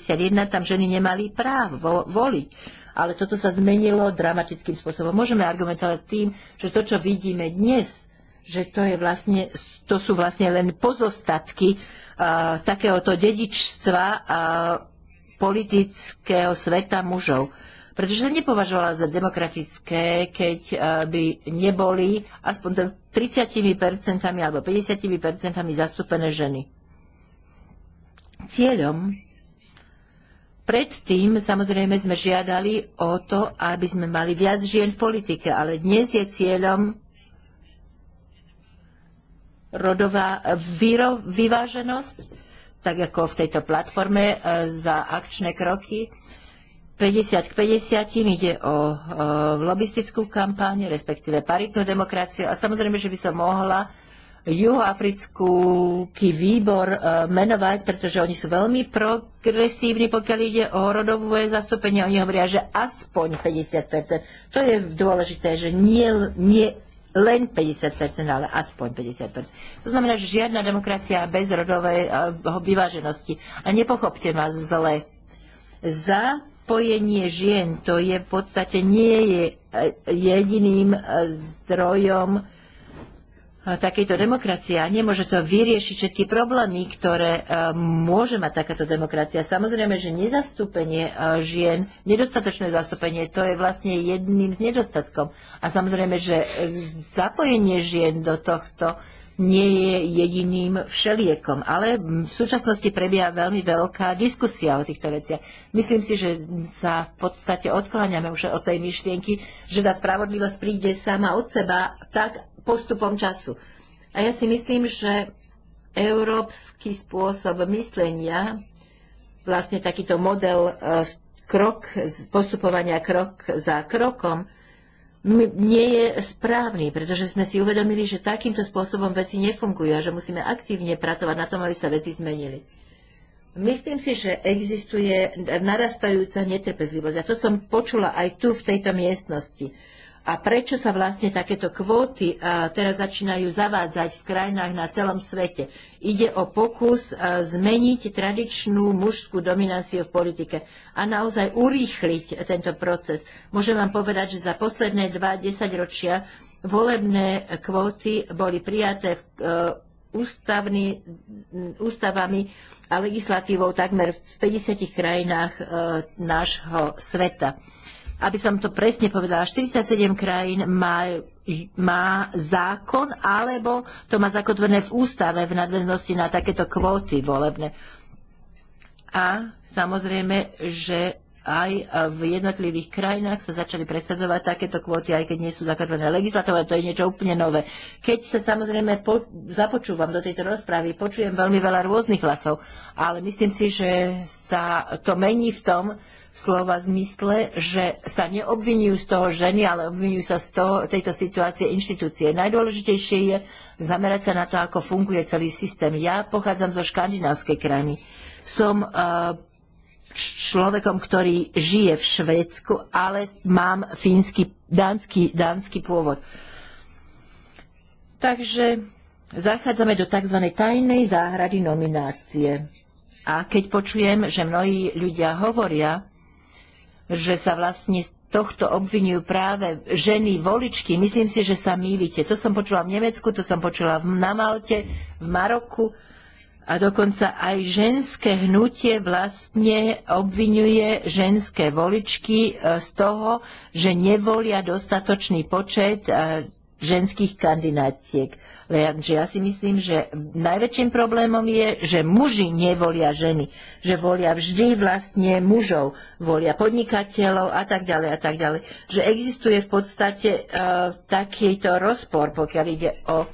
tam ženy nemali právo voliť ale toto sa zmenilo dramatickým spôsobom. Môžeme argumentovať tým, že to, čo vidíme dnes, že to, je vlastne, to sú vlastne len pozostatky uh, takéhoto dedičstva uh, politického sveta mužov. Pretože sa nepovažovala za demokratické, keď by neboli aspoň 30% alebo 50% zastúpené ženy. Cieľom Predtým samozrejme sme žiadali o to, aby sme mali viac žien v politike, ale dnes je cieľom rodová výro, vyváženosť, tak ako v tejto platforme e, za akčné kroky. 50 k 50 ide o, e, lobistickú kampaň, respektíve paritnú demokraciu a samozrejme, že by som mohla juhoafrický výbor e, menovať, pretože oni sú veľmi progresívni, pokiaľ ide o rodové zastúpenie. Oni hovoria, že aspoň 50%. To je dôležité, že nie, nie len 50%, ale aspoň 50%. To znamená, že žiadna demokracia bez rodovej e, vyváženosti. A nepochopte ma zle. Zapojenie žien to je v podstate nie je e, jediným zdrojom Eh, Takejto demokracie a Nemôže to vyriešiť všetky problémy, ktoré eh, môže mať takáto demokracia. Samozrejme, že nezastúpenie eh, žien, nedostatočné zastúpenie, to je vlastne jedným z nedostatkom. A samozrejme, že zapojenie žien do tohto nie je jediným všeliekom, ale v súčasnosti prebieha veľmi veľká diskusia o týchto veciach. Myslím si, že sa v podstate odkláňame už od tej myšlienky, že tá spravodlivosť príde sama od seba tak, postupom času. A ja si myslím, že európsky spôsob myslenia, vlastne takýto model e, krok, postupovania krok za krokom, nie je správny, pretože sme si uvedomili, že takýmto spôsobom veci nefungujú a že musíme aktívne pracovať na tom, aby sa veci zmenili. Myslím si, že existuje narastajúca netrpezlivosť. A to som počula aj tu v tejto miestnosti a prečo sa vlastne takéto kvóty e, teraz začínajú zavádzať v krajinách na celom svete. Ide o pokus e, zmeniť tradičnú mužskú dominanciu v politike a naozaj urýchliť tento proces. Môžem vám povedať, že za posledné dva desaťročia volebné kvóty boli prijaté v, e, ústavný, ústavami a legislatívou takmer v 50 krajinách e, nášho sveta aby som to presne povedala, 47 krajín má, má zákon, alebo to má zakotvené v ústave v nadväznosti na takéto kvóty volebné. A samozrejme, že aj e, v jednotlivých krajinách sa začali presadzovať takéto kvóty, aj keď nie sú zakotvené legislatívne, to je niečo úplne nové. Keď sa samozrejme po, započúvam do tejto rozprávy, počujem veľmi veľa rôznych hlasov, ale myslím si, že sa to mení v tom, slova zmysle, že sa neobvinujú z toho ženy, ale obvinujú sa z toho, tejto situácie inštitúcie. Najdôležitejšie je zamerať sa na to, ako funguje celý systém. Ja pochádzam zo škandinávskej krajiny. Som uh, človekom, ktorý žije v Švedsku, ale mám fínsky, dánsky, dánsky pôvod. Takže zachádzame do tzv. tajnej záhrady nominácie. A keď počujem, že mnohí ľudia hovoria, že sa vlastne z tohto obvinujú práve ženy voličky, myslím si, že sa mýlite. To som počula v Nemecku, to som počula na Malte, v Maroku a dokonca aj ženské hnutie vlastne obvinuje ženské voličky e, z toho, že nevolia dostatočný počet e, ženských kandidátiek. Lenže ja si myslím, že najväčším problémom je, že muži nevolia ženy, že volia vždy vlastne mužov, volia podnikateľov a tak ďalej a tak ďalej. Že existuje v podstate uh, takýto rozpor, pokiaľ ide o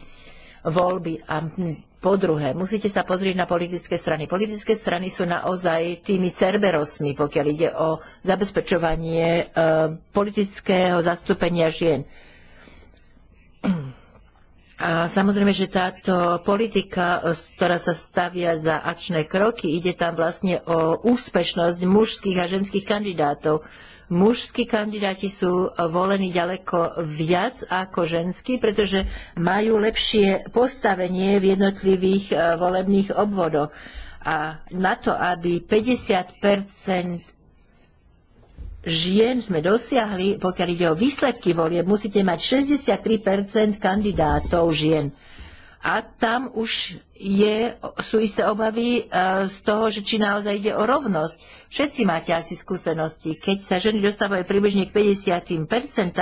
voľby. A po druhé, musíte sa pozrieť na politické strany. Politické strany sú naozaj tými cerberosmi, pokiaľ ide o zabezpečovanie e, politického zastúpenia žien. A samozrejme, že táto politika, e, ktorá sa stavia za akčné kroky, ide tam vlastne o úspešnosť mužských a ženských kandidátov mužskí kandidáti sú eh, volení ďaleko viac ako ženskí, pretože majú lepšie postavenie v jednotlivých eh, volebných obvodoch. A na to, aby 50 žien sme dosiahli, pokiaľ ide o výsledky volieb, musíte mať 63 kandidátov žien. A tam už je, sú isté obavy eh, z toho, že či naozaj ide o rovnosť Všetci máte asi skúsenosti. Keď sa ženy dostávajú približne k 50%,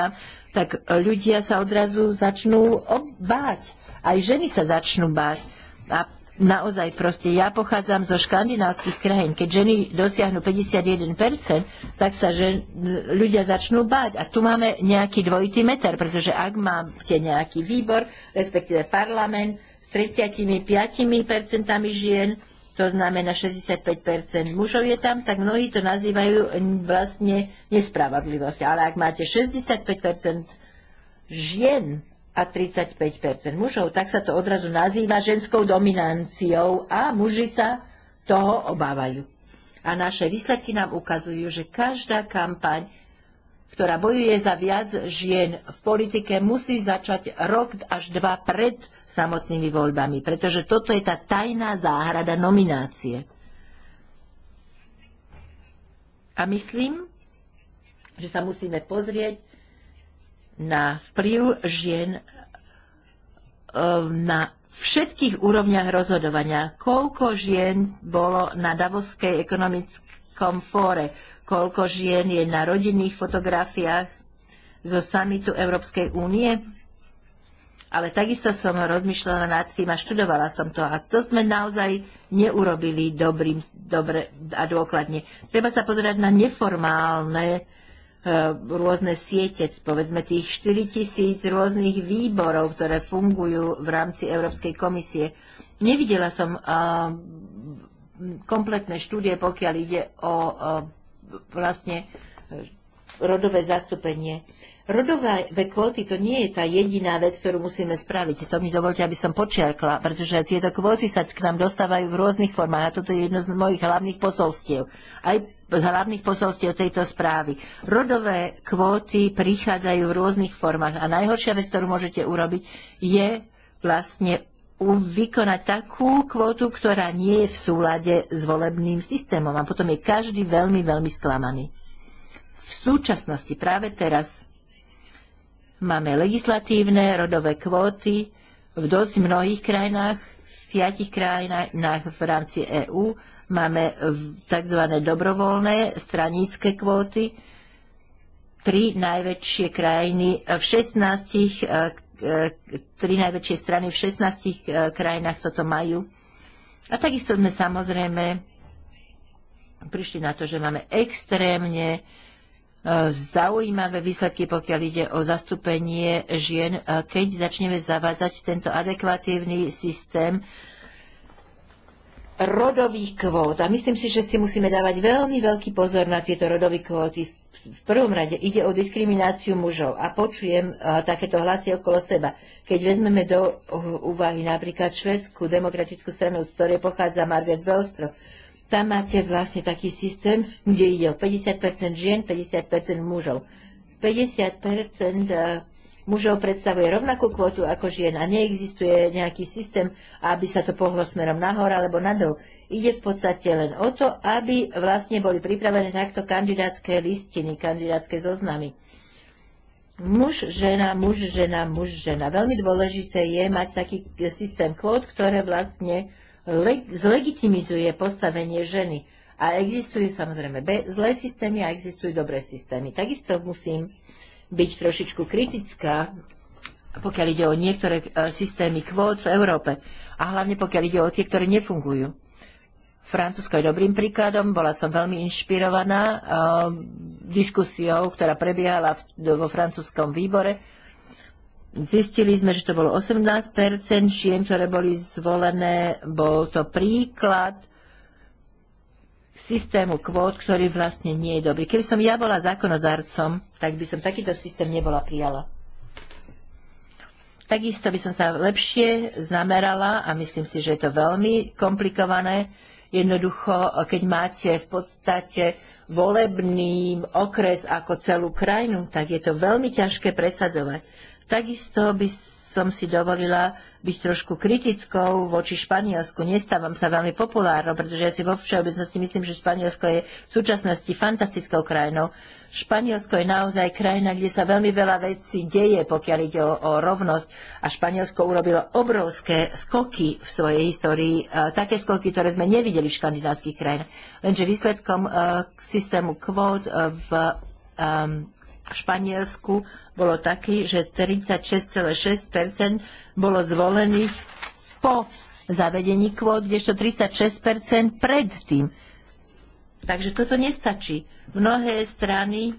tak ľudia sa odrazu začnú báť. Aj ženy sa začnú báť. A naozaj proste, ja pochádzam zo škandinávskych krajín. Keď ženy dosiahnu 51%, tak sa žen, ľudia začnú báť. A tu máme nejaký dvojitý meter, pretože ak máte nejaký výbor, respektíve parlament, s 35% žien, to znamená 65% mužov je tam, tak mnohí to nazývajú mm, vlastne nespravodlivosť. Ale ak máte 65% žien a 35% mužov, tak sa to odrazu nazýva ženskou dominanciou a muži sa toho obávajú. A naše výsledky nám ukazujú, že každá kampaň ktorá bojuje za viac žien v politike, musí začať rok až dva pred samotnými voľbami, pretože toto je tá tajná záhrada nominácie. A myslím, že sa musíme pozrieť na vplyv žien e, na všetkých úrovniach rozhodovania. Koľko žien bolo na Davoskej ekonomickom fóre? koľko žien je na rodinných fotografiách zo samitu Európskej únie. Ale takisto som rozmýšľala nad tým a študovala som to. A to sme naozaj neurobili dobrým, dobre a dôkladne. Treba sa pozerať na neformálne e, rôzne siete, povedzme tých 4 tisíc rôznych výborov, ktoré fungujú v rámci Európskej komisie. Nevidela som kompletné štúdie, pokiaľ ide o vlastne e, rodové zastúpenie. Rodové kvóty to nie je tá jediná vec, ktorú musíme spraviť. To mi dovolte, aby som počiarkla, pretože tieto kvóty sa k nám dostávajú v rôznych formách a toto je jedno z mojich hlavných posolstiev. Aj z hlavných posolstiev tejto správy. Rodové kvóty prichádzajú v rôznych formách a najhoršia vec, ktorú môžete urobiť, je vlastne vykonať takú kvotu, ktorá nie je v súlade s volebným systémom. A potom je každý veľmi, veľmi sklamaný. V súčasnosti, práve teraz, máme legislatívne rodové kvóty v dosť mnohých krajinách, v piatich krajinách v rámci EÚ. Máme tzv. dobrovoľné stranícke kvóty, tri najväčšie krajiny v 16 E, tri najväčšie strany v 16 e, krajinách toto majú. A takisto sme samozrejme prišli na to, že máme extrémne e, zaujímavé výsledky, pokiaľ ide o zastúpenie žien, keď začneme zavádzať tento adekvatívny systém rodových kvót. A myslím si, že si musíme dávať veľmi veľký pozor na tieto rodové kvóty v v prvom rade ide o diskrimináciu mužov a počujem a, e, takéto hlasy okolo seba. Keď vezmeme do e, úvahy napríklad švedskú demokratickú stranu, z ktorej pochádza Margaret Velstro, tam máte vlastne taký systém, kde ide o 50% žien, 50% mužov. 50% mužov predstavuje rovnakú kvotu ako žien a neexistuje nejaký systém, aby sa to pohlo smerom nahor alebo nadol. Ide v podstate len o to, aby vlastne boli pripravené takto kandidátske listiny, kandidátske zoznamy. Muž, žena, muž, žena, muž, žena. Veľmi dôležité je mať taký systém kvót, ktoré vlastne zlegitimizuje postavenie ženy. A existujú samozrejme zlé systémy a existujú dobré systémy. Takisto musím byť trošičku kritická, pokiaľ ide o niektoré e, systémy kvót v Európe a hlavne pokiaľ ide o tie, ktoré nefungujú. Francúzsko je dobrým príkladom, bola som veľmi inšpirovaná uh, diskusiou, ktorá prebiehala v, vo francúzskom výbore. Zistili sme, že to bolo 18 žien, ktoré boli zvolené. Bol to príklad systému kvót, ktorý vlastne nie je dobrý. Keď som ja bola zákonodarcom, tak by som takýto systém nebola prijala. Takisto by som sa lepšie zamerala a myslím si, že je to veľmi komplikované. Jednoducho, keď máte v podstate volebný okres ako celú krajinu, tak je to veľmi ťažké presadzovať. Takisto by som si dovolila byť trošku kritickou voči Španielsku. Nestávam sa veľmi populárnou, pretože ja si vo všeobecnosti myslím, že Španielsko je v súčasnosti fantastickou krajinou. Španielsko je naozaj krajina, kde sa veľmi veľa vecí deje, pokiaľ ide o, o rovnosť. A Španielsko urobilo obrovské skoky v svojej histórii, e, také skoky, ktoré sme nevideli v škandinávskych krajinách. Lenže výsledkom e, k systému kvót e, v e, v Španielsku bolo taký, že 36,6 bolo zvolených po zavedení kvót, kdežto 36 predtým. Takže toto nestačí. Mnohé strany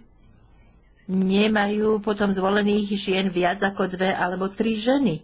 nemajú potom zvolených žien viac ako dve alebo tri ženy.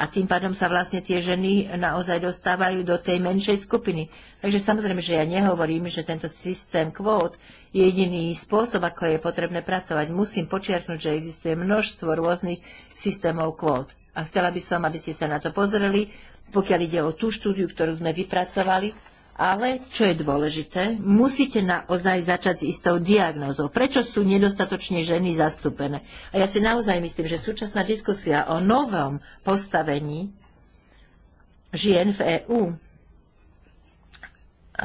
A tým pádom sa vlastne tie ženy naozaj dostávajú do tej menšej skupiny. Takže samozrejme, že ja nehovorím, že tento systém kvót jediný spôsob, ako je potrebné pracovať. Musím počiarknúť, že existuje množstvo rôznych systémov kvót. A chcela by som, aby ste sa na to pozreli, pokiaľ ide o tú štúdiu, ktorú sme vypracovali. Ale, čo je dôležité, musíte naozaj začať s istou diagnózou. Prečo sú nedostatočne ženy zastúpené? A ja si naozaj myslím, že súčasná diskusia o novom postavení žien v EÚ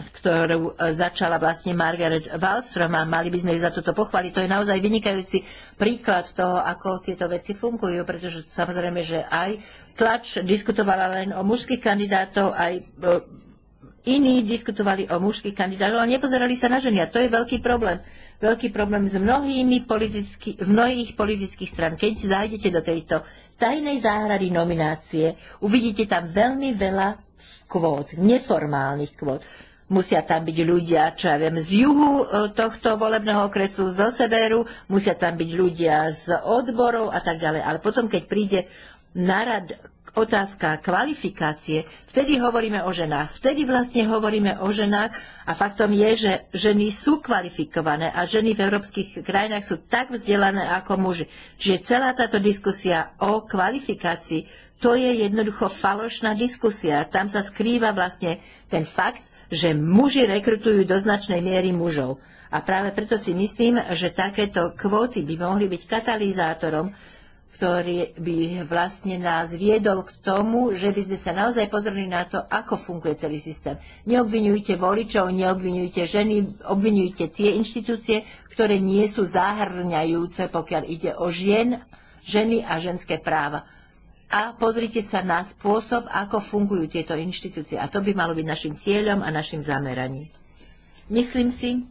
ktorú e, začala vlastne Margaret Wallström a mali by sme ju za toto pochváliť. To je naozaj vynikajúci príklad toho, ako tieto veci fungujú, pretože samozrejme, že aj tlač diskutovala len o mužských kandidátov, aj e, iní diskutovali o mužských kandidátov, ale nepozerali sa na ženy. A to je veľký problém. Veľký problém s mnohými politicky, v mnohých politických stran. Keď zájdete do tejto tajnej záhrady nominácie, uvidíte tam veľmi veľa kvót, neformálnych kvót. Musia tam byť ľudia, čo ja viem, z juhu e, tohto volebného okresu, zo severu, musia tam byť ľudia z odborov a tak ďalej. Ale potom, keď príde na rad otázka kvalifikácie, vtedy hovoríme o ženách. Vtedy vlastne hovoríme o ženách a faktom je, že ženy sú kvalifikované a ženy v európskych krajinách sú tak vzdelané ako muži. Čiže celá táto diskusia o kvalifikácii, to je jednoducho falošná diskusia. Tam sa skrýva vlastne ten fakt, že muži rekrutujú do značnej miery mužov. A práve preto si myslím, že takéto kvóty by mohli byť katalizátorom, ktorý by vlastne nás viedol k tomu, že by sme sa naozaj pozreli na to, ako funguje celý systém. Neobvinujte voličov, neobvinujte ženy, obvinujte tie inštitúcie, ktoré nie sú zahrňajúce, pokiaľ ide o žien, ženy a ženské práva a pozrite sa na spôsob, ako fungujú tieto inštitúcie. A to by malo byť našim cieľom a našim zameraním. Myslím si,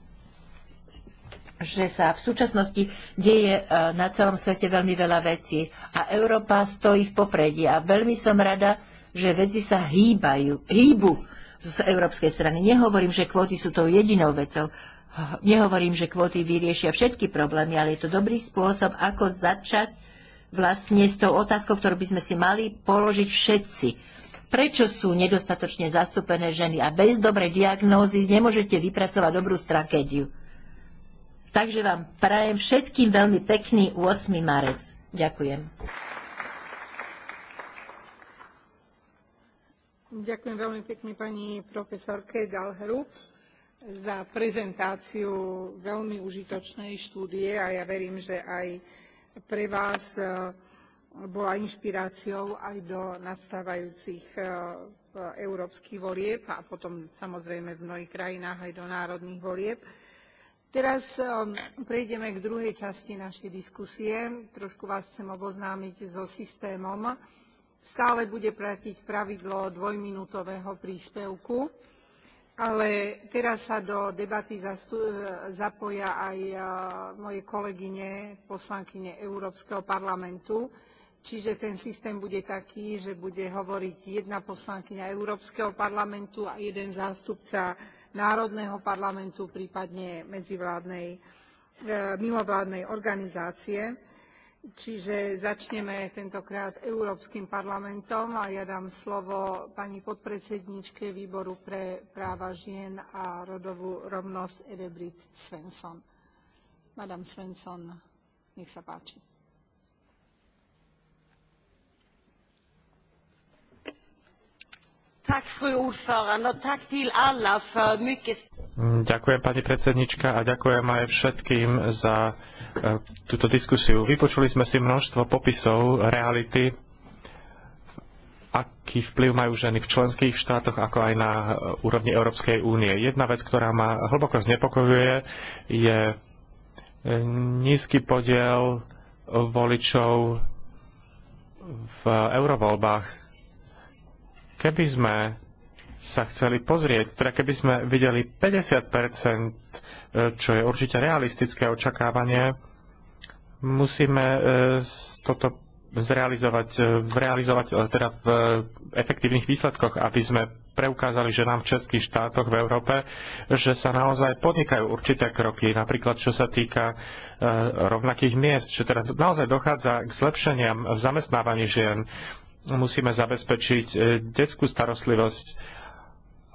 že sa v súčasnosti deje e, na celom svete veľmi veľa vecí a Európa stojí v popredí a veľmi som rada, že veci sa hýbajú, hýbu z európskej strany. Nehovorím, že kvóty sú tou jedinou vecou. Nehovorím, že kvóty vyriešia všetky problémy, ale je to dobrý spôsob, ako začať vlastne s tou otázkou, ktorú by sme si mali položiť všetci. Prečo sú nedostatočne zastúpené ženy a bez dobrej diagnózy nemôžete vypracovať dobrú stratégiu? Takže vám prajem všetkým veľmi pekný 8. marec. Ďakujem. Ďakujem veľmi pekne pani profesorke Dalheru za prezentáciu veľmi užitočnej štúdie a ja verím, že aj pre vás e, bola inšpiráciou aj do nastávajúcich e, európskych volieb a potom samozrejme v mnohých krajinách aj do národných volieb. Teraz e, prejdeme k druhej časti našej diskusie. Trošku vás chcem oboznámiť so systémom. Stále bude platiť pravidlo dvojminútového príspevku ale teraz sa do debaty zapoja aj e, moje kolegyne poslankyne európskeho parlamentu čiže ten systém bude taký že bude hovoriť jedna poslankyňa európskeho parlamentu a jeden zástupca národného parlamentu prípadne e, mimovládnej organizácie. Čiže začneme tentokrát Európskym parlamentom a ja dám slovo pani podpredsedničke Výboru pre práva žien a rodovú rovnosť Edebrit Svensson. Madam Svensson, nech sa páči. Mm, ďakujem pani predsednička a ďakujem aj všetkým za e, túto diskusiu. Vypočuli sme si množstvo popisov reality, aký vplyv majú ženy v členských štátoch, ako aj na e, úrovni Európskej únie. Jedna vec, ktorá ma hlboko znepokojuje, je e, nízky podiel voličov v eurovoľbách Keby sme sa chceli pozrieť, teda keby sme videli 50%, e, čo je určite realistické očakávanie, musíme e, toto zrealizovať, e, realizovať teda v efektívnych výsledkoch, aby sme preukázali, že nám v českých štátoch v Európe, že sa naozaj podnikajú určité kroky, napríklad čo sa týka e, rovnakých miest, že teda naozaj dochádza k zlepšeniam v zamestnávaní žien musíme zabezpečiť e, detskú starostlivosť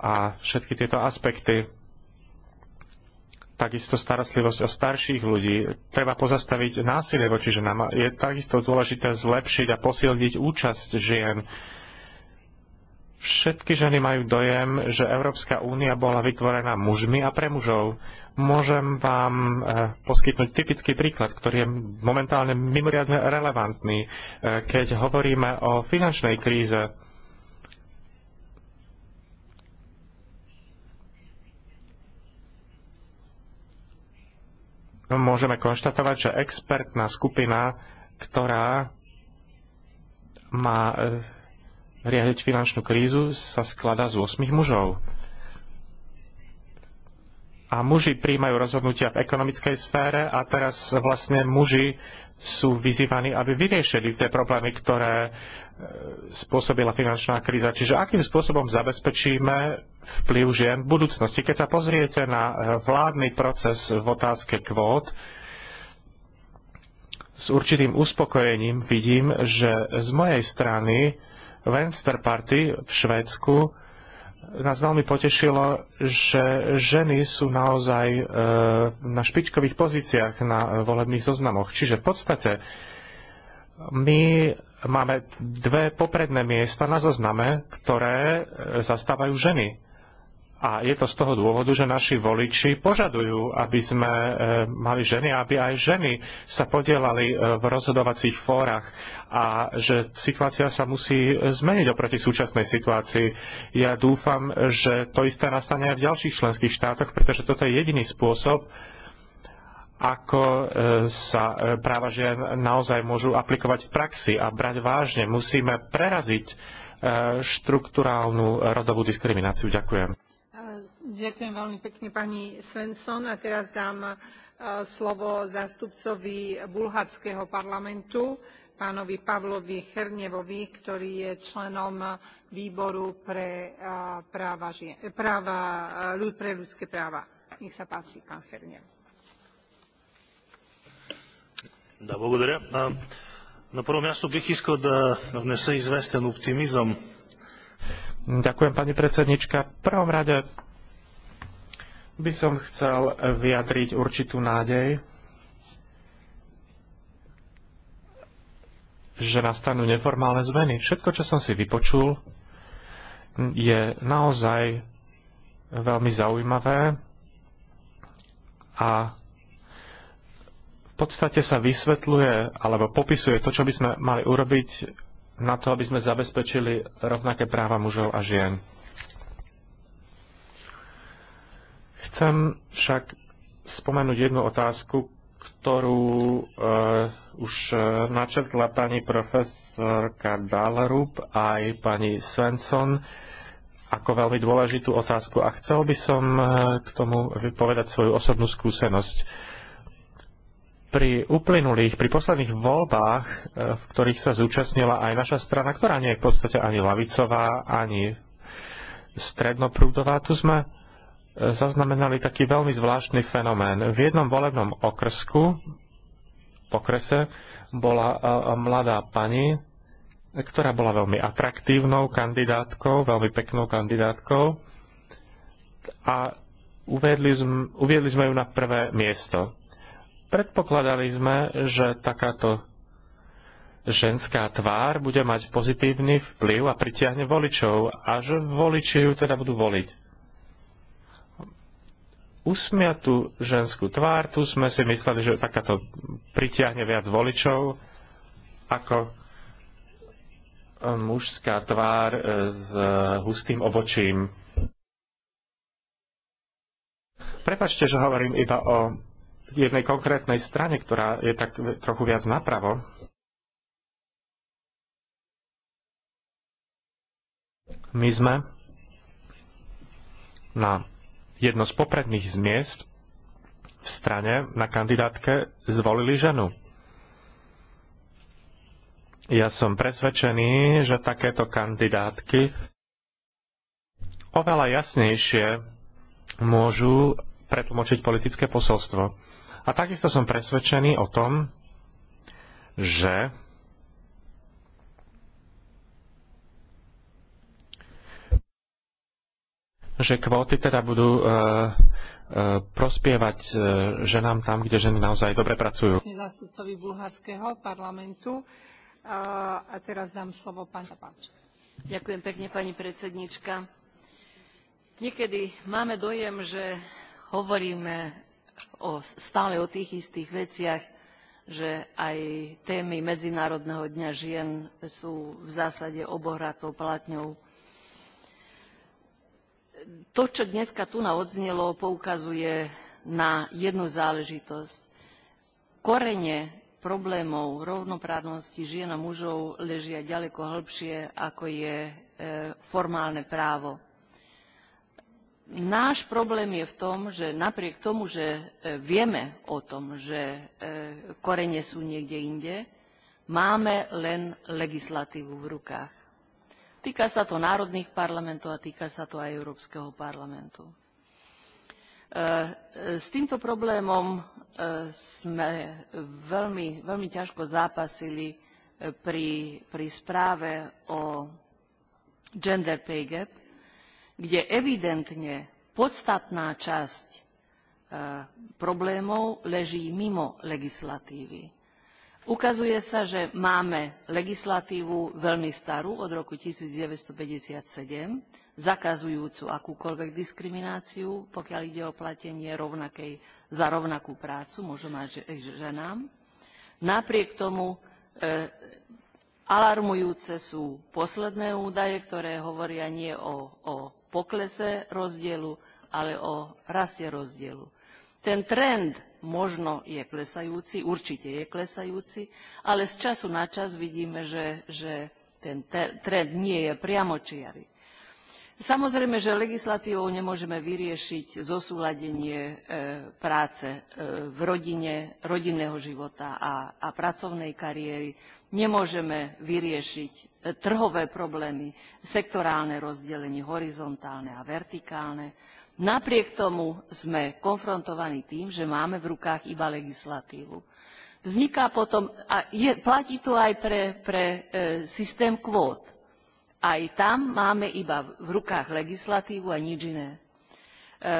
a všetky tieto aspekty. Takisto starostlivosť o starších ľudí. Treba pozastaviť násilie voči ženám. Je takisto dôležité zlepšiť a posilniť účasť žien Všetky ženy majú dojem, že Európska únia bola vytvorená mužmi a pre mužov. Môžem vám eh, poskytnúť typický príklad, ktorý je momentálne mimoriadne relevantný, eh, keď hovoríme o finančnej kríze. Môžeme konštatovať, že expertná skupina, ktorá má eh, riadiť finančnú krízu sa skladá z 8 mužov. A muži príjmajú rozhodnutia v ekonomickej sfére a teraz vlastne muži sú vyzývaní, aby vyriešili tie problémy, ktoré e, spôsobila finančná kríza. Čiže akým spôsobom zabezpečíme vplyv žien v budúcnosti? Keď sa pozriete na e, vládny proces v otázke kvót, s určitým uspokojením vidím, že z mojej strany Venster Party v Švédsku nás veľmi potešilo, že ženy sú naozaj e, na špičkových pozíciách na volebných zoznamoch. Čiže v podstate my máme dve popredné miesta na zozname, ktoré e, zastávajú ženy. A je to z toho dôvodu, že naši voliči požadujú, aby sme e, mali ženy, aby aj ženy sa podielali e, v rozhodovacích fórach a že situácia sa musí e, zmeniť oproti súčasnej situácii. Ja dúfam, že to isté nastane aj v ďalších členských štátoch, pretože toto je jediný spôsob, ako e, sa e, práva žien naozaj môžu aplikovať v praxi a brať vážne. Musíme preraziť štruktúrálnu rodovú diskrimináciu. Ďakujem. Ďakujem veľmi pekne pani Svensson a teraz dám e, slovo zástupcovi bulharského parlamentu pánovi pavlovi hrnevovi ktorý je členom výboru pre, e, práva, práva, e, pre ľudské práva. nech sa páči pán hrnev. Да, благодаря. На първо място бих искал да внеса Ďakujem, pani predsednička. V prvom rade by som chcel vyjadriť určitú nádej, že nastanú neformálne zmeny. Všetko, čo som si vypočul, je naozaj veľmi zaujímavé a v podstate sa vysvetľuje alebo popisuje to, čo by sme mali urobiť na to, aby sme zabezpečili rovnaké práva mužov a žien. Chcem však spomenúť jednu otázku, ktorú e, už eh, načrtla pani profesorka Dalrup aj pani Svensson ako veľmi dôležitú otázku a chcel by som eh, k tomu vypovedať svoju osobnú skúsenosť. Pri uplynulých, pri posledných voľbách, v ktorých sa zúčastnila aj naša strana, ktorá nie je v podstate ani lavicová, ani strednoprúdová, tu sme zaznamenali taký veľmi zvláštny fenomén. V jednom volebnom okrsku, v okrese bola e, e, mladá pani, ktorá bola veľmi atraktívnou kandidátkou, veľmi peknou kandidátkou a uviedli sme, uviedli sme ju na prvé miesto. Predpokladali sme, že takáto ženská tvár bude mať pozitívny vplyv a pritiahne voličov a že voliči ju teda budú voliť usmiatú ženskú tvár. Tu sme si mysleli, že takáto pritiahne viac voličov ako eh, mužská tvár eh, s hustým obočím. Prepačte, že hovorím iba o jednej konkrétnej strane, ktorá je tak trochu viac napravo. My sme na jedno z popredných miest v strane na kandidátke zvolili ženu. Ja som presvedčený, že takéto kandidátky oveľa jasnejšie môžu pretlmočiť politické posolstvo. A takisto som presvedčený o tom, že že kvóty teda budú e, e, prospievať e, ženám tam, kde ženy naozaj dobre pracujú. Zastupcovi bulharského parlamentu. A teraz dám slovo pán Zapáč. Ďakujem pekne, pani predsednička. Niekedy máme dojem, že hovoríme o, stále o tých istých veciach, že aj témy Medzinárodného dňa žien sú v zásade obohratou platňou to, čo dneska tu na odznelo, poukazuje na jednu záležitosť. Korene problémov rovnoprávnosti žien a mužov ležia ďaleko hlbšie ako je e, formálne právo. Náš problém je v tom, že napriek tomu, že e, vieme o tom, že e, korene sú niekde inde, máme len legislatívu v rukách. Týka sa to národných parlamentov a týka sa to aj Európskeho parlamentu. E, e, s týmto problémom e, sme veľmi, veľmi ťažko zápasili pri, pri správe o gender pay gap, kde evidentne podstatná časť problémov leží mimo legislatívy Ukazuje sa, že máme legislatívu veľmi starú od roku 1957, zakazujúcu akúkoľvek diskrimináciu, pokiaľ ide o platenie rovnakej za rovnakú prácu mužom a eh, ženám. Napriek tomu eh, alarmujúce sú posledné údaje, ktoré hovoria nie o, o poklese rozdielu, ale o raste rozdielu. Ten trend možno je klesajúci, určite je klesajúci, ale z času na čas vidíme, že, že ten trend nie je priamočiary. Samozrejme, že legislatívou nemôžeme vyriešiť zosúladenie e, práce e, v rodine, rodinného života a, a pracovnej kariéry. Nemôžeme vyriešiť e, trhové problémy, sektorálne rozdelenie, horizontálne a vertikálne Napriek tomu sme konfrontovaní tým, že máme v rukách iba legislatívu. Vzniká potom, a je, platí to aj pre, pre e, systém kvót. Aj tam máme iba v rukách legislatívu a nič iné. E, e,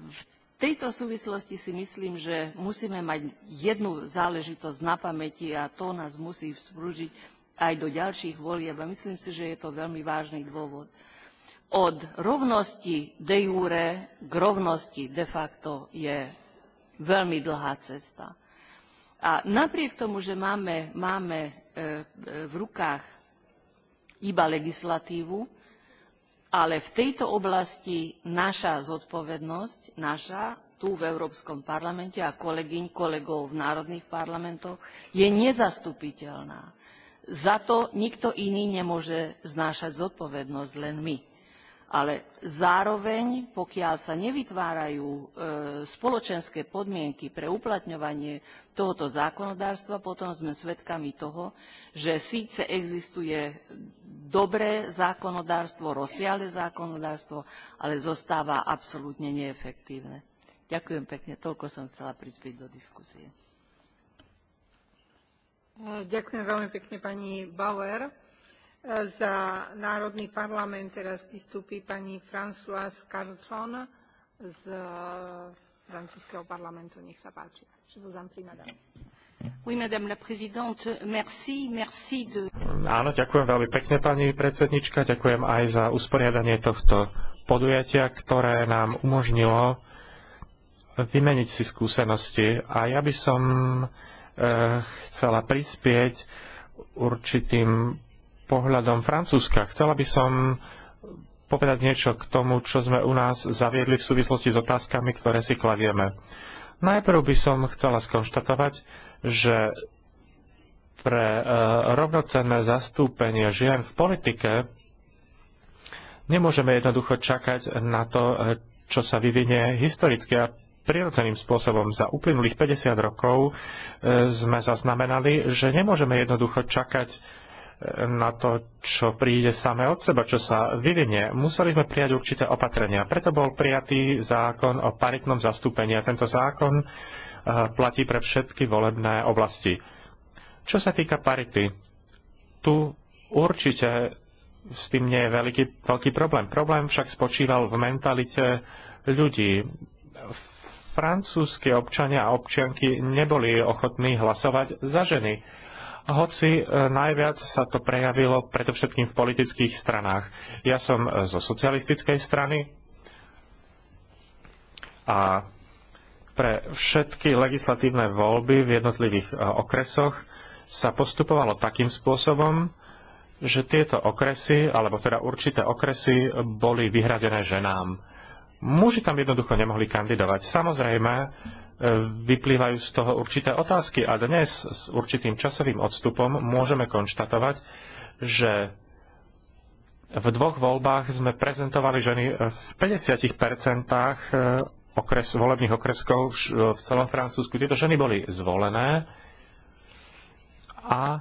v tejto súvislosti si myslím, že musíme mať jednu záležitosť na pamäti a to nás musí vzprúžiť aj do ďalších volieb. A myslím si, že je to veľmi vážny dôvod. E, od rovnosti de jure k rovnosti de facto je veľmi dlhá cesta. A napriek tomu, že máme, máme e, e, v rukách iba legislatívu, ale v tejto oblasti naša zodpovednosť, naša tu v Európskom parlamente a kolegyň, kolegov v národných parlamentoch je nezastupiteľná. Za to nikto iný nemôže znášať zodpovednosť, len my ale zároveň, pokiaľ sa nevytvárajú e, spoločenské podmienky pre uplatňovanie tohoto zákonodárstva, potom sme svedkami toho, že síce existuje dobré zákonodárstvo, rozsiahle zákonodárstvo, ale zostáva absolútne neefektívne. Ďakujem pekne, toľko som chcela prispieť do diskusie. Ďakujem veľmi pekne pani Bauer za Národný parlament teraz vystúpi pani Françoise Carton eh, z francúzského parlamentu. Nech sa páči. Je vous en prie, madame. Oui, madame la présidente, merci, merci de... Áno, ďakujem veľmi pekne, pani predsednička. Ďakujem aj za usporiadanie tohto podujatia, ktoré nám umožnilo vymeniť si skúsenosti. A ja by som e, chcela prispieť určitým pohľadom Francúzska. Chcela by som povedať niečo k tomu, čo sme u nás zaviedli v súvislosti s otázkami, ktoré si kladieme. Najprv by som chcela skonštatovať, že pre e, rovnocenné zastúpenie žien v politike nemôžeme jednoducho čakať na to, e, čo sa vyvinie historicky a prirodzeným spôsobom. Za uplynulých 50 rokov e, sme zaznamenali, že nemôžeme jednoducho čakať na to, čo príde samé od seba, čo sa vyvinie. Museli sme prijať určité opatrenia. Preto bol prijatý zákon o paritnom zastúpení a tento zákon eh, platí pre všetky volebné oblasti. Čo sa týka parity, tu určite s tým nie je veľký, veľký problém. Problém však spočíval v mentalite ľudí. Francúzski občania a občianky neboli ochotní hlasovať za ženy hoci e, najviac sa to prejavilo predovšetkým v politických stranách. Ja som e, zo socialistickej strany a pre všetky legislatívne voľby v jednotlivých e, okresoch sa postupovalo takým spôsobom, že tieto okresy, alebo teda určité okresy, boli vyhradené ženám. Muži tam jednoducho nemohli kandidovať. Samozrejme, vyplývajú z toho určité otázky a dnes s určitým časovým odstupom môžeme konštatovať, že v dvoch voľbách sme prezentovali ženy v 50% eh, okres, volebných okreskov eh, v celom Francúzsku. Tieto ženy boli zvolené a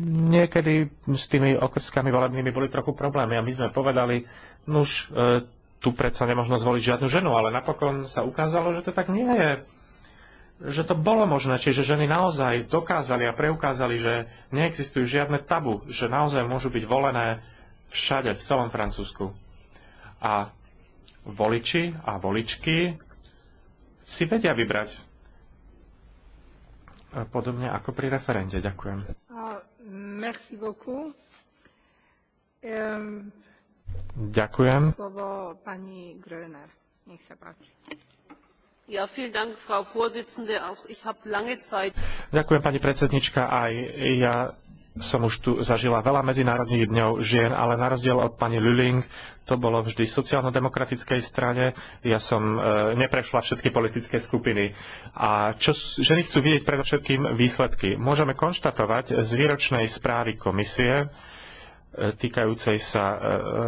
niekedy s tými okrskami volebnými boli trochu problémy a my sme povedali, nuž, eh, tu predsa nemožno zvoliť žiadnu ženu, ale napokon sa ukázalo, že to tak nie je že to bolo možné, čiže ženy naozaj dokázali a preukázali, že neexistujú žiadne tabu, že naozaj môžu byť volené všade, v celom Francúzsku. A voliči a voličky si vedia vybrať. Eh, podobne ako pri referende. Ďakujem. Ah, merci beaucoup. Ďakujem. Slovo pani Gröner. Nech sa páči. Ja, Dank, Frau Auch ich lange Zeit... Ďakujem, pani predsednička. Aj ja som už tu zažila veľa medzinárodných dňov žien, ale na rozdiel od pani Lüling, to bolo vždy sociálno-demokratickej strane. Ja som e, neprešla všetky politické skupiny. A čo ženy chcú vidieť predovšetkým výsledky. Môžeme konštatovať z výročnej správy komisie, týkajúcej sa e,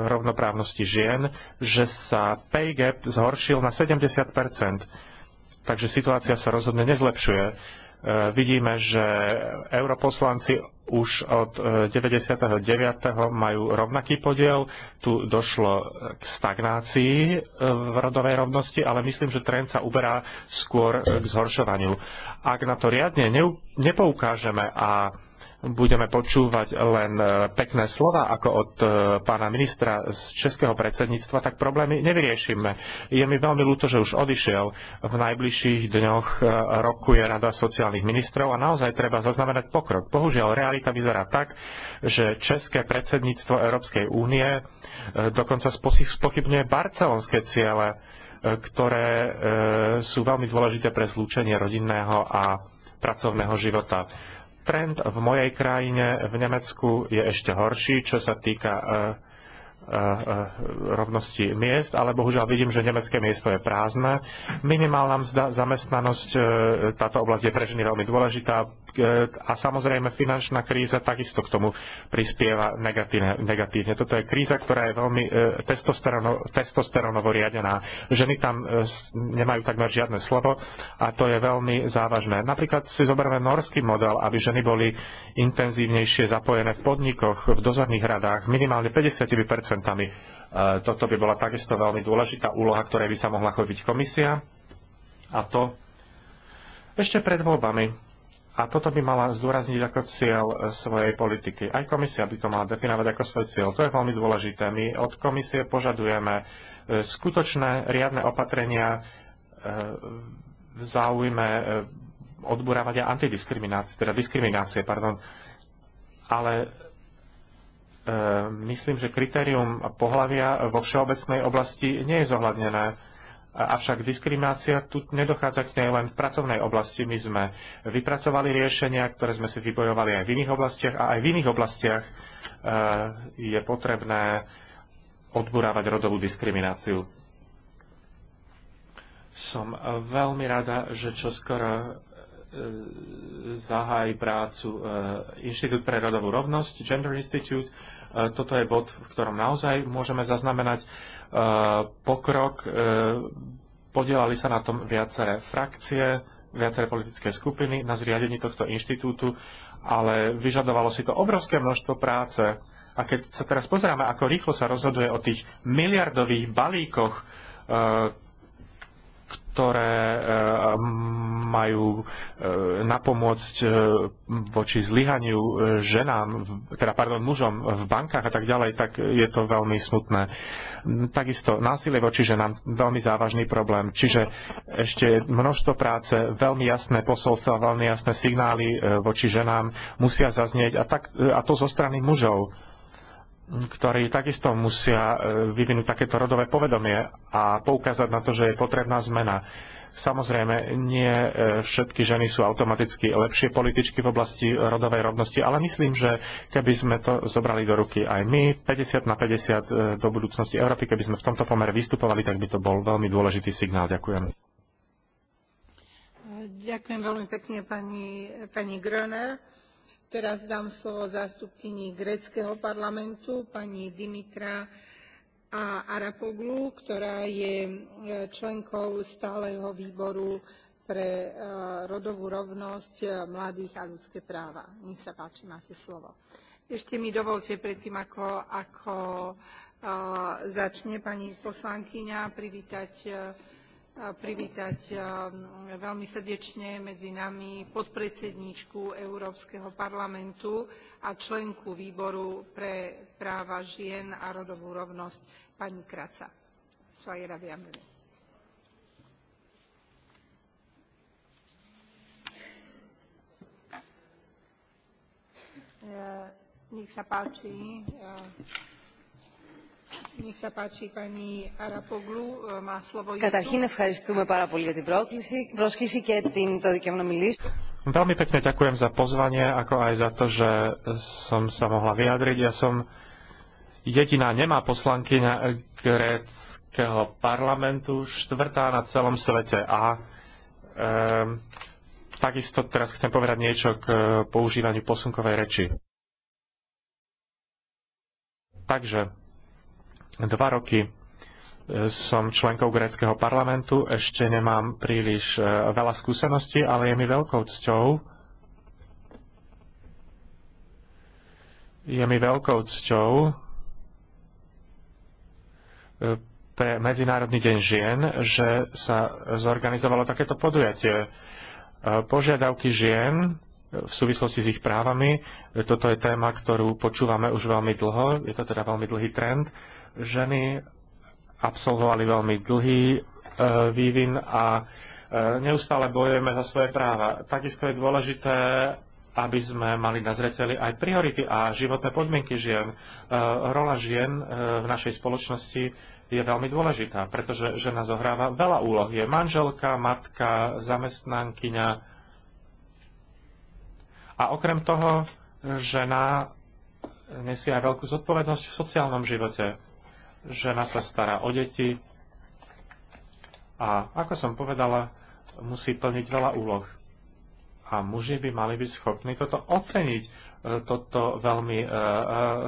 rovnoprávnosti žien, že sa pay gap zhoršil na 70 Takže situácia sa rozhodne nezlepšuje. E, vidíme, že europoslanci už od 99. E, majú rovnaký podiel. Tu došlo k stagnácii v rodovej rovnosti, ale myslím, že trend sa uberá skôr k zhoršovaniu. Ak na to riadne nepoukážeme a budeme počúvať len e, pekné slova, ako od e, pána ministra z českého predsedníctva, tak problémy nevyriešime. Je mi veľmi ľúto, že už odišiel. V najbližších dňoch e, rokuje Rada sociálnych ministrov a naozaj treba zaznamenať pokrok. Bohužiaľ, realita vyzerá tak, že české predsedníctvo Európskej únie dokonca spochybňuje barcelonské ciele, ktoré sú veľmi dôležité pre zlúčenie rodinného a pracovného života Trend v mojej krajine, v Nemecku, je ešte horší, čo sa týka e, e, e, rovnosti miest, ale bohužiaľ vidím, že nemecké miesto je prázdne. Minimálna mzda, zamestnanosť, táto oblasť je pre ženy veľmi dôležitá, E, a samozrejme finančná kríza takisto k tomu prispieva negatívne. negatívne. Toto je kríza, ktorá je veľmi e, testosterono, testosteronovo riadená. Ženy tam e, nemajú takmer žiadne slovo a to je veľmi závažné. Napríklad si zoberme norský model, aby ženy boli intenzívnejšie zapojené v podnikoch, v dozorných radách, minimálne 50 toto by bola takisto veľmi dôležitá úloha, ktorej by sa mohla chodiť komisia. A to ešte pred voľbami. A toto by mala zdôrazniť ako cieľ e, svojej politiky. Aj komisia by to mala definovať ako svoj cieľ. To je veľmi dôležité. My od komisie požadujeme e, skutočné riadne opatrenia e, v záujme odburávania antidiskriminácie, teda diskriminácie, pardon. Ale myslím, že kritérium pohľavia vo všeobecnej oblasti nie je zohľadnené Avšak diskriminácia tu nedochádza k nej len v pracovnej oblasti. My sme vypracovali riešenia, ktoré sme si vybojovali aj v iných oblastiach a aj v iných oblastiach eh, je potrebné odburávať rodovú diskrimináciu. Som eh, veľmi rada, že čoskoro eh, zahájí prácu Inštitút pre rodovú rovnosť, Gender Institute. Toto je bod, v ktorom naozaj môžeme zaznamenať Eh, pokrok. Eh, podielali sa na tom viaceré frakcie, viaceré politické skupiny na zriadení tohto inštitútu, ale vyžadovalo si to obrovské množstvo práce. A keď sa teraz pozeráme, ako rýchlo sa rozhoduje o tých miliardových balíkoch, eh, ktoré eh, majú eh, napomôcť eh, voči zlyhaniu ženám, teda pardon, mužom v bankách a tak ďalej, tak je to veľmi smutné. Hm, takisto násilie voči ženám, veľmi závažný problém. Čiže ešte množstvo práce, veľmi jasné posolstva, veľmi jasné signály voči ženám musia zaznieť a, tak, a to zo strany mužov ktorí takisto musia e, vyvinúť takéto rodové povedomie a poukázať na to, že je potrebná zmena. Samozrejme, nie e, všetky ženy sú automaticky lepšie političky v oblasti rodovej rovnosti, ale myslím, že keby sme to zobrali do ruky aj my, 50 na 50 e, do budúcnosti Európy, keby sme v tomto pomere vystupovali, tak by to bol veľmi dôležitý signál. Ďakujem. Ďakujem veľmi pekne pani, pani Gröner. Teraz dám slovo zástupkyni gréckeho parlamentu, pani Dimitra a Arapoglu, ktorá je e, členkou stáleho výboru pre e, rodovú rovnosť e, mladých a ľudské práva. Nech sa páči, máte slovo. Ešte mi dovolte predtým, ako, ako začne pani poslankyňa, privítať privítať veľmi srdečne medzi nami podpredsedníčku Európskeho parlamentu a členku výboru pre práva žien a rodovú rovnosť pani Kraca. Nech sa páči, E, Καταρχήν ευχαριστούμε πάρα πολύ για την πρόσκληση και την, το δικαίωμα να Veľmi pekne ďakujem za pozvanie, ako aj za to, že som sa mohla vyjadriť. Ja som jediná nemá poslankyňa gréckého parlamentu, štvrtá na celom svete. A e, takisto teraz chcem povedať niečo k e, používaniu posunkovej reči. Takže dva roky e, som členkou gréckého parlamentu, ešte nemám príliš e, veľa skúseností, ale je mi veľkou cťou, je mi veľkou cťou e, pre Medzinárodný deň žien, že sa zorganizovalo takéto podujatie. Požiadavky žien v súvislosti s ich právami, toto je téma, ktorú počúvame už veľmi dlho, je to teda veľmi dlhý trend, Ženy absolvovali veľmi dlhý e, vývin a e, neustále bojujeme za svoje práva. Takisto je dôležité, aby sme mali na zreteli aj priority a životné podmienky žien. E, rola žien v našej spoločnosti je veľmi dôležitá, pretože žena zohráva veľa úloh. Je manželka, matka, zamestnankyňa. A okrem toho žena nesie aj veľkú zodpovednosť v sociálnom živote žena sa stará o deti a, ako som povedala, musí plniť veľa úloh. A muži by mali byť schopní toto oceniť, e, toto veľmi e, e,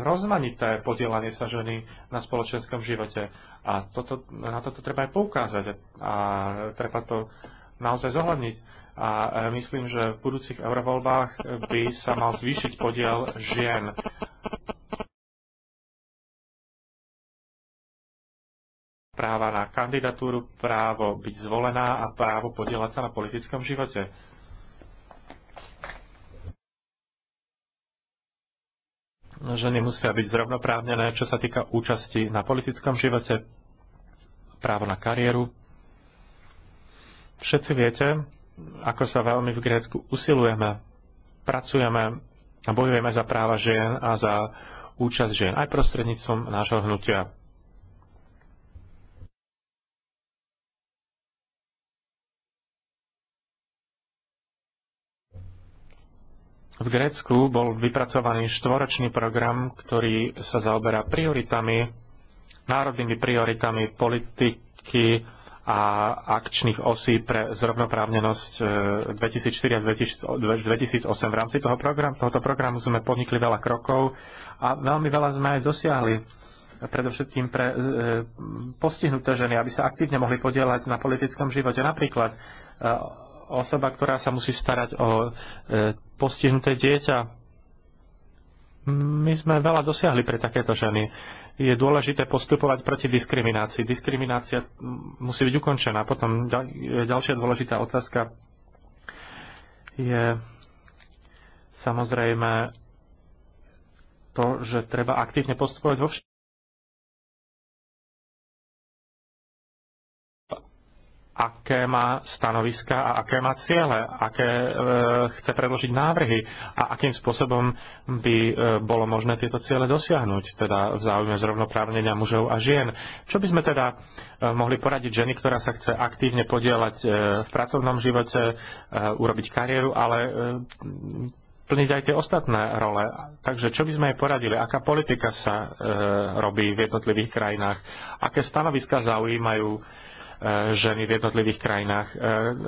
rozmanité podielanie sa ženy na spoločenskom živote. A toto, na toto treba aj poukázať a treba to naozaj zohľadniť. A myslím, že v budúcich eurovoľbách by sa mal zvýšiť podiel žien práva na kandidatúru, právo byť zvolená a právo podielať sa na politickom živote. No, ženy musia byť zrovnoprávnené, čo sa týka účasti na politickom živote, právo na kariéru. Všetci viete, ako sa veľmi v Grécku usilujeme, pracujeme a bojujeme za práva žien a za účasť žien aj prostredníctvom nášho hnutia. V Grécku bol vypracovaný štvoročný program, ktorý sa zaoberá prioritami, národnými prioritami politiky a akčných osí pre zrovnoprávnenosť 2004 e, a 2008. V rámci toho programu tohoto programu sme podnikli veľa krokov a veľmi veľa sme aj dosiahli. Predovšetkým pre e, postihnuté ženy, aby sa aktívne mohli podielať na politickom živote. Napríklad e, osoba, ktorá sa musí starať o e, postihnuté dieťa. My sme veľa dosiahli pre takéto ženy. Je dôležité postupovať proti diskriminácii. Diskriminácia musí byť ukončená. Potom e, ďalšia dôležitá otázka je samozrejme to, že treba aktívne postupovať vo všetkých aké má stanoviska a aké má ciele, aké e, chce predložiť návrhy a akým spôsobom by e, bolo možné tieto ciele dosiahnuť, teda v záujme zrovnoprávnenia mužov a žien. Čo by sme teda e, mohli poradiť ženy, ktorá sa chce aktívne podielať e, v pracovnom živote, e, urobiť kariéru, ale e, plniť aj tie ostatné role. Takže čo by sme jej poradili? Aká politika sa e, robí v jednotlivých krajinách? Aké stanoviska zaujímajú Eh, ženy v jednotlivých krajinách. Eh,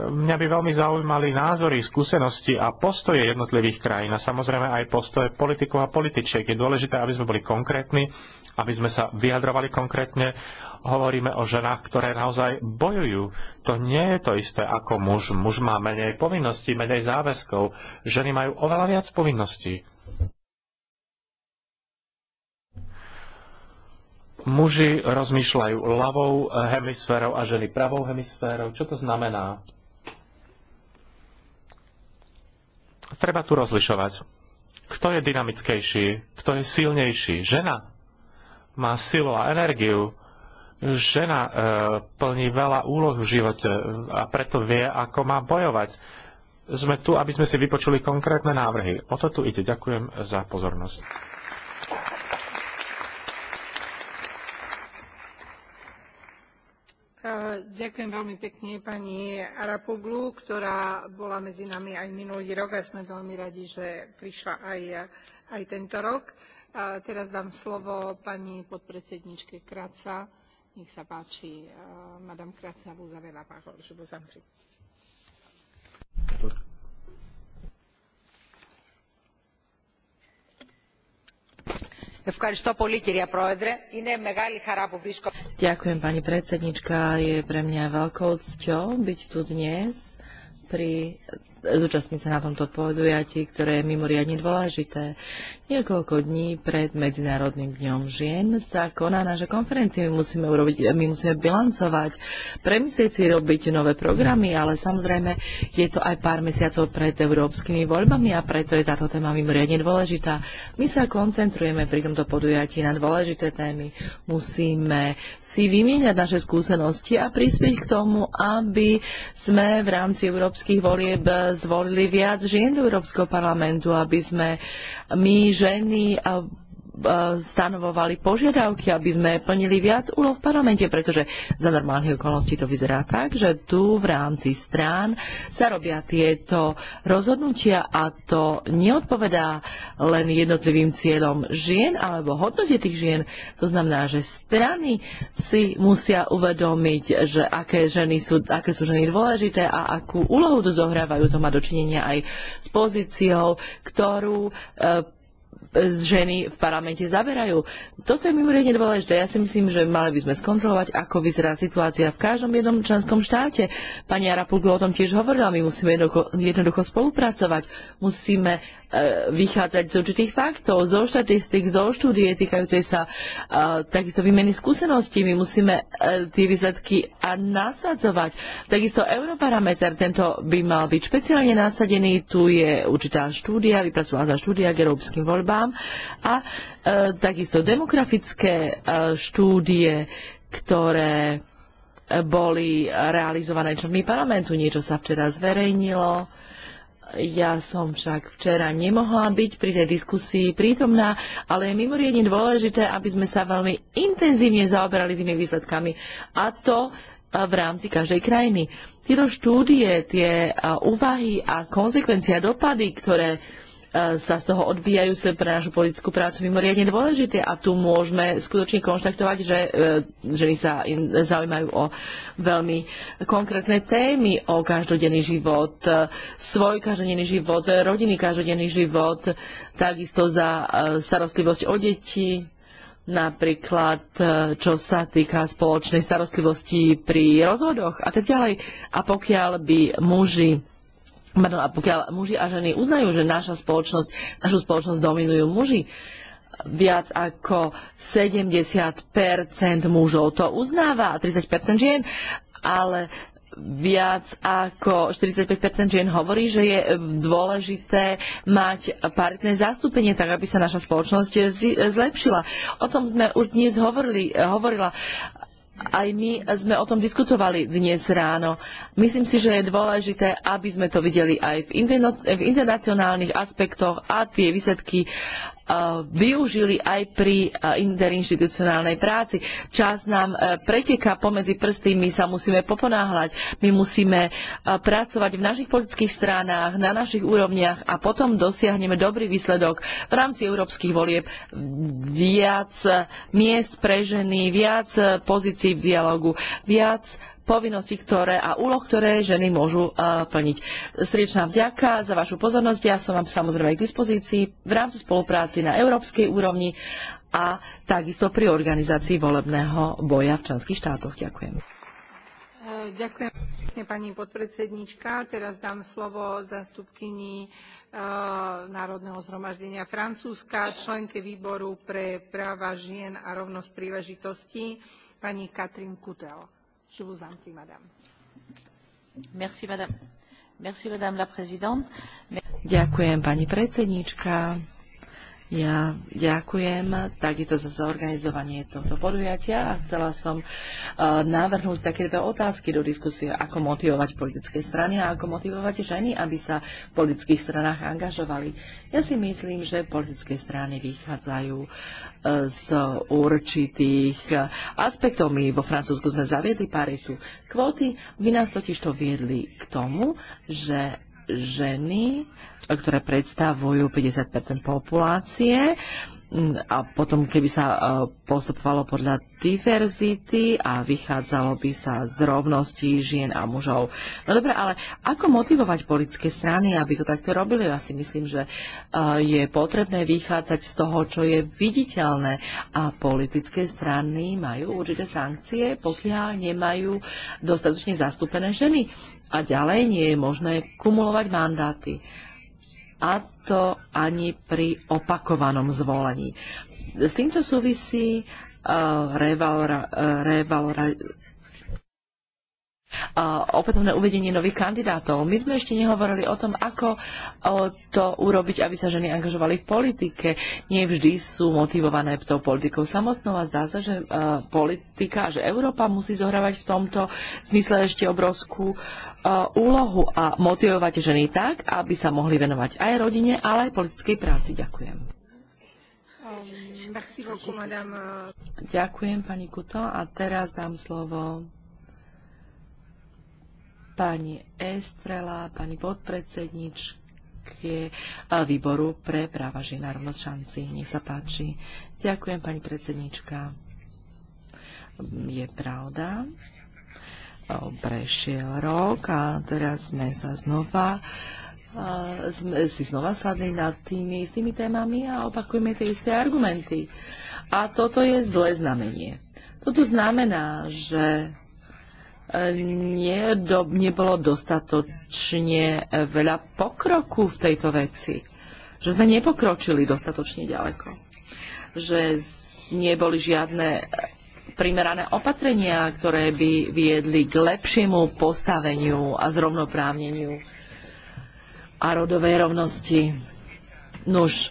mňa by veľmi zaujímali názory, skúsenosti a postoje jednotlivých krajín a samozrejme aj postoje politikov a političiek. Je dôležité, aby sme boli konkrétni, aby sme sa vyjadrovali konkrétne. Hovoríme o ženách, ktoré naozaj bojujú. To nie je to isté ako muž. Muž má menej povinností, menej záväzkov. Ženy majú oveľa viac povinností. muži rozmýšľajú ľavou eh, hemisférou a ženy pravou hemisférou. Čo to znamená? Treba tu rozlišovať. Kto je dynamickejší? Kto je silnejší? Žena má silu a energiu. Žena e, plní veľa úloh v živote a preto vie, ako má bojovať. Sme tu, aby sme si vypočuli konkrétne návrhy. O to tu ide. Ďakujem za pozornosť. Ďakujem veľmi pekne pani Arapoglu, ktorá bola medzi nami aj minulý rok a sme veľmi radi, že prišla aj, tento rok. teraz dám slovo pani podpredsedníčke kratsa Nech sa páči, madame kratsa vous avez la parole. Je vous en prie. Ďakujem, pani predsednička. Je pre mňa veľkou cťou byť tu dnes pri zúčastniť sa na tomto podujatí, ktoré je mimoriadne dôležité. Niekoľko dní pred Medzinárodným dňom žien sa koná naša konferencia. My musíme, urobiť, my musíme bilancovať, premyslieť si robiť nové programy, ale samozrejme je to aj pár mesiacov pred európskymi voľbami a preto je táto téma mimoriadne dôležitá. My sa koncentrujeme pri tomto podujatí na dôležité témy. Musíme si vymieňať naše skúsenosti a prispieť k tomu, aby sme v rámci európskych volieb zvolili viac žien do Európskeho parlamentu, aby sme my ženy E, stanovovali požiadavky, aby sme plnili viac úloh v parlamente, pretože za normálnych okolností to vyzerá tak, že tu v rámci strán sa robia tieto rozhodnutia a to neodpovedá len jednotlivým cieľom žien alebo hodnote tých žien. To znamená, že strany si musia uvedomiť, že aké, ženy sú, aké sú ženy dôležité a akú úlohu to zohrávajú. To má dočinenia aj s pozíciou, ktorú e, ženy v parlamente zaberajú. Toto je mimoriadne dôležité. Ja si myslím, že mali by sme skontrolovať, ako vyzerá situácia v každom jednom členskom štáte. Pani Arapulko o tom tiež hovorila, my musíme jednoducho, jednoducho spolupracovať. Musíme e, vychádzať z určitých faktov, zo štatistik, zo štúdie týkajúcej sa e, takisto výmeny skúseností. My musíme e, tie výsledky a nasadzovať. Takisto Europarameter, tento by mal byť špeciálne nasadený. Tu je určitá štúdia, vypracovaná štúdia k európskym voľbám vám. a e, takisto demografické e, štúdie, ktoré e, boli realizované členmi parlamentu. Niečo sa včera zverejnilo. Ja som však včera nemohla byť pri tej diskusii prítomná, ale je mimoriadne dôležité, aby sme sa veľmi intenzívne zaoberali tými výsledkami. A to e, v rámci každej krajiny. Tieto štúdie, tie e, úvahy a konsekvencia dopady, ktoré E, sa z toho odbíjajú, sú pre našu politickú prácu mimoriadne dôležité a tu môžeme skutočne konštatovať, že e, ženy sa zaujímajú o veľmi konkrétne témy, o každodenný život, e, svoj každodenný život, rodiny každodenný život, takisto za starostlivosť o deti, napríklad čo sa týka spoločnej starostlivosti pri rozvodoch a tak ďalej. A pokiaľ by muži a pokiaľ muži a ženy uznajú, že naša spoločnosť, našu spoločnosť dominujú muži, viac ako 70 mužov to uznáva a 30 žien, ale viac ako 45 žien hovorí, že je dôležité mať paritné zastúpenie, tak aby sa naša spoločnosť zlepšila. O tom sme už dnes hovorili, hovorila aj my sme o tom diskutovali dnes ráno. Myslím si, že je dôležité, aby sme to videli aj v, internacionálnych aspektoch a tie výsledky eh, využili aj pri eh, interinstitucionálnej práci. Čas nám eh, preteká pomedzi prsty, my sa musíme poponáhľať, my musíme pracovať v našich politických stranách, na našich úrovniach a potom dosiahneme dobrý výsledok v rámci európskych volieb. Viac miest pre ženy, viac pozícií princíp dialogu, viac povinností ktoré, a úloh, ktoré ženy môžu uh, plniť. Srdečná vďaka za vašu pozornosť. Ja som vám samozrejme k dispozícii v rámci spolupráci na európskej úrovni a takisto pri organizácii volebného boja v členských štátoch. Ďakujem. Eh, ďakujem pekne, pani podpredsednička. Teraz dám slovo zastupkyni e, Národného zhromaždenia Francúzska, členke výboru pre práva žien a rovnosť príležitostí pani Catherine Coutel. Je vous en prie, madame. Merci, madame. Merci, madame la présidente. Merci. Ďakujem, pani predsedníčka. Ja ďakujem takisto za zorganizovanie tohto podujatia a chcela som uh, navrhnúť také dve otázky do diskusie, ako motivovať politické strany a ako motivovať ženy, aby sa v politických stranách angažovali. Ja si myslím, že politické strany vychádzajú uh, z určitých uh, aspektov. My vo Francúzsku sme zaviedli paritu kvóty. By nás totiž to viedli k tomu, že ženy ktoré predstavujú 50 populácie. Mm, a potom, keby sa e, postupovalo podľa diverzity a vychádzalo by sa z rovnosti žien a mužov. No dobre, ale ako motivovať politické strany, aby to takto robili? Ja si myslím, že e, je potrebné vychádzať z toho, čo je viditeľné a politické strany majú určité sankcie, pokiaľ nemajú dostatočne zastúpené ženy. A ďalej nie je možné kumulovať mandáty a to ani pri opakovanom zvolení. S týmto súvisí eh, revalora, eh, revalora, opätovné uvedenie nových kandidátov. My sme ešte nehovorili o tom, ako to urobiť, aby sa ženy angažovali v politike. Nie vždy sú motivované tou politikou samotnou a zdá sa, že e, politika, že Európa musí zohrávať v tomto zmysle ešte obrovskú e, úlohu a motivovať ženy tak, aby sa mohli venovať aj rodine, ale aj politickej práci. Ďakujem. Ďakujem, pani Kuto. A teraz dám slovo pani Estrela, pani podpredsedničke výboru pre práva žien a rovnosť šanci. Nech sa páči. Ďakujem, pani predsednička. Je pravda, prešiel rok a teraz sme sa znova sme si znova sadli nad tými istými témami a opakujeme tie isté argumenty. A toto je zlé znamenie. Toto znamená, že nebolo dostatočne e, veľa pokroku v tejto veci. Že sme nepokročili dostatočne ďaleko. Že neboli žiadne e, primerané opatrenia, ktoré by viedli k lepšiemu postaveniu a zrovnoprávneniu a rodovej rovnosti. Nuž,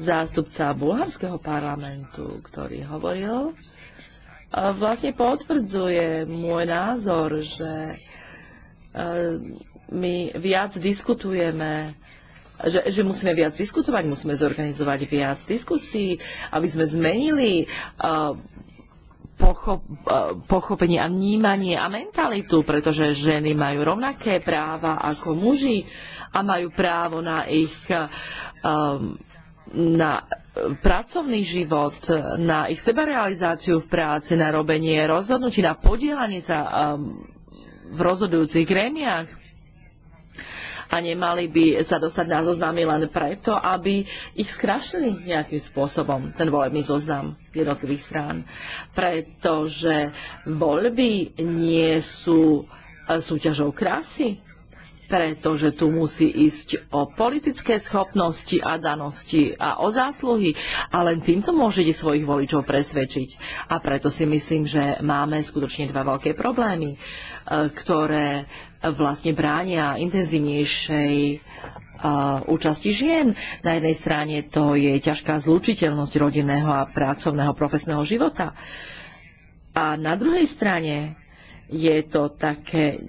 zástupca bulharského parlamentu, ktorý hovoril, vlastne potvrdzuje môj názor, že e, my viac diskutujeme, že, že musíme viac diskutovať, musíme zorganizovať viac diskusí, aby sme zmenili e, pochop, e, pochopenie a vnímanie a mentalitu, pretože ženy majú rovnaké práva ako muži a majú právo na ich um, na e, pracovný život, e, na ich sebarealizáciu v práci, na robenie rozhodnutí, na podielanie sa e, v rozhodujúcich grémiách a nemali by sa dostať na zoznamy len preto, aby ich skrašili nejakým spôsobom, ten volebný zoznam jednotlivých strán. Pretože voľby nie sú súťažou krásy, pretože tu musí ísť o politické schopnosti a danosti a o zásluhy a len týmto môžete svojich voličov presvedčiť. A preto si myslím, že máme skutočne dva veľké problémy, e, ktoré vlastne bránia intenzívnejšej e, účasti žien. Na jednej strane to je ťažká zlučiteľnosť rodinného a pracovného profesného života. A na druhej strane je to také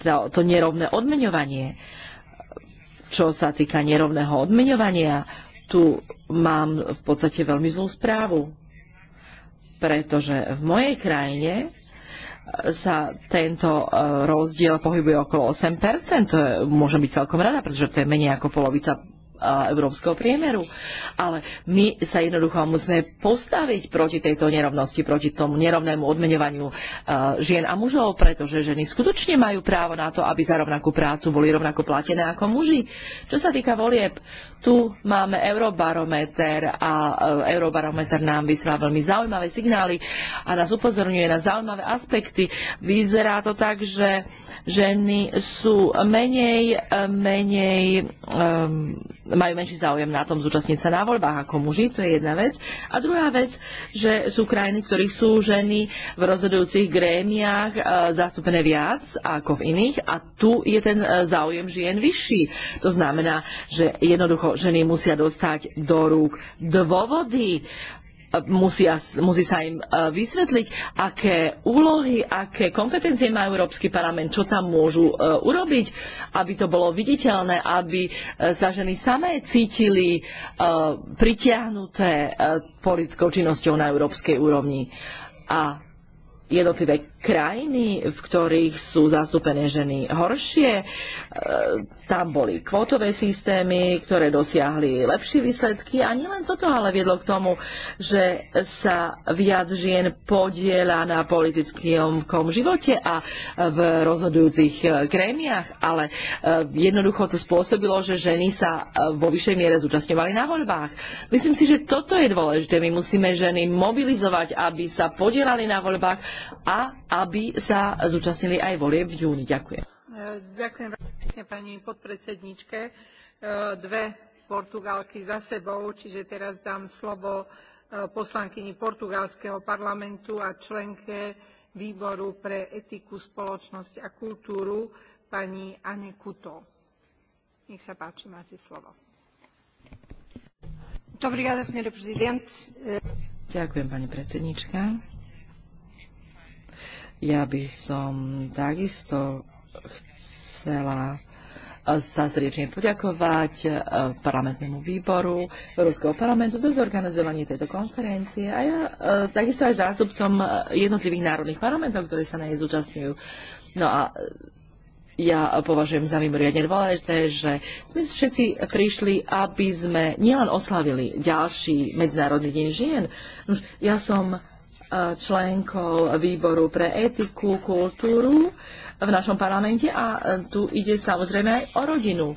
to, to nerovné odmeňovanie. Čo sa týka nerovného odmeňovania, tu mám v podstate veľmi zlú správu, pretože v mojej krajine sa tento e, rozdiel pohybuje okolo 8%. To je, môžem byť celkom rada, pretože to je menej ako polovica európskeho priemeru. Ale my sa jednoducho musíme postaviť proti tejto nerovnosti, proti tomu nerovnému odmeňovaniu eh, žien a mužov, pretože ženy skutočne majú právo na to, aby za rovnakú prácu boli rovnako platené ako muži. Čo sa týka volieb, tu máme Eurobarometer a e, Eurobarometer nám vysiela veľmi zaujímavé signály a nás upozorňuje na zaujímavé aspekty. Vyzerá to tak, že ženy sú menej, e, menej um, majú menší záujem na tom zúčastniť sa na voľbách ako muži, to je jedna vec. A druhá vec, že sú krajiny, v ktorých sú ženy v rozhodujúcich grémiách e, zastúpené viac ako v iných a tu je ten záujem žien vyšší. To znamená, že jednoducho ženy musia dostať do rúk dôvody, musia, musí sa im e, vysvetliť, aké úlohy, aké kompetencie má Európsky parlament, čo tam môžu e, urobiť, aby to bolo viditeľné, aby e, sa ženy samé cítili pritiahnuté politickou činnosťou na európskej úrovni. A jednotlivé krajiny, v ktorých sú zastúpené ženy horšie. E, tam boli kvotové systémy, ktoré dosiahli lepšie výsledky a nielen toto, ale viedlo k tomu, že sa viac žien podiela na politickom živote a v rozhodujúcich krémiach, e, ale e, jednoducho to spôsobilo, že ženy sa vo vyššej miere zúčastňovali na voľbách. Myslím si, že toto je dôležité. My musíme ženy mobilizovať, aby sa podielali na voľbách a aby sa zúčastnili aj volie v júni. Ďakujem. E, ďakujem pekne pani podpredsedničke. E, dve Portugalky za sebou, čiže teraz dám slovo e, poslankyni portugalského parlamentu a členke výboru pre etiku, spoločnosť a kultúru pani Anne Kuto. Nech sa páči, máte slovo. Ďakujem, pani predsednička. Ja by som takisto chcela e, sa zriečne poďakovať e, parlamentnému výboru Ruského parlamentu za zorganizovanie tejto konferencie a ja e, takisto aj zástupcom jednotlivých národných parlamentov, ktorí sa na nej zúčastňujú. No a ja považujem za mimoriadne dôležité, že sme všetci prišli, aby sme nielen oslavili ďalší Medzinárodný deň žien. ja som členkou výboru pre etiku, kultúru v našom parlamente a e, tu ide samozrejme aj o rodinu, e,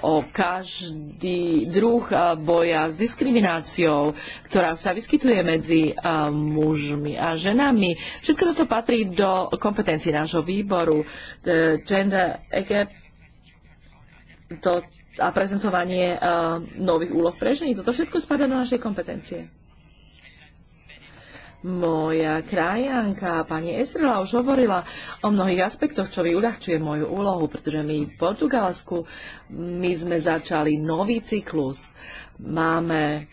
o každý druh e, boja s diskrimináciou, ktorá sa vyskytuje medzi mužmi a ženami. Všetko toto patrí do kompetencií nášho výboru. Gender to a prezentovanie nových úloh pre ženy. Toto všetko spadá do našej kompetencie. Moja krajanka, pani Estrela, už hovorila o mnohých aspektoch, čo vyľahčuje uľahčuje moju úlohu, pretože my v Portugalsku, my sme začali nový cyklus. Máme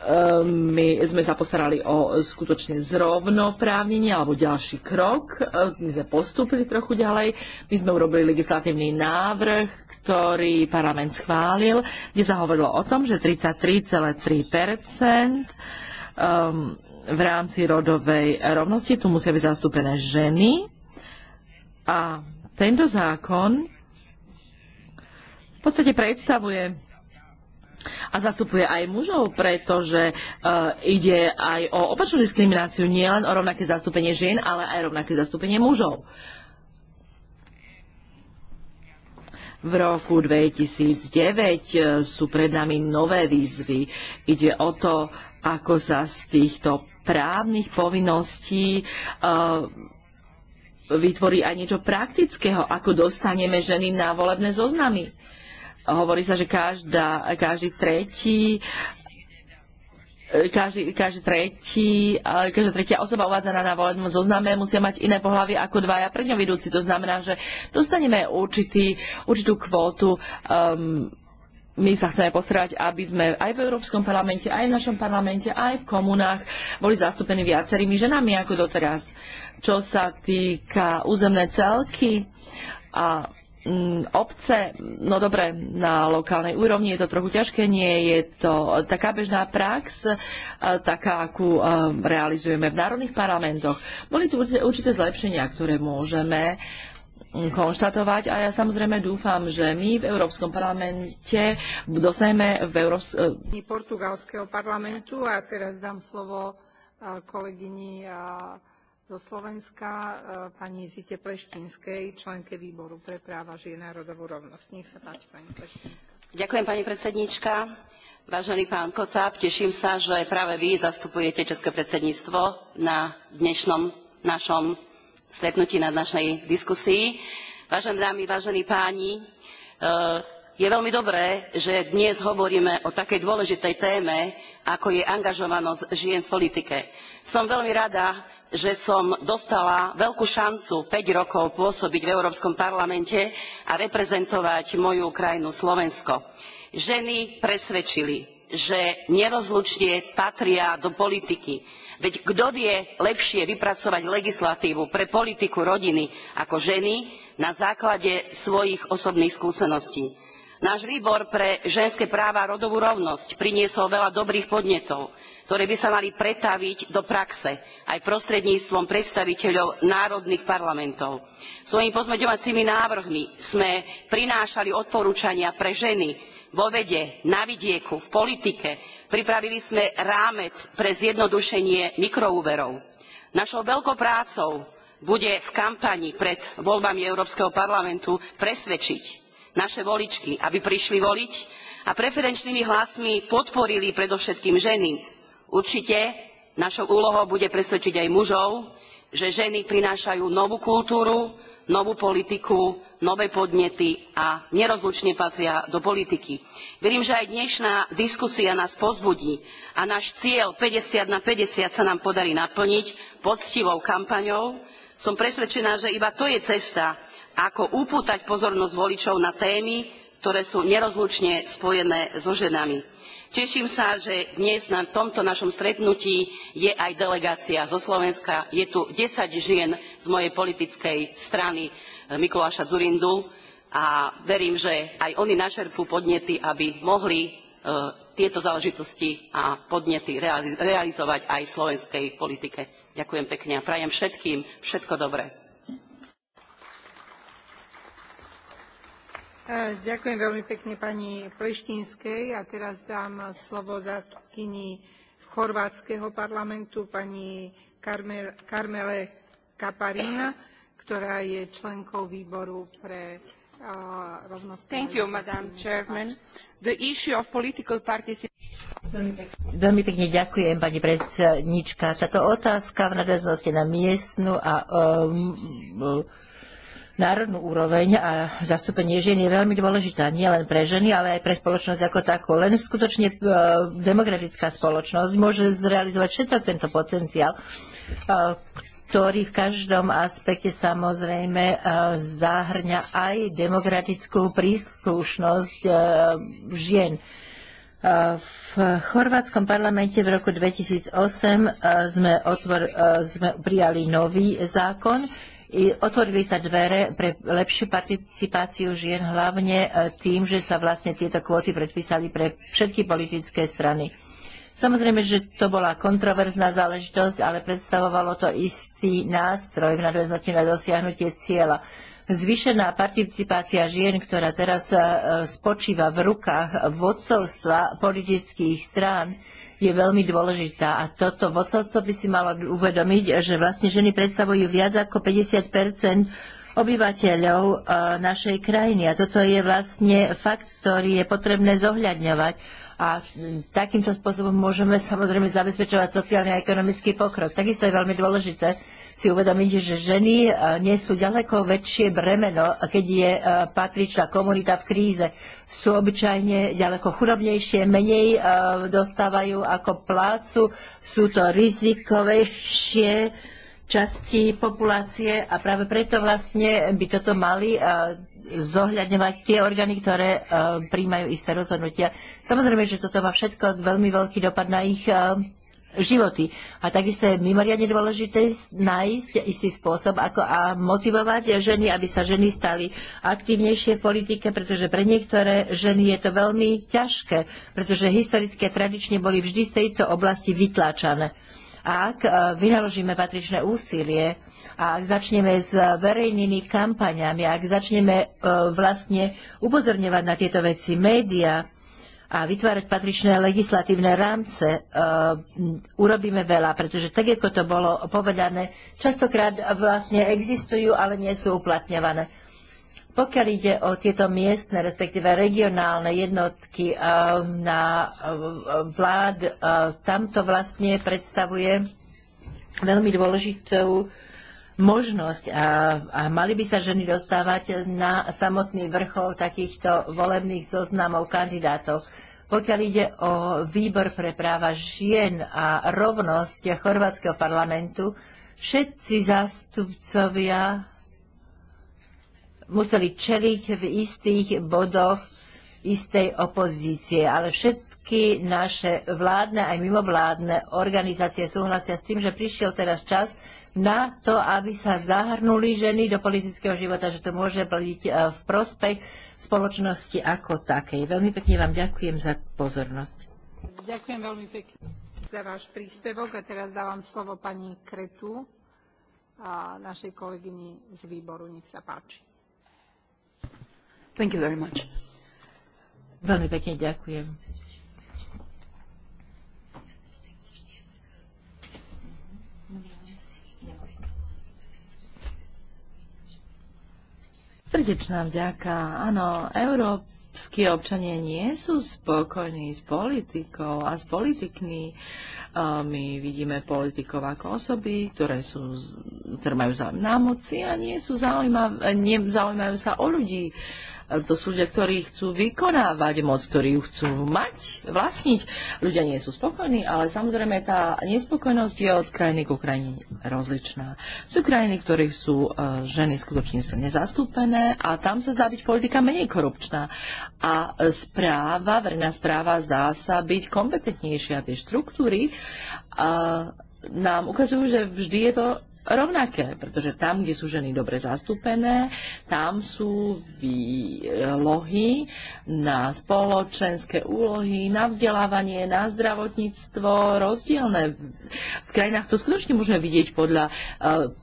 ehm, my sme sa postarali o skutočne zrovnoprávnenie alebo ďalší krok. Ehm, my sme postúpili trochu ďalej. My sme urobili legislatívny návrh, ktorý parlament schválil, kde sa hovorilo o tom, že 33,3 um, v rámci rodovej rovnosti. Tu musia byť zastúpené ženy. A tento zákon v podstate predstavuje a zastupuje aj mužov, pretože uh, ide aj o opačnú diskrimináciu, nielen o rovnaké zastúpenie žien, ale aj rovnaké zastúpenie mužov. V roku 2009 uh, sú pred nami nové výzvy. Ide o to, ako sa z týchto právnych povinností uh, vytvorí aj niečo praktického, ako dostaneme ženy na volebné zoznamy. Hovorí sa, že každá, každý tretí eh, každý, každý tretí, eh, každá tretia osoba uvádzaná na volebnom zozname musia mať iné pohľavy ako dvaja pred ňou To znamená, že dostaneme určitý, určitú kvótu um, my sa chceme postarať, aby sme aj v Európskom parlamente, aj v našom parlamente, aj v komunách boli zastúpení viacerými ženami ako doteraz. Čo sa týka územné celky a mm, obce, no dobre, na lokálnej úrovni je to trochu ťažké, nie je to taká bežná prax, e, taká, akú e, realizujeme v národných parlamentoch. Boli tu určité zlepšenia, ktoré môžeme konštatovať a ja samozrejme dúfam, že my v Európskom parlamente dostaneme v Európskom... E, portugalského parlamentu a teraz dám slovo e, kolegyni e, zo Slovenska, pani Zite Pleštinskej, členke výboru pre práva žien a rodovú rovnosť. Nech sa páči, pani Pleštinská. Ďakujem, pani predsednička. Vážený pán Kocáb, teším sa, že práve vy zastupujete České predsedníctvo na dnešnom našom stretnutí, na našej diskusii. Vážené dámy, vážení páni, e, je veľmi dobré, že dnes hovoríme o takej dôležitej téme, ako je angažovanosť žien v politike. Som veľmi rada, že som dostala veľkú šancu 5 rokov pôsobiť v Európskom parlamente a reprezentovať moju krajinu Slovensko. Ženy presvedčili, že nerozlučne patria do politiky Veď kto vie lepšie vypracovať legislatívu pre politiku rodiny ako ženy na základe svojich osobných skúseností. Náš výbor pre ženské práva a rodovú rovnosť priniesol veľa dobrých podnetov, ktoré by sa mali pretaviť do praxe aj prostredníctvom predstaviteľov národných parlamentov. Svojimi pozmeňovacími návrhmi sme prinášali odporúčania pre ženy, vo vede, na vidieku, v politike pripravili sme rámec pre zjednodušenie mikroúverov. Našou veľkou prácou bude v kampani pred voľbami Európskeho parlamentu presvedčiť naše voličky, aby prišli voliť a preferenčnými hlasmi podporili predovšetkým ženy. Určite našou úlohou bude presvedčiť aj mužov, že ženy prinášajú novú kultúru, novú politiku, nové podnety a nerozlučne patria do politiky. Verím, že aj dnešná diskusia nás pozbudí a náš cieľ 50 na 50 sa nám podarí naplniť poctivou kampaňou. Som presvedčená, že iba to je cesta, ako upútať pozornosť voličov na témy, ktoré sú nerozlučne spojené so ženami Teším sa, že dnes na tomto našom stretnutí je aj delegácia zo Slovenska. Je tu ten žien z mojej politickej strany eh, Mikuláša dzurindu a verím, že aj oni načerpnú podnety, aby mohli eh, tieto záležitosti a podnety realizovať aj v slovenskej politike. Ďakujem pekne a prajem všetkým všetko dobré. E, ďakujem veľmi pekne pani Pleštinskej a teraz dám slovo zástupkyni chorvátskeho parlamentu pani Karmele Kaparina, ktorá je členkou výboru pre e, rovnosť. Veľmi pekne ďakujem, pani predsednička. Táto otázka v nadväznosti na miestnu a um, národnú úroveň a zastúpenie žien je veľmi dôležitá, nie len pre ženy, ale aj pre spoločnosť ako takú. Len skutočne e, demokratická spoločnosť môže zrealizovať všetko tento potenciál, e, ktorý v každom aspekte samozrejme e, zahrňa aj demokratickú príslušnosť e, žien. E, v chorvátskom parlamente v roku 2008 e, sme, otvor, e, sme prijali nový zákon, i otvorili sa dvere pre lepšiu participáciu žien, hlavne e, tým, že sa vlastne tieto kvóty predpísali pre všetky politické strany. Samozrejme, že to bola kontroverzná záležitosť, ale predstavovalo to istý nástroj v nadväznosti na dosiahnutie cieľa. Zvyšená participácia žien, ktorá teraz e, spočíva v rukách vodcovstva politických strán, je veľmi dôležitá. A toto vodcovstvo by si malo uvedomiť, že vlastne ženy predstavujú viac ako 50 obyvateľov e, našej krajiny. A toto je vlastne fakt, ktorý je potrebné zohľadňovať. A takýmto spôsobom môžeme samozrejme zabezpečovať sociálny a ekonomický pokrok. Takisto je veľmi dôležité si uvedomiť, že ženy e, sú ďaleko väčšie bremeno, keď je e, patričná komunita v kríze. Sú obyčajne ďaleko chudobnejšie, menej e, dostávajú ako plácu, sú to rizikovejšie časti populácie a práve preto vlastne by toto mali zohľadňovať tie orgány, ktoré e, príjmajú isté rozhodnutia. Samozrejme, že toto má všetko veľmi veľký dopad na ich e, životy. A takisto je mimoriadne dôležité nájsť istý spôsob, ako a motivovať ženy, aby sa ženy stali aktívnejšie v politike, pretože pre niektoré ženy je to veľmi ťažké, pretože historické tradične boli vždy z tejto oblasti vytláčané ak e, vynaložíme patričné úsilie a ak začneme s verejnými kampaňami, ak začneme e, vlastne upozorňovať na tieto veci médiá a vytvárať patričné legislatívne rámce, e, urobíme veľa, pretože tak, ako to bolo povedané, častokrát vlastne existujú, ale nie sú uplatňované. Pokiaľ ide o tieto miestne, respektíve regionálne jednotky eh, na eh, vlád, eh, tam to vlastne predstavuje veľmi dôležitú možnosť a, a mali by sa ženy dostávať na samotný vrchol takýchto volebných zoznamov kandidátov. Pokiaľ ide o výbor pre práva žien a rovnosť chorvátskeho parlamentu, všetci zástupcovia museli čeliť v istých bodoch istej opozície. Ale všetky naše vládne aj mimovládne organizácie súhlasia s tým, že prišiel teraz čas na to, aby sa zahrnuli ženy do politického života, že to môže byť e, v prospech spoločnosti ako takej. Veľmi pekne vám ďakujem za pozornosť. Ďakujem veľmi pekne za váš príspevok a teraz dávam slovo pani Kretu, a našej kolegyni z výboru. Nech sa páči. Thank you very much. Veľmi pekne ďakujem. Srdečná vďaka. Áno, európsky občania nie sú spokojní s politikou a s politikmi. My vidíme politikov ako osoby, ktoré, sú, ktoré majú záujem na moci a nie sú zaujímav, nezaujímajú sa o ľudí to sú ľudia, ktorí chcú vykonávať moc, ktorí ju chcú mať, vlastniť. Ľudia nie sú spokojní, ale samozrejme tá nespokojnosť je od krajiny k krajine rozličná. Sú krajiny, ktorých sú e, ženy skutočne sa nezastúpené a tam sa zdá byť politika menej korupčná. A správa, verejná správa zdá sa byť kompetentnejšia. Tie štruktúry nám ukazujú, že vždy je to rovnaké, pretože tam, kde sú ženy dobre zastúpené, tam sú výlohy na spoločenské úlohy, na vzdelávanie, na zdravotníctvo rozdielne. V krajinách to skutočne môžeme vidieť podľa uh,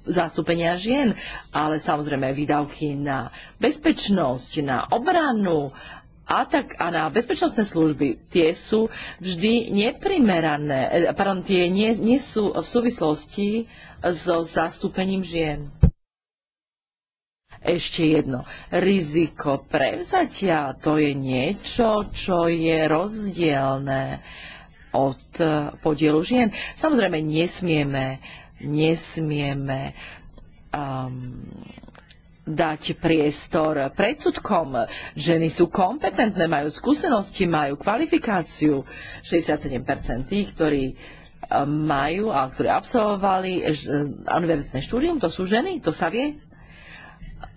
zastúpenia žien, ale samozrejme výdavky na bezpečnosť, na obranu, uh, a, tak, a na bezpečnostné služby. Tie sú vždy neprimerané, e, pardon, tie nie, nie sú v súvislosti so zastúpením žien. Ešte jedno. Riziko prevzatia to je niečo, čo je rozdielne od e, podielu žien. Samozrejme, nesmieme, nesmieme um, dať priestor predsudkom. Ženy sú kompetentné, majú skúsenosti, majú kvalifikáciu. 67% tých, ktorí e, majú a ktorí absolvovali e, e, univerzitné štúdium, to sú ženy, to sa vie.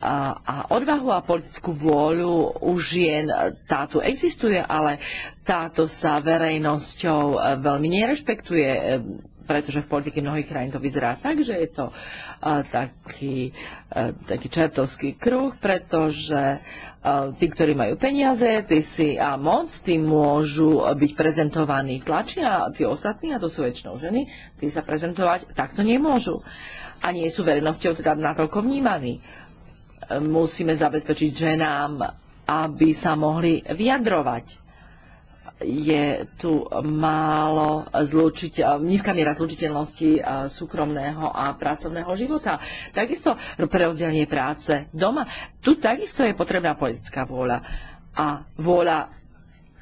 A, a odvahu a politickú vôľu u žien táto existuje, ale táto sa verejnosťou veľmi nerešpektuje pretože v politike mnohých krajín to vyzerá tak, že je to uh, taký, uh, taký čertovský kruh, pretože tí, ktorí majú peniaze tí si a moc, tí môžu byť prezentovaní v tlači a tí ostatní, a to sú väčšinou ženy, tí sa prezentovať takto nemôžu. A nie sú verejnosťou teda natoľko vnímaní. Musíme zabezpečiť ženám, aby sa mohli vyjadrovať je tu málo zlučiť, nízka miera zlučiteľnosti e, súkromného a pracovného života. Takisto prerozdelenie práce doma. Tu takisto je potrebná politická vôľa a vôľa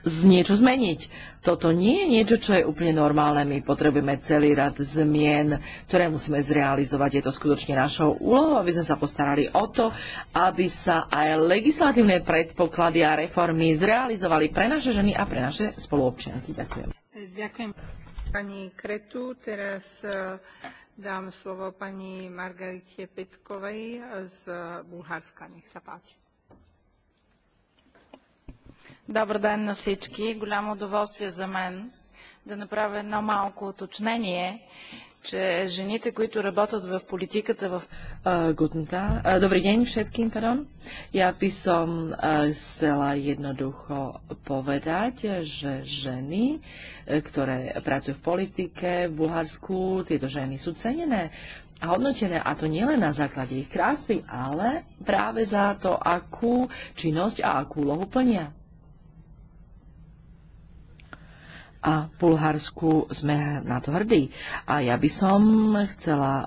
z niečo zmeniť. Toto nie je niečo, čo je úplne normálne. My potrebujeme celý rad zmien, ktoré musíme zrealizovať. Je to skutočne našou úlohou, aby sme sa postarali o to, aby sa aj legislatívne predpoklady a reformy zrealizovali pre naše ženy a pre naše spoluobčianky. Ďakujem. Ďakujem pani Kretu. Teraz e, dám slovo pani Margarite Petkovej z Bulharska. Nech sa páči. Добър ден на всички. Голямо удоволствие за мен да направя едно малко уточнение, че жените, които работят в политиката в... Dobrý deň všetkým, pardon. Ja by som chcela jednoducho povedať, že ženy, ktoré pracujú v politike v Bulharsku, tieto ženy sú cenené a hodnotené, a to nielen na základe ich krásy, ale práve za to, akú činnosť a akú úlohu plnia. a v Bulharsku sme na to hrdí. A ja by som chcela e,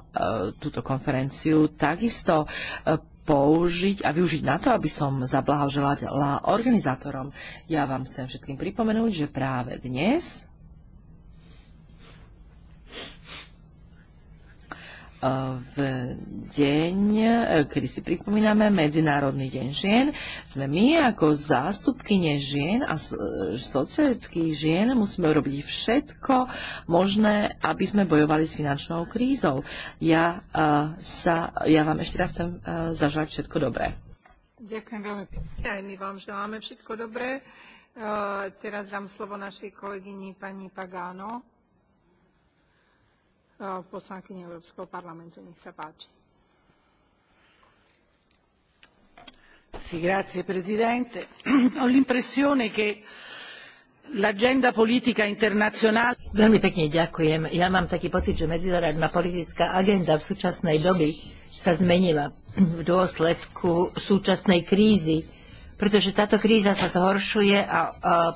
túto konferenciu takisto e, použiť a využiť na to, aby som zablahoželala organizátorom. Ja vám chcem všetkým pripomenúť, že práve dnes v deň, kedy si pripomíname Medzinárodný deň žien, sme my ako zástupkyne žien a socialických žien musíme urobiť všetko možné, aby sme bojovali s finančnou krízou. Ja, e, sa, ja vám ešte raz chcem e, zažať všetko dobré. Ďakujem veľmi pekne. Aj my vám želáme všetko dobré. E, teraz dám slovo našej kolegyni pani Pagáno poslankyne Európskeho parlamentu. Nech sa páči. Sì, grazie Presidente. Ho l'impressione che l'agenda politica internazionale... Veľmi pekne ďakujem. Ja mám taký pocit, že medzinárodná politická agenda v súčasnej doby sa zmenila v dôsledku súčasnej krízy pretože táto kríza sa zhoršuje a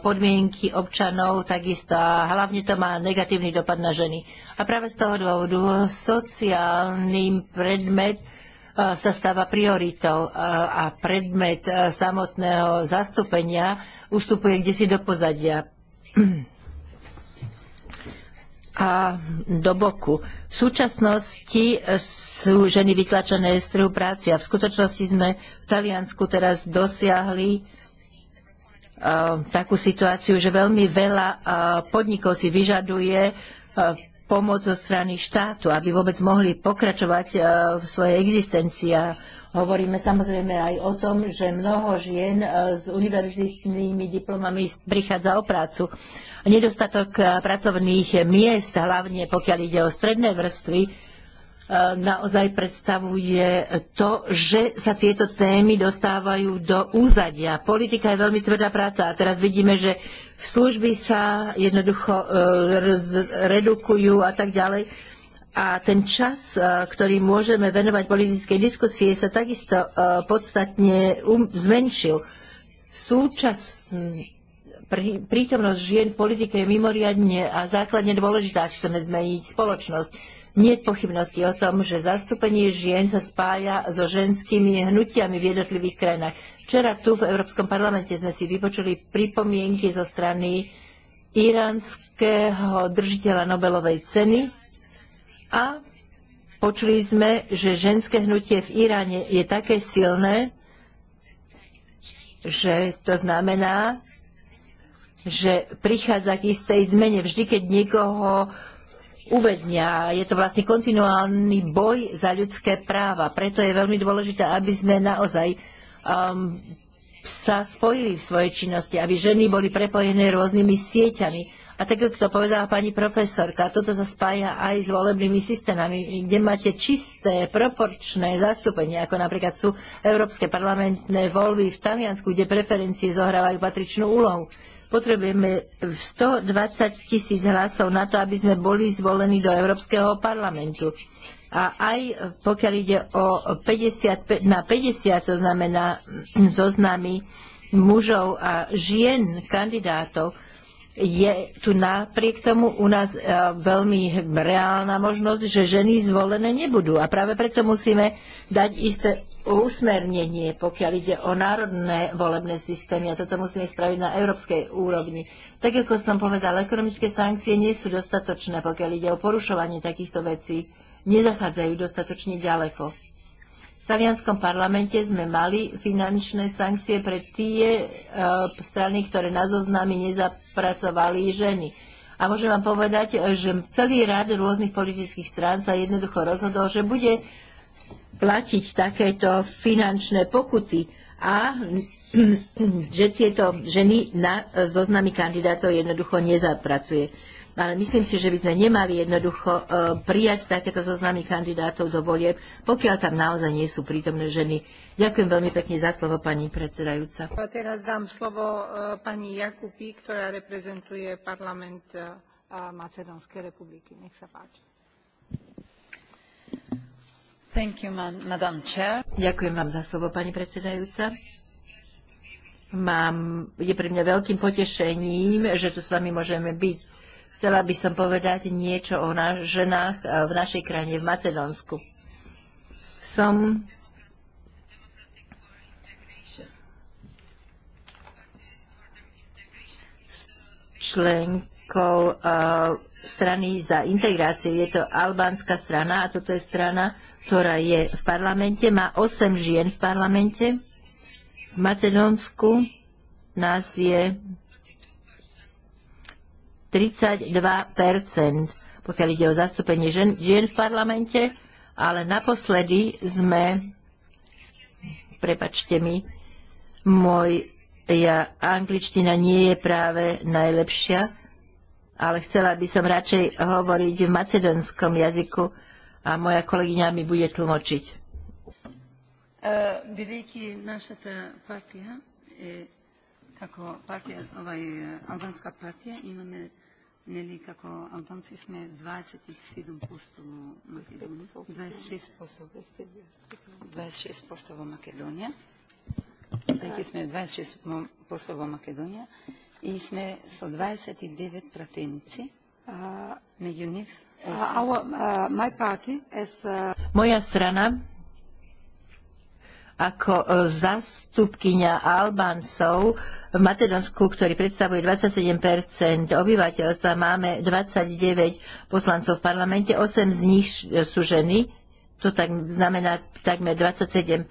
podmienky občanov takisto a hlavne to má negatívny dopad na ženy. A práve z toho dôvodu sociálny predmet sa stáva prioritou a predmet samotného zastúpenia ustupuje kde si do pozadia. a do boku. V súčasnosti sú ženy vytlačené z trhu práce a v skutočnosti sme v Taliansku teraz dosiahli takú situáciu, že veľmi veľa podnikov si vyžaduje pomoc zo strany štátu, aby vôbec mohli pokračovať v svojej existencii. A Hovoríme samozrejme aj o tom, že mnoho žien e, s univerzitnými diplomami prichádza o prácu. Nedostatok e, pracovných miest, hlavne pokiaľ ide o stredné vrstvy, e, naozaj predstavuje to, že sa tieto témy dostávajú do úzadia. Politika je veľmi tvrdá práca a teraz vidíme, že služby sa jednoducho redukujú a tak ďalej a ten čas, e, ktorý môžeme venovať politickej diskusie, sa takisto e, podstatne um, zmenšil. Súčasný prítomnosť žien v politike je mimoriadne a základne dôležitá, ak chceme zmeniť spoločnosť. Nie je pochybnosti o tom, že zastúpenie žien sa spája so ženskými hnutiami v jednotlivých krajinách. Včera tu v Európskom parlamente sme si vypočuli pripomienky zo strany iránskeho držiteľa Nobelovej ceny, a počuli sme, že ženské hnutie v Iráne je také silné, že to znamená, že prichádza k istej zmene vždy, keď niekoho uväznia. Je to vlastne kontinuálny boj za ľudské práva. Preto je veľmi dôležité, aby sme naozaj um, sa spojili v svojej činnosti, aby ženy boli prepojené rôznymi sieťami, a tak ako to povedala pani profesorka, toto sa spája aj s volebnými systémami, kde máte čisté, proporčné zastúpenie, ako napríklad sú európske parlamentné voľby v Taliansku, kde preferencie zohrávajú patričnú úlohu. Potrebujeme 120 tisíc hlasov na to, aby sme boli zvolení do Európskeho parlamentu. A aj pokiaľ ide o 50, na 50, to znamená zoznamy mužov a žien kandidátov, je tu napriek tomu u nás e, veľmi reálna možnosť, že ženy zvolené nebudú. A práve preto musíme dať isté usmernenie, pokiaľ ide o národné volebné systémy a toto musíme spraviť na európskej úrovni. Tak ako som povedal, ekonomické sankcie nie sú dostatočné, pokiaľ ide o porušovanie takýchto vecí. Nezachádzajú dostatočne ďaleko talianskom parlamente sme mali finančné sankcie pre tie e, strany, ktoré na zoznami nezapracovali ženy. A môžem vám povedať, e, že celý rád rôznych politických strán sa jednoducho rozhodol, že bude platiť takéto finančné pokuty a že tieto ženy na zoznami kandidátov jednoducho nezapracuje ale myslím si, že by sme nemali jednoducho e, prijať takéto zoznamy kandidátov do volieb, pokiaľ tam naozaj nie sú prítomné ženy. Ďakujem veľmi pekne za slovo, pani predsedajúca. A teraz dám slovo e, pani Jakupi, ktorá reprezentuje parlament e, Macedónskej republiky. Nech sa páči. You, Ďakujem vám za slovo, pani predsedajúca. Mám, je pre mňa veľkým potešením, že tu s vami môžeme byť. Chcela by som povedať niečo o na- ženách e, v našej krajine, v Macedónsku. Som členkou uh, strany za integráciu. Je to albánska strana a toto je strana, ktorá je v parlamente. Má 8 žien v parlamente. V Macedónsku nás je 32 pokiaľ ide o zastúpenie žen, žien v parlamente, ale naposledy sme, prepačte mi, môj ja, angličtina nie je práve najlepšia, ale chcela by som radšej hovoriť v macedónskom jazyku a moja kolegyňa mi bude tlmočiť. Uh, kako partija, ovaj, albanska partija imame, Neli, kako Albanci sme 27% v Makedoniji, 26% u 26% u Makedonija, Таки сме 26% во Македонија i sme so 29 пратеници, меѓу нив Moja strana ako e, zastupkynia Albáncov v Macedónsku, ktorý predstavuje 27 obyvateľstva, máme 29 poslancov v parlamente, 8 z nich sú ženy, to tak znamená takmer 27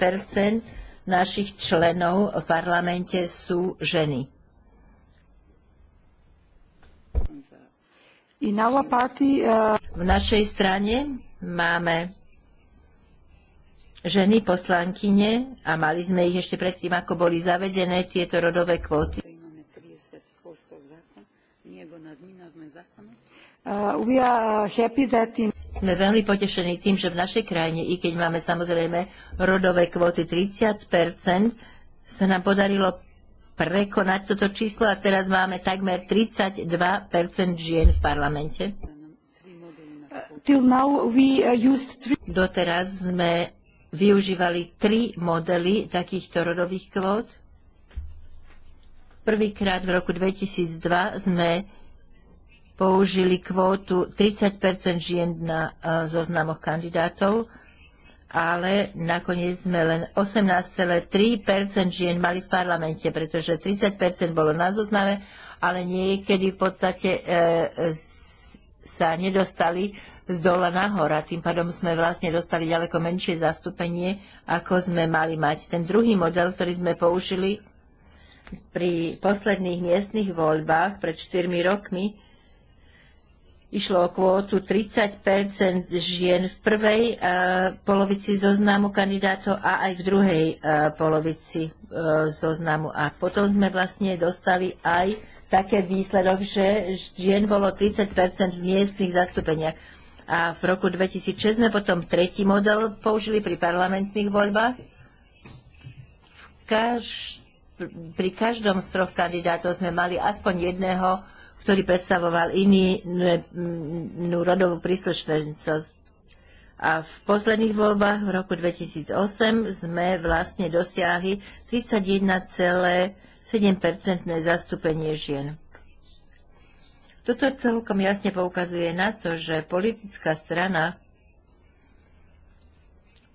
našich členov v parlamente sú ženy. Uh, v našej strane máme ženy poslankyne a mali sme ich ešte predtým, ako boli zavedené tieto rodové kvóty. Uh, sme veľmi potešení tým, že v našej krajine, i keď máme samozrejme rodové kvóty 30 sa nám podarilo prekonať toto číslo a teraz máme takmer 32 žien v parlamente. Uh, uh, Doteraz sme využívali tri modely takýchto rodových kvót. Prvýkrát v roku 2002 sme použili kvótu 30 žien na e, zoznamoch kandidátov, ale nakoniec sme len 18,3 žien mali v parlamente, pretože 30 bolo na zozname, ale niekedy v podstate e, e sa nedostali z dola nahor a tým pádom sme vlastne dostali ďaleko menšie zastúpenie, ako sme mali mať. Ten druhý model, ktorý sme použili pri posledných miestnych voľbách pred 4 rokmi, išlo o kvótu 30 žien v prvej eh, polovici zoznamu kandidátov a aj v druhej eh, polovici eh, zoznamu. A potom sme vlastne dostali aj také výsledok, že žien bolo 30 v miestnych zastúpeniach a v roku 2006 sme potom tretí model použili pri parlamentných voľbách. V kaž... Pri každom z troch kandidátov sme mali aspoň jedného, ktorý predstavoval inú rodovú príslušnosť. A v posledných voľbách v roku 2008 sme vlastne dosiahli 31,7% zastúpenie žien. Toto celkom jasne poukazuje na to, že politická strana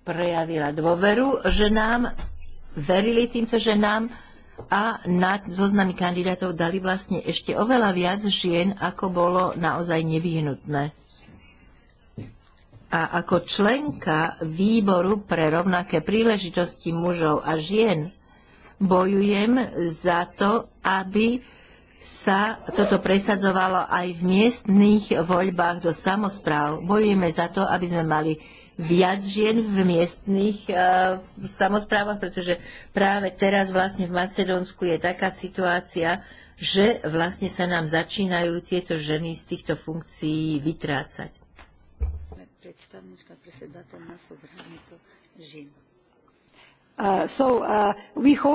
prejavila dôveru, že nám verili týmto ženám a na zoznamy kandidátov dali vlastne ešte oveľa viac žien, ako bolo naozaj nevyhnutné. A ako členka výboru pre rovnaké príležitosti mužov a žien bojujem za to, aby sa toto presadzovalo aj v miestných voľbách do samozpráv. Bojujeme za to, aby sme mali viac žien v miestných e, samozprávach, pretože práve teraz vlastne v Macedónsku je taká situácia, že vlastne sa nám začínajú tieto ženy z týchto funkcií vytrácať. Predstavníčka predsedateľ nás žien. Uh, uh,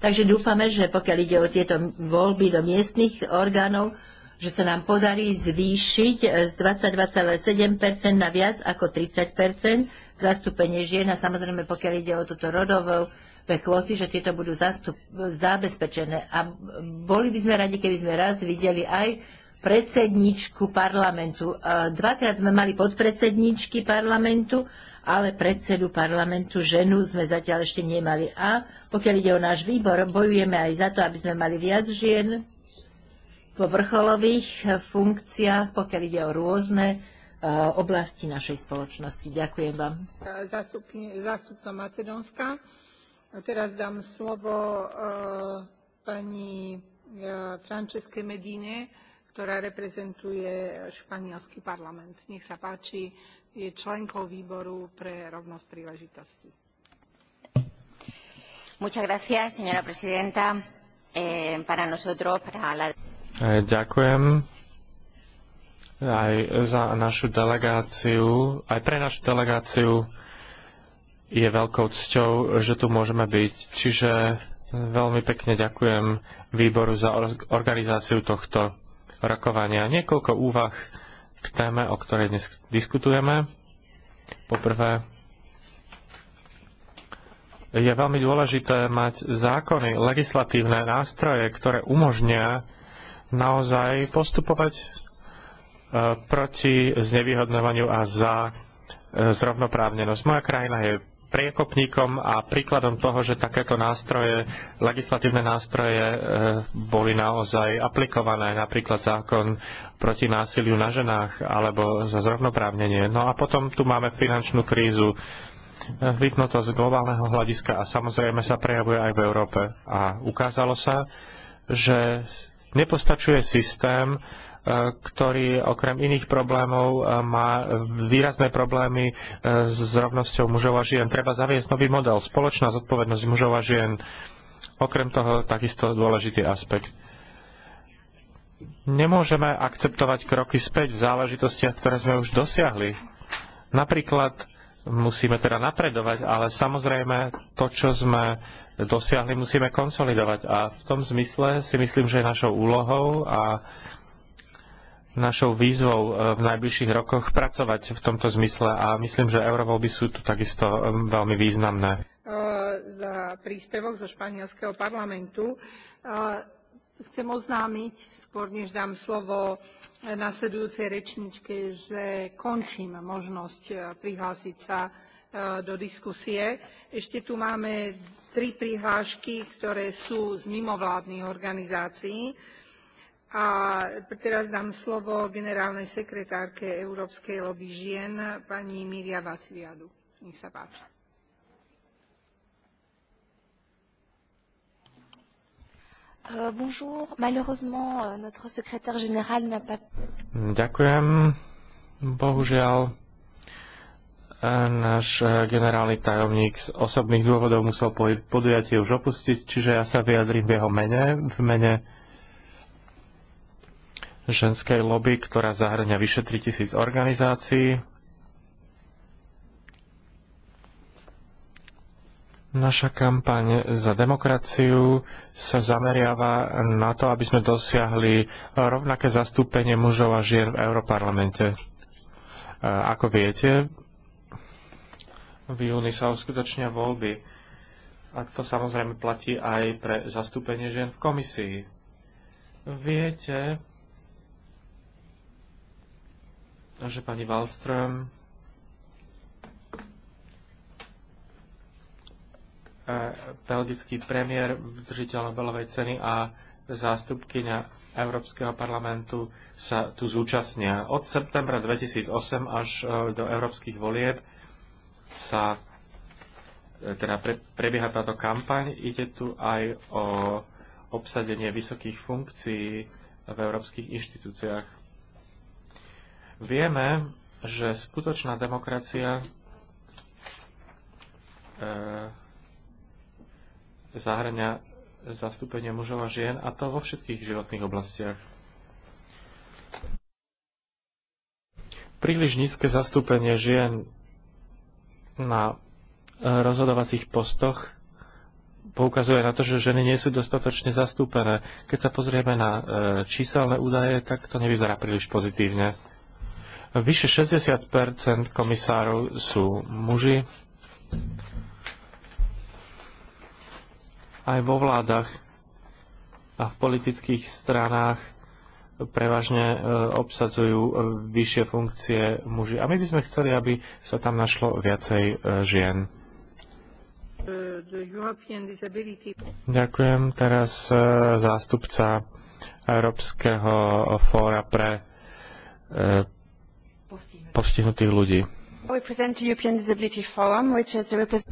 Takže dúfame, že pokiaľ ide o tieto voľby do miestnych orgánov, že sa nám podarí zvýšiť z 22,7% na viac ako 30% zastúpenie žien a samozrejme pokiaľ ide o toto rodovú kvóty, že tieto budú zastup, zabezpečené. A boli by sme radi, keby sme raz videli aj predsedničku parlamentu. Dvakrát sme mali podpredsedničky parlamentu ale predsedu parlamentu ženu sme zatiaľ ešte nemali. A pokiaľ ide o náš výbor, bojujeme aj za to, aby sme mali viac žien vo vrcholových funkciách, pokiaľ ide o rôzne e, oblasti našej spoločnosti. Ďakujem vám. Zástupky, zástupca Macedónska. Teraz dám slovo uh, pani uh, e, Franceske Medine, ktorá reprezentuje španielský parlament. Nech sa páči, je členkou výboru pre rovnosť príležitostí. Eh, eh, ďakujem aj za našu delegáciu, aj pre našu delegáciu je veľkou cťou, že tu môžeme byť. Čiže eh, veľmi pekne ďakujem výboru za organizáciu tohto rokovania. Niekoľko úvah k téme, o ktorej dnes diskutujeme. Poprvé, je veľmi dôležité mať zákony, legislatívne nástroje, ktoré umožnia naozaj postupovať e, proti znevýhodňovaniu a za e, zrovnoprávnenosť. Moja krajina je priekopníkom a príkladom toho, že takéto nástroje, legislatívne nástroje e, boli naozaj aplikované, napríklad zákon proti násiliu na ženách alebo za zrovnoprávnenie. No a potom tu máme finančnú krízu, e, vypnuto z globálneho hľadiska a samozrejme sa prejavuje aj v Európe. A ukázalo sa, že nepostačuje systém, E, ktorý okrem iných problémov e, má výrazné problémy e, s rovnosťou mužov a žien. Treba zaviesť nový model, spoločná zodpovednosť mužov a žien. Okrem toho takisto dôležitý aspekt. Nemôžeme akceptovať kroky späť v záležitostiach, ktoré sme už dosiahli. Napríklad musíme teda napredovať, ale samozrejme to, čo sme dosiahli, musíme konsolidovať. A v tom zmysle si myslím, že je našou úlohou a našou výzvou eh, v najbližších rokoch pracovať v tomto zmysle a myslím, že eurovolby sú tu takisto eh, veľmi významné. Eh, za príspevok zo španielského parlamentu chcem oznámiť, skôr než dám slovo nasledujúcej rečničke, že končím možnosť prihlásiť sa do diskusie. Ešte tu máme tri prihlášky, ktoré sú z mimovládnych organizácií a teraz dám slovo generálnej sekretárke Európskej lobby žien, pani Miria Vasiliadu. Nech sa páči. Euh, bonjour. Malheureusement, euh, notre secrétaire général n'a pas... Ďakujem. Bohužiaľ, e, náš e, generálny tajomník z osobných dôvodov musel podujatie už opustiť, čiže ja sa vyjadrím v jeho mene, v mene ženskej lobby, ktorá zahrňa vyše 3000 organizácií. Naša kampaň za demokraciu sa zameriava na to, aby sme dosiahli rovnaké zastúpenie mužov a žien v Európarlamente. E, ako viete, v júni sa uskutočnia voľby. A to samozrejme platí aj pre zastúpenie žien v komisii. Viete, že pani Wallström e, belgický premiér, držiteľ Nobelovej ceny a zástupkyňa Európskeho parlamentu sa tu zúčastnia. Od septembra 2008 až e, do európskych volieb sa e, teda pre, prebieha táto kampaň. Ide tu aj o obsadenie vysokých funkcií v európskych inštitúciách. Vieme, že skutočná demokracia e, zahrania zastúpenie mužov a žien a to vo všetkých životných oblastiach. Príliš nízke zastúpenie žien na e, rozhodovacích postoch poukazuje na to, že ženy nie sú dostatočne zastúpené. Keď sa pozrieme na e, číselné údaje, tak to nevyzerá príliš pozitívne. Vyše 60 komisárov sú muži. Aj vo vládach a v politických stranách prevažne e, obsadzujú e, vyššie funkcie muži. A my by sme chceli, aby sa tam našlo viacej e, žien. Ďakujem. Teraz zástupca Európskeho fóra pre postihnutých ľudí.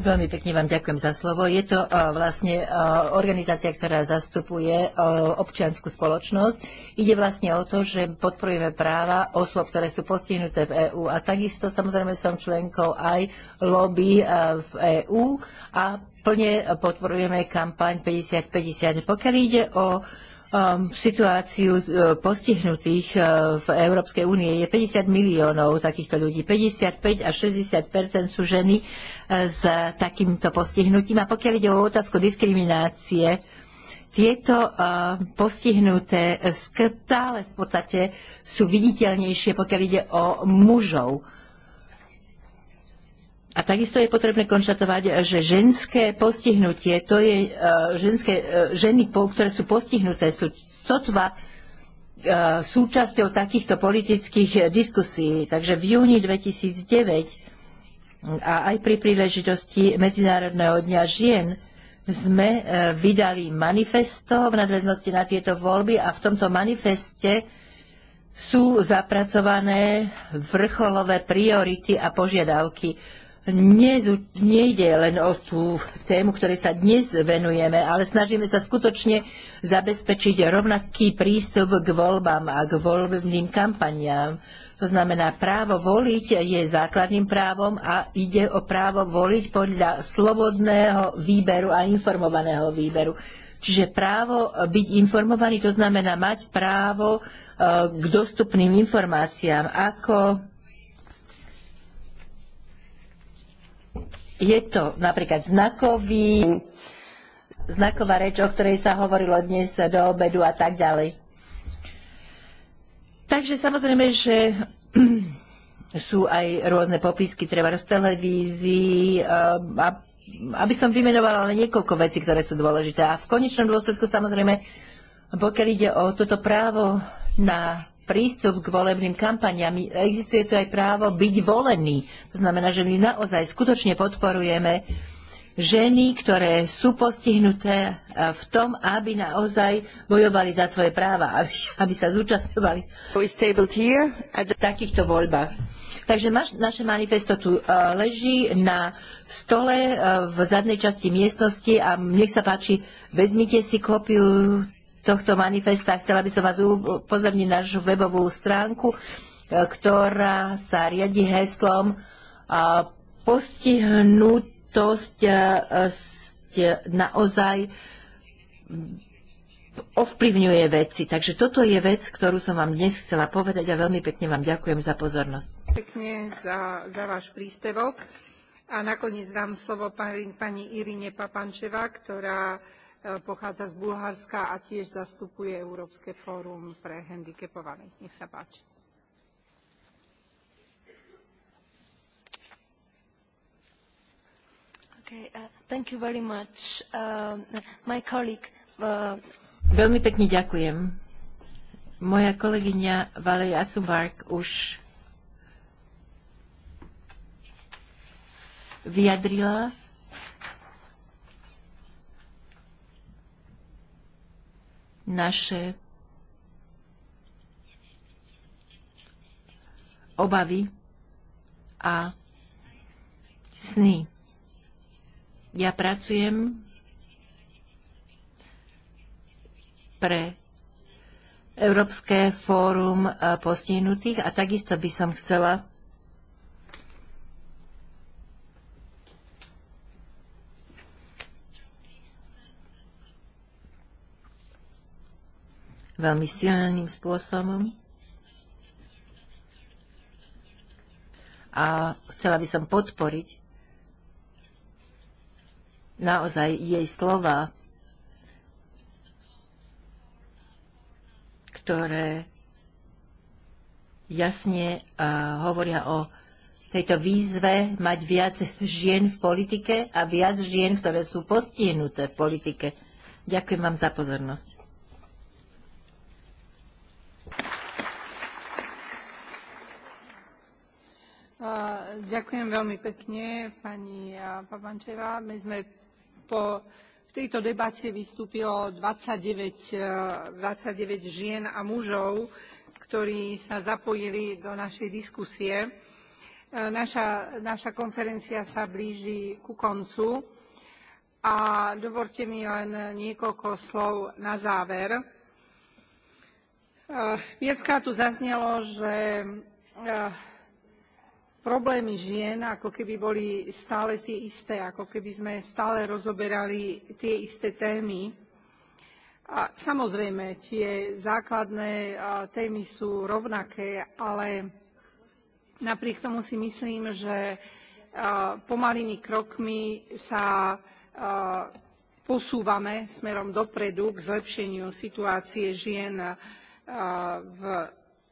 Veľmi pekne vám ďakujem za slovo. Je to uh, vlastne uh, organizácia, ktorá zastupuje uh, občianskú spoločnosť. Ide vlastne o to, že podporujeme práva osôb, ktoré sú postihnuté v EÚ. A takisto samozrejme som členkou aj lobby v EÚ a plne podporujeme kampaň 50-50. Pokiaľ ide o Um, situáciu uh, postihnutých uh, v Európskej únie je 50 miliónov takýchto ľudí. 55 až 60 sú ženy uh, s takýmto postihnutím. A pokiaľ ide o otázku diskriminácie, tieto postihnuté stále v podstate sú viditeľnejšie, pokiaľ ide o mužov a takisto je potrebné konštatovať, že ženské postihnutie, to je e, ženské, e, ženy, ktoré sú postihnuté, sú sotva e, súčasťou takýchto politických diskusí. Takže v júni 2009 a aj pri príležitosti Medzinárodného dňa žien sme vydali manifesto v nadväznosti na tieto voľby a v tomto manifeste sú zapracované vrcholové priority a požiadavky nejde len o tú tému, ktorej sa dnes venujeme, ale snažíme sa skutočne zabezpečiť rovnaký prístup k voľbám a k voľbným kampaniám. To znamená, právo voliť je základným právom a ide o právo voliť podľa slobodného výberu a informovaného výberu. Čiže právo byť informovaný, to znamená mať právo eh, k dostupným informáciám, ako Je to napríklad znakový, znaková reč, o ktorej sa hovorilo dnes do obedu a tak ďalej. Takže samozrejme, že sú aj rôzne popisky, treba v televízii, eh, aby som vymenovala len niekoľko vecí, ktoré sú dôležité. A v konečnom dôsledku samozrejme, pokiaľ ide o toto právo na prístup k volebným kampaniam. Existuje tu aj právo byť volený. To znamená, že my naozaj skutočne podporujeme ženy, ktoré sú postihnuté e, v tom, aby naozaj bojovali za svoje práva, aby, aby sa zúčastňovali v takýchto voľbách. Takže naš, naše manifesto tu uh, leží na stole uh, v zadnej časti miestnosti a nech sa páči, vezmite si kópiu tohto manifesta. Chcela by som vás upozorniť na našu webovú stránku, e, ktorá sa riadi heslom e, postihnutosť e, naozaj ovplyvňuje veci. Takže toto je vec, ktorú som vám dnes chcela povedať a veľmi pekne vám ďakujem za pozornosť. Pekne za, za váš príspevok. A nakoniec dám slovo pani, pani Irine Papančeva, ktorá E, pochádza z Bulharska a tiež zastupuje Európske fórum pre hendikepovaných Nech sa páči. Okay, uh, thank you very much. Uh, my colleague, uh... Veľmi pekne ďakujem. Moja kolegyňa Valeria Sumark už vyjadrila naše obavy a sny. Ja pracujem pre Európske fórum eh, postihnutých a takisto by som chcela veľmi silným spôsobom. A chcela by som podporiť naozaj jej slova, ktoré jasne hovoria o tejto výzve mať viac žien v politike a viac žien, ktoré sú postihnuté v politike. Ďakujem vám za pozornosť. Eh, ďakujem veľmi pekne, pani eh, Papančeva. My sme po, v tejto debate vystúpilo 29, nine eh, žien a mužov, ktorí sa zapojili do našej diskusie. Naša, konferencia sa blíži ku koncu a dovolte mi len niekoľko slov na záver. Viackrát tu zaznelo, že problémy žien ako keby boli stále tie isté, ako keby sme stále rozoberali tie isté témy. A samozrejme, tie základné témy sú rovnaké, ale napriek tomu si myslím, že pomalými krokmi sa posúvame smerom dopredu k zlepšeniu situácie žien v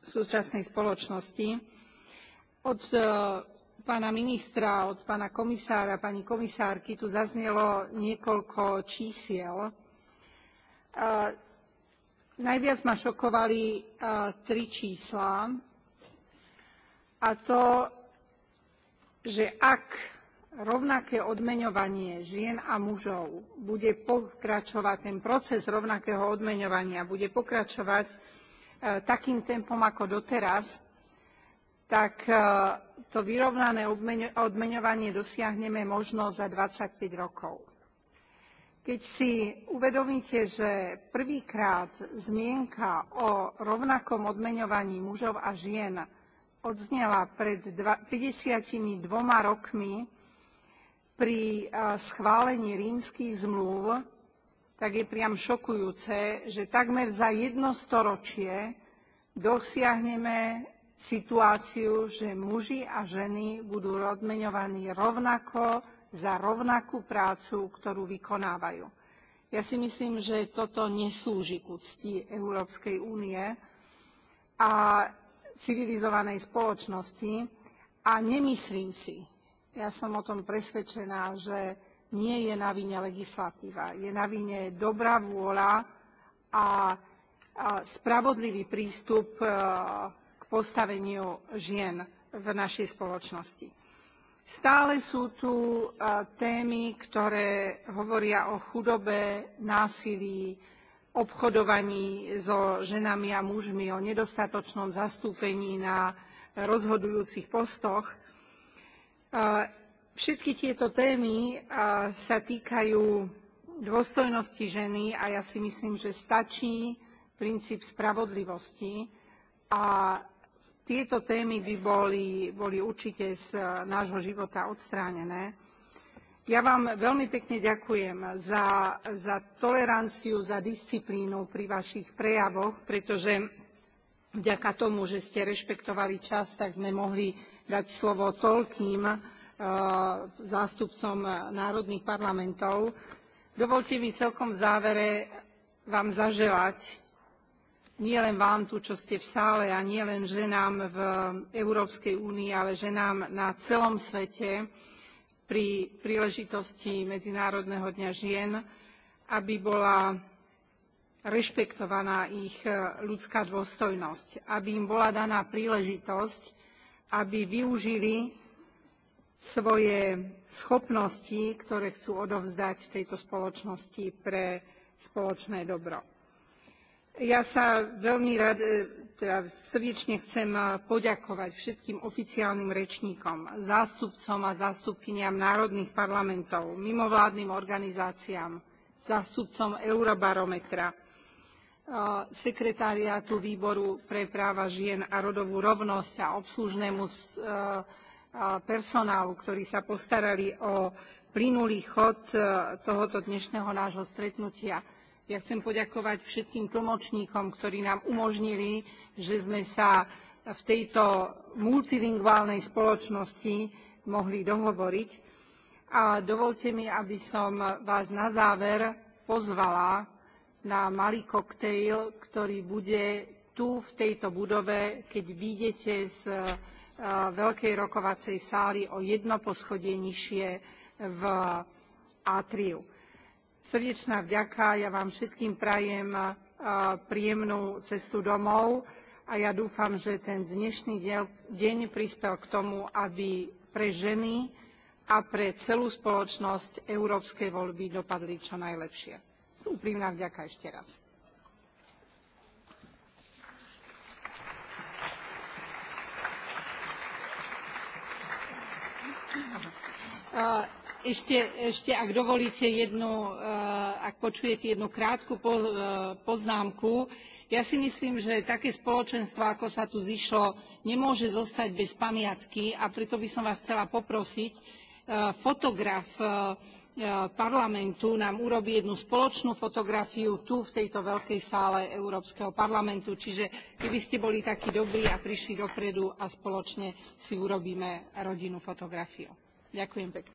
súčasnej spoločnosti od e, pána ministra od pána komisára pani komisárky tu zaznelo niekoľko čísiel. E, najviac ma šokovali e, tri čísla, a to že ak rovnaké odmeňovanie žien a mužov bude pokračovať ten proces rovnakého odmeňovania bude pokračovať takým tempom ako doteraz tak e, to vyrovnané odmeňovanie dosiahneme možno za twenty five rokov. keď si uvedomíte že prvýkrát zmienka o rovnakom odmeňovaní mužov a žien odznela pred fifty two rokmi pri e, schválení rímskych zmlúv tak je priam šokujúce že takmer za jedno storočie dosiahneme situáciu, že muži a ženy budú odmeňovaní rovnako za rovnakú prácu, ktorú vykonávajú. Ja si myslím, že toto neslúži k úcti Európskej únie a civilizovanej spoločnosti a nemyslím si, ja som o tom presvedčená, že nie je na vine legislatíva. Je na vine dobrá vôľa a spravodlivý prístup e, postaveniu žien v našej spoločnosti. Stále sú tu témy, ktoré hovoria o chudobe, násilí, obchodovaní so ženami a mužmi, o nedostatočnom zastúpení na rozhodujúcich postoch. Všetky tieto témy sa týkajú dôstojnosti ženy a ja si myslím, že stačí princíp spravodlivosti a tieto témy by boli, boli určite z eh, nášho života odstránené. Ja vám veľmi pekne ďakujem za, za toleranciu, za disciplínu pri vašich prejavoch, pretože vďaka tomu, že ste rešpektovali čas, tak sme mohli dať slovo toľkým eh, zástupcom národných parlamentov. Dovolte mi celkom v závere vám zaželať, nielen vám tu, čo ste v sále a nielen ženám v Európskej únii, ale ženám na celom svete pri príležitosti Medzinárodného dňa žien, aby bola rešpektovaná ich ľudská dôstojnosť, aby im bola daná príležitosť, aby využili svoje schopnosti, ktoré chcú odovzdať tejto spoločnosti pre spoločné dobro ja sa veľmi e, teda srdečne chcem e, poďakovať všetkým oficiálnym rečníkom, zástupcom a zástupkyniam národných parlamentov, mimovládnym organizáciám, zástupcom Eurobarometra, e, sekretariátu výboru pre práva žien a rodovú rovnosť a obslužnému personálu, ktorí sa postarali o plynulý chod tohoto dnešného nášho stretnutia ja chcem poďakovať všetkým tlmočníkom, ktorí nám umožnili, že sme sa v tejto multilingválnej spoločnosti mohli dohovoriť. A dovolte mi, aby som vás na záver pozvala na malý koktejl, ktorý bude tu v tejto budove, keď vyjdete z e, veľkej rokovacej sály o jedno poschodie nižšie v atriu srdečná vďaka ja vám všetkým prajem príjemnú cestu domov a ja dúfam že ten dnešný deň prispel k tomu aby pre ženy a pre celú spoločnosť európske voľby dopadli čo najlepšie. úprimná vďaka ešte raz ešte, ešte, ak dovolíte, jednu, eh, ak počujete jednu krátku eh, poznámku. Ja si myslím, že také spoločenstvo, ako sa tu zišlo, nemôže zostať bez pamiatky a preto by som vás chcela poprosiť, eh, fotograf parlamentu nám urobí jednu spoločnú fotografiu tu v tejto veľkej sále Európskeho parlamentu. Čiže keby ste boli takí dobrí a prišli dopredu a spoločne si urobíme rodinnú fotografiu. Ďakujem pekne.